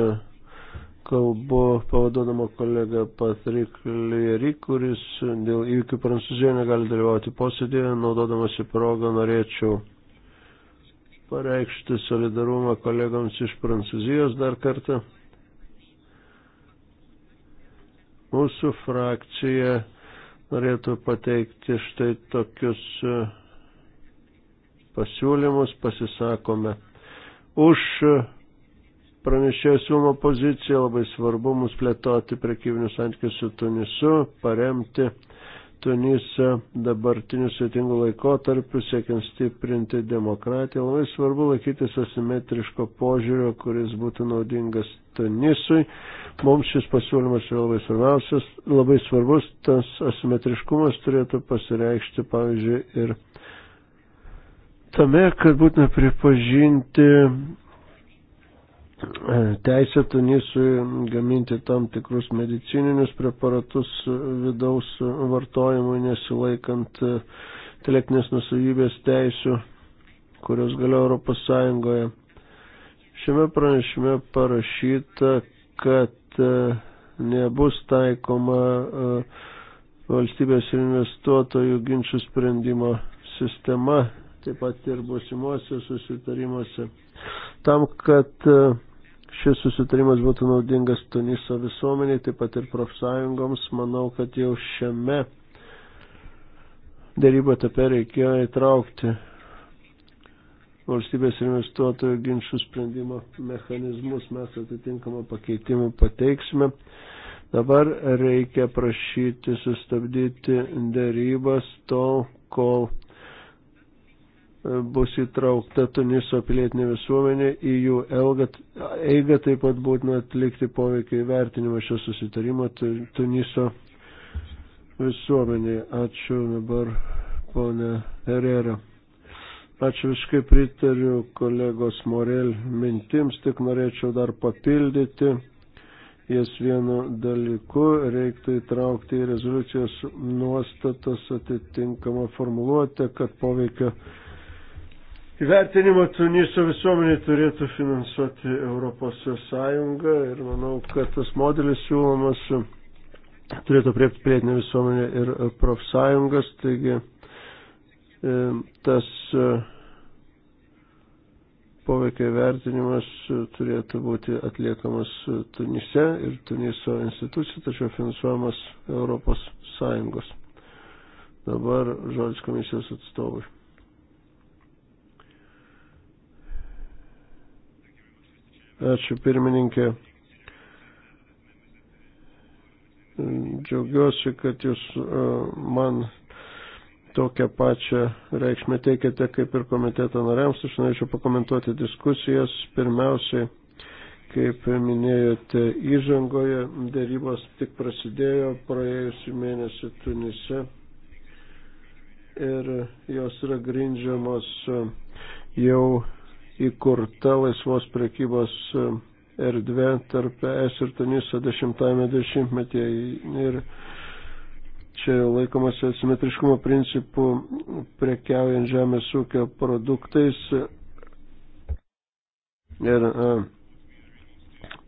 kalbu pavaduodama kolegą Patrik Lieri, kuris dėl įvykių Prancūzijoje negali dalyvauti posėdėje. Naudodamasi progą norėčiau pareikšti solidarumą kolegams iš Prancūzijos dar kartą. Mūsų frakcija norėtų pateikti štai tokius e, pasiūlymus, pasisakome už e, pranešėjo siūlomą poziciją. Labai svarbu mums plėtoti prekybinius santykius su Tunisu, paremti Tunisą dabartiniu sveitingu laikotarpiu, siekiant stiprinti demokratiją. Labai svarbu laikytis asimetriško požiūrio, kuris būtų naudingas Tunisui. Mums šis pasiūlymas yra labai svarbiausias, labai svarbus. Tas asimetriškumas turėtų pasireikšti, pavyzdžiui, ir tame, kad būtina pripažinti e, teisę Tunisui gaminti tam tikrus medicininius preparatus vidaus vartojimui, nesilaikant e, intelektinės nusavybės teisių, kurios galio Europos Sąjungoje. Šiame pranešime parašyta, kad e, nebus taikoma valstybės investuotojų ginčių sprendimo sistema taip pat ir būsimuose susitarimuose, tam, kad e, šis susitarimas būtų naudingas Tuniso visuomeniai, taip pat ir profsąjungoms. Manau, kad jau šiame dėrybo etape reikėjo įtraukti valstybės investuotojų ginčių sprendimo mechanizmus. Mes atitinkamą pakeitimą pateiksime. Dabar reikia prašyti sustabdyti dėrybas tol, kol bus įtraukta Tuniso pilietinė visuomenė į jų eigą, taip pat būtina atlikti poveikį įvertinimą šio susitarimo Tuniso visuomenė. Ačiū dabar, ponė Herrera. Ačiū visiškai pritariu kolegos Morel mintims, tik norėčiau dar papildyti jas vienu dalyku reiktų įtraukti į rezoliucijos nuostatas atitinkamą formuluotę, kad poveikio įvertinimą Tuniso visuomenė turėtų finansuoti Europos Sąjunga ir manau, kad tas modelis siūlomas turėtų priepti pilietinę visuomenę ir profsąjungas, taigi e, tas e, poveikio vertinimas turėtų būti atliekamas Tunise ir Tuniso institucijų, tačiau finansuojamas Europos Sąjungos. Dabar žodis komisijos atstovui. Ačiū pirmininkė. Džiaugiuosi, kad jūs e, man tokią pačią reikšmę teikiate kaip ir komiteto nariams. Aš norėčiau pakomentuoti diskusijas. Pirmiausiai, kaip minėjote, įžangoje dėrybos tik prasidėjo praėjusį mėnesį Tunise ir jos yra grindžiamos jau įkurta laisvos prekybos e, erdvė tarp ES ir Tuniso 10-metyje. Ir čia laikomas asimetriškumo principų prekiaujant žemės ūkio produktais. Ir e,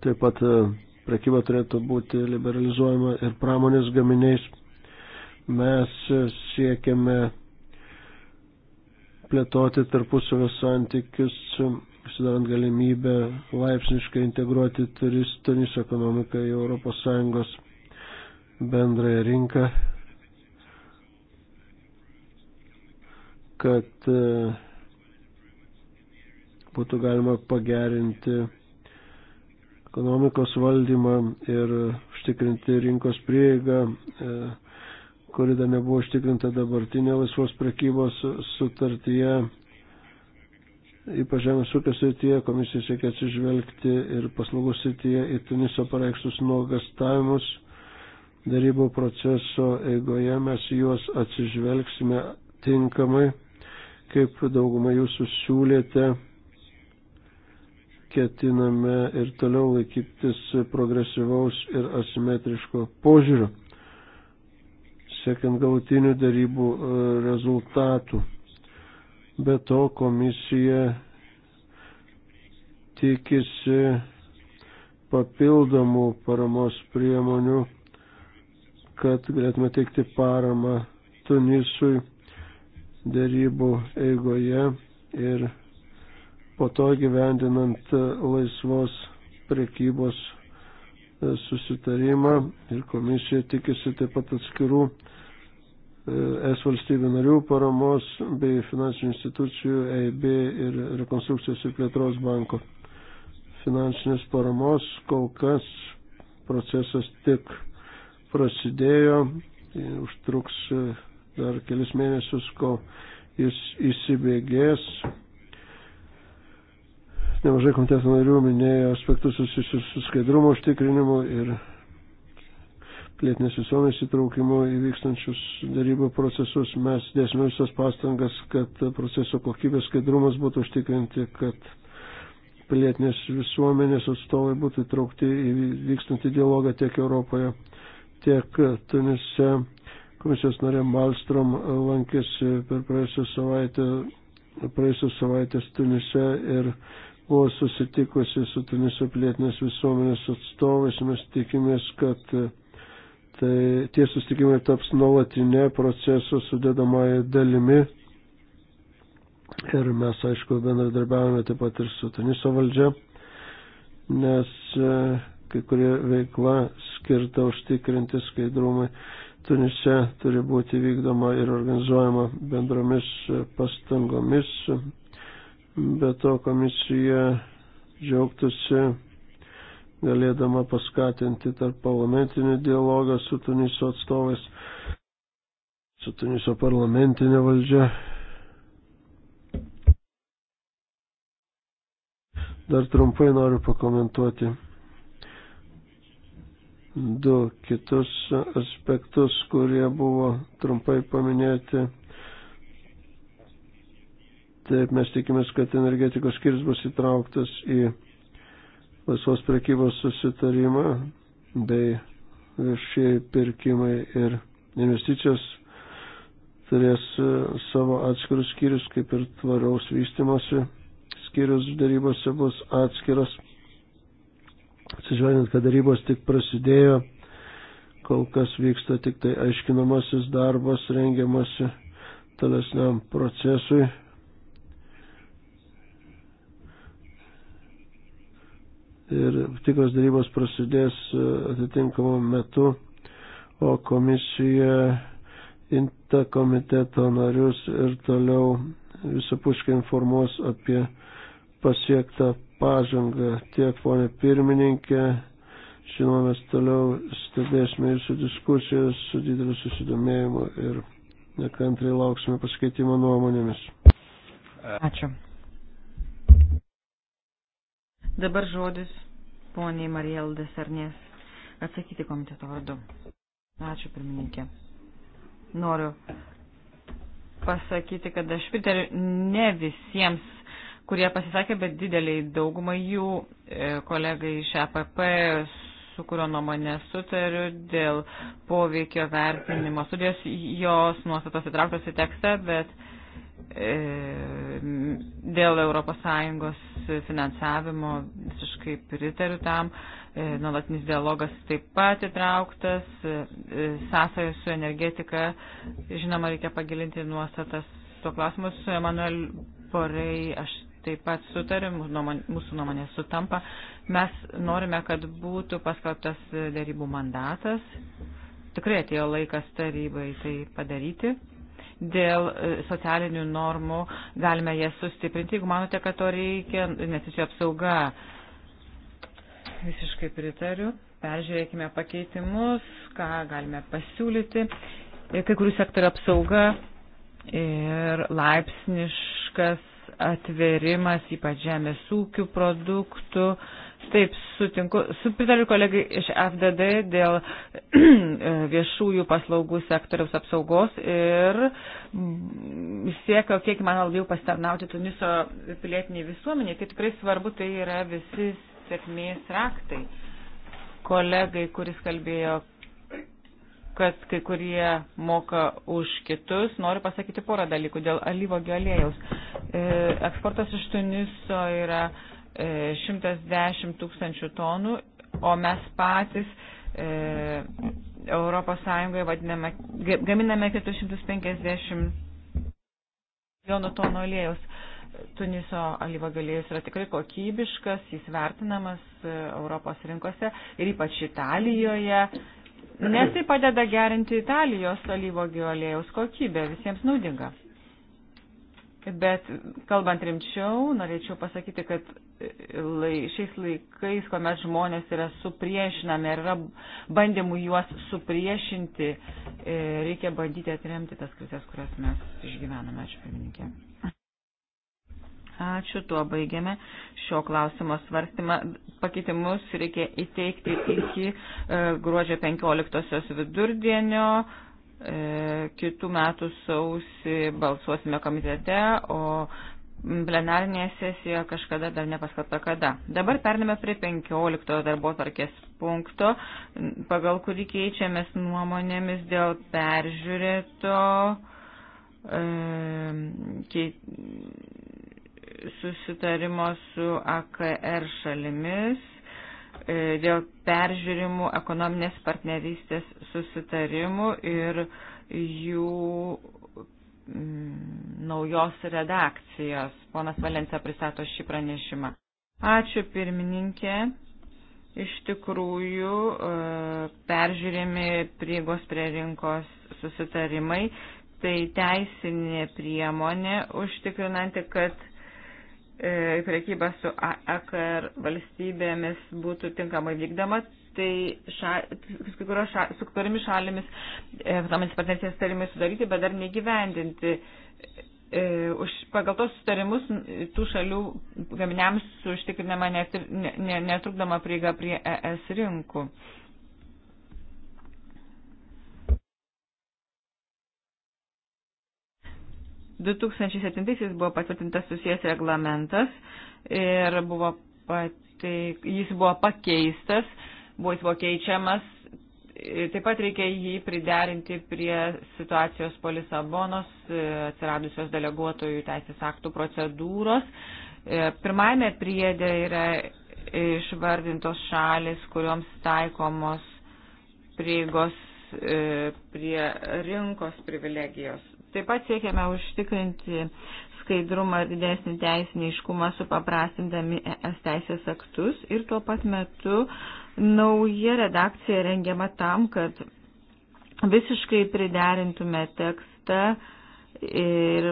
taip pat e, prekyba turėtų būti liberalizuojama ir pramonės gaminiais. Mes siekiame plėtoti tarpusavio santykius, sudarant galimybę laipsniškai integruoti turistinį ekonomiką į ES bendrąją rinką, kad e, būtų galima pagerinti ekonomikos valdymą ir užtikrinti rinkos prieigą. E, kuri dar nebuvo užtikrinta dabartinė laisvos prekybos sutartyje, ypač žemės ūkio srityje, komisija siekia atsižvelgti ir paslaugų srityje į Tuniso pareikštus nuogastavimus. Darybų proceso eigoje mes juos atsižvelgsime tinkamai, kaip dauguma jūsų siūlėte ketiname ir toliau laikytis progresyvaus ir asimetriško požiūrio siekiant gautinių darybų e, rezultatų. Be to komisija tikisi papildomų paramos priemonių, kad galėtume teikti paramą Tunisui darybų eigoje ir po to gyvendinant laisvos prekybos e, susitarimą ir komisija tikisi taip pat atskirų es valstybių narių paramos bei finansinių institucijų EIB ir rekonstrukcijos ir plėtros banko finansinės paramos. Kol kas procesas tik prasidėjo, tai užtruks e, dar kelis mėnesius, kol jis įsibėgės. Nemažai komiteto narių minėjo aspektus susijusius su skaidrumo užtikrinimu ir plėtinės visuomenės įtraukimu įvykstančius darybų procesus. Mes dėsime visas pastangas, kad proceso kokybės skaidrumas būtų užtikrinti, kad pilietinės visuomenės atstovai būtų įtraukti į vykstantį dialogą tiek Europoje, tiek Tunise. Komisijos narė Malstrom lankėsi per praėjusią savaitę, praėjusią savaitę Tunise ir buvo susitikusi su Tuniso pilietinės visuomenės atstovais. Mes tikimės, kad tai tie sustikimai taps nuolatinė proceso sudėdamąją dalimi. Ir mes, aišku, bendradarbiavame taip pat ir su Tuniso valdžia, nes e, kai kurie veikla skirta užtikrinti skaidrumui Tunise turi būti vykdoma ir organizuojama bendromis pastangomis. Be to komisija džiaugtųsi galėdama paskatinti tarp parlamentinį dialogą su Tuniso atstovais, su Tuniso parlamentinė valdžia. Dar trumpai noriu pakomentuoti du kitus aspektus, kurie buvo trumpai paminėti. Taip, mes tikimės, kad energetikos skirs bus įtrauktas į laisvos prekybos susitarimą bei viešieji pirkimai ir investicijos turės e, savo atskirus skyrius, kaip ir tvaraus vystimosi skyrius darybose bus atskiras. Atsižvelgiant, kad darybos tik prasidėjo, kol kas vyksta tik tai aiškinamasis darbas, rengiamasi tolesniam procesui, ir tikros darybos prasidės e, atitinkamu metu, o komisija inta komiteto narius ir toliau visapuškai informuos apie pasiektą pažangą tiek ponė pirmininkė. Žinoma, mes toliau stebėsime jūsų diskusijas su dideliu susidomėjimu ir nekantrai lauksime pasikeitimo nuomonėmis. Ačiū. Dabar žodis poniai Marijeldės Arnės atsakyti komiteto vardu. Ačiū, pirmininkė. Noriu pasakyti, kad aš pritariu ne visiems, kurie pasisakė, bet dideliai daugumai jų e, kolegai iš APP su kurio nuomonė sutariu dėl poveikio vertinimo studijos, jos nuostatos įtrauktos į tekstą, bet uh, E, dėl ES finansavimo visiškai pritariu tam, e, nuolatinis dialogas taip pat įtrauktas, e, sąsajos su energetika, žinoma, reikia pagilinti nuostatas to klausimus su Emanuel Porei, aš taip pat sutariu, mūsų nuomonė sutampa, mes norime, kad būtų paskaltas darybų mandatas, tikrai atėjo laikas tarybai tai padaryti dėl e, socialinių normų, galime jas sustiprinti, jeigu manote, kad to reikia, nes čia apsauga. Visiškai pritariu. Peržiūrėkime pakeitimus, ką galime pasiūlyti. E, kai kurių sektorių apsauga ir laipsniškas atverimas, ypač žemės ūkių produktų. Uh, Taip, sutinku. Su pritariu kolegai iš FDD dėl viešųjų paslaugų sektoriaus apsaugos ir mm, siekio, kiek man labiau pasitarnauti Tuniso pilietiniai visuomeniai. Tai tikrai svarbu, tai yra visi sėkmės raktai. Kolegai, kuris kalbėjo, kad kai kurie moka už kitus, noriu pasakyti porą dalykų dėl alyvogio aliejaus. E, eksportas iš Tuniso yra 110 e, tūkstančių tonų, o mes patys e, Europos Sąjungoje vadiname, gaminame 450 milijonų tonų aliejaus. Tuniso alyvo galėjus yra tikrai kokybiškas, jis vertinamas e, Europos rinkose ir ypač Italijoje, nes tai padeda gerinti Italijos alyvo aliejaus kokybę, visiems naudinga. Bet kalbant rimčiau, norėčiau pasakyti, kad e, lai, šiais laikais, kuomet žmonės yra supriešinami ir yra bandymų juos supriešinti, e, reikia bandyti atremti tas krizės, kurias mes išgyvename. Ačiū, pirmininkė. Ačiū, tuo baigiame šio klausimo svarstymą. Pakeitimus reikia įteikti iki e, gruodžio 15 vidurdienio. E, kitų metų sausį balsuosime komitete, o plenarinėje sesijoje kažkada dar nepaskelbta kada. Dabar perneme prie 15 darbo tvarkės punkto, pagal kurį keičiamės nuomonėmis dėl peržiūrėto e, keit, susitarimo su AKR šalimis E, dėl peržiūrimų ekonominės partnerystės susitarimų ir jų mm, naujos redakcijos. Ponas Valencija pristato šį pranešimą. Ačiū pirmininkė. Iš tikrųjų, e, peržiūrimi priegos prie rinkos susitarimai, tai teisinė priemonė užtikrinanti, kad e, priekyba su AKR e valstybėmis būtų tinkamai vykdama, tai ša, su, ša, su kuriomis šalimis ekonominės partnerystės sutarimai sudaryti, bet dar negyvendinti. E, už, pagal tos sutarimus tų šalių gaminiams užtikrinama net, ne, ne, netrukdama prieiga prie ES rinkų. E, 2007 buvo patvirtintas susijęs reglamentas ir buvo pateik, jis buvo pakeistas, buvo jis buvo keičiamas. Taip pat reikia jį priderinti prie situacijos po Lisabonos atsiradusios deleguotojų teisės aktų procedūros. E, pirmajame priedė yra išvardintos šalis, kurioms taikomos prieigos e, prie rinkos privilegijos Taip pat siekiame užtikrinti skaidrumą ir didesnį teisinį iškumą supaprastindami ES teisės aktus ir tuo pat metu nauja redakcija rengiama tam, kad visiškai priderintume tekstą ir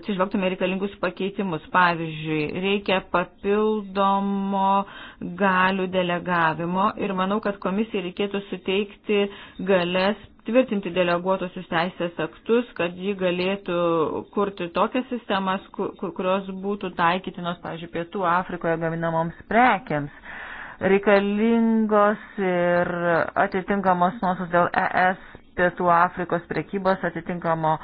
atsižvelgtume reikalingus pakeitimus. Pavyzdžiui, reikia papildomo galių delegavimo ir manau, kad komisijai reikėtų suteikti galės tvirtinti deleguotosius teisės aktus, kad ji galėtų kurti tokias sistemas, kurios būtų taikytinos, pavyzdžiui, Pietų Afrikoje gaminamoms prekiams. Reikalingos ir atitinkamos nuosos dėl ES Pietų Afrikos prekybos atitinkamo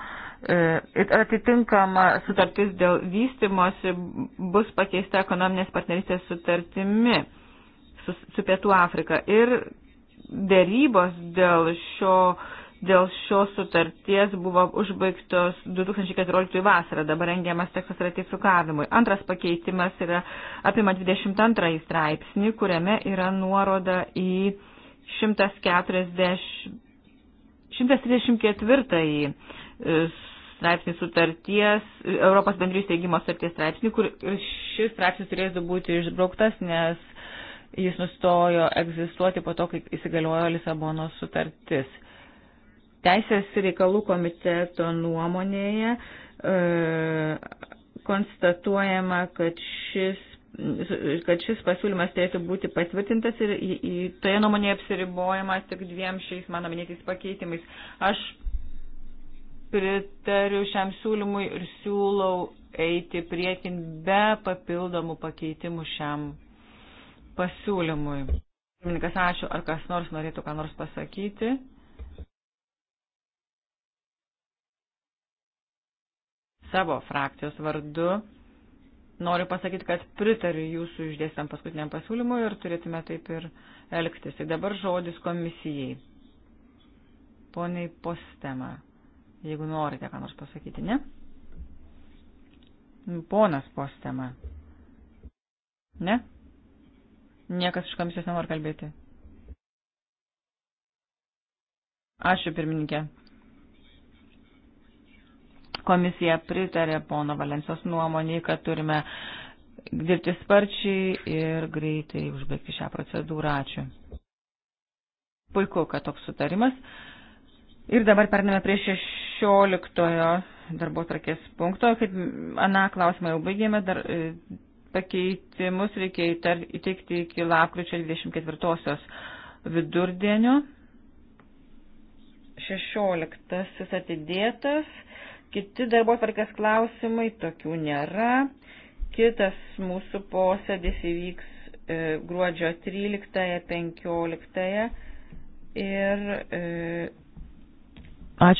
e, atitinkama sutartis dėl vystimosi bus pakeista ekonominės partnerystės sutartimi su, su Pietų Afrika. Ir dėrybos dėl šio dėl šios sutarties buvo užbaigtos 2014 vasarą, dabar rengiamas tekstas ratifikavimui. Antras pakeitimas yra apima 22 straipsnį, kuriame yra nuoroda į 140, 134 e, straipsnį sutarties, Europos bendrijų steigimo sutarties straipsnį, kur šis straipsnis turėtų būti išbrauktas, nes jis nustojo egzistuoti po to, kai įsigaliojo Lisabonos sutartis. Teisės reikalų komiteto nuomonėje e, konstatuojama, kad šis kad šis pasiūlymas turėtų būti patvirtintas ir į, į toje nuomonėje apsiribojamas tik dviem šiais mano minėtais pakeitimais. Aš pritariu šiam siūlymui ir siūlau eiti priekin be papildomų pakeitimų šiam pasiūlymui. Pirmininkas, ačiū, ar kas nors norėtų ką nors pasakyti. Savo frakcijos vardu noriu pasakyti, kad pritariu jūsų išdėstam paskutiniam pasiūlymui ir turėtume taip ir elgtis. Tai dabar žodis komisijai. Poniai postema, jeigu norite ką nors pasakyti, ne? Ponas postema. Ne? Niekas iš komisijos nenori kalbėti. Ačiū, pirmininkė. Komisija pritarė pono Valencijos nuomonį, kad turime dirbti sparčiai ir greitai užbaigti šią procedūrą. Ačiū. Puiku, kad toks sutarimas. Ir dabar pername prie 16 darbo trakės punkto. Kaip aną klausimą jau baigėme, dar e, Pakeitimus reikia įteikti iki lapkričio 24 vidurdienio. 16 atidėtas. Kiti darbo tvarkės klausimai tokių nėra. Kitas mūsų posėdis įvyks e, gruodžio 13-15 ir e, ačiū.